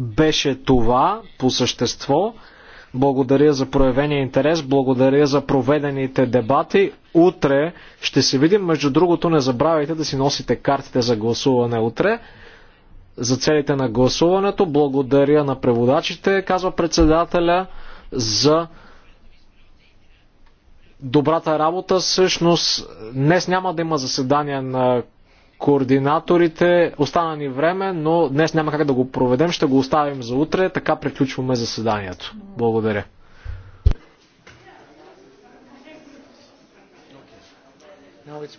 беше това по същество. Благодаря за проявения интерес, благодаря за проведените дебати. Утре ще се видим. Между другото, не забравяйте да си носите картите за гласуване утре. За целите на гласуването, благодаря на преводачите, казва председателя, за добрата работа. Всъщност, днес няма да има заседание на координаторите. Остана ни време, но днес няма как да го проведем. Ще го оставим за утре. Така приключваме заседанието. Благодаря. it's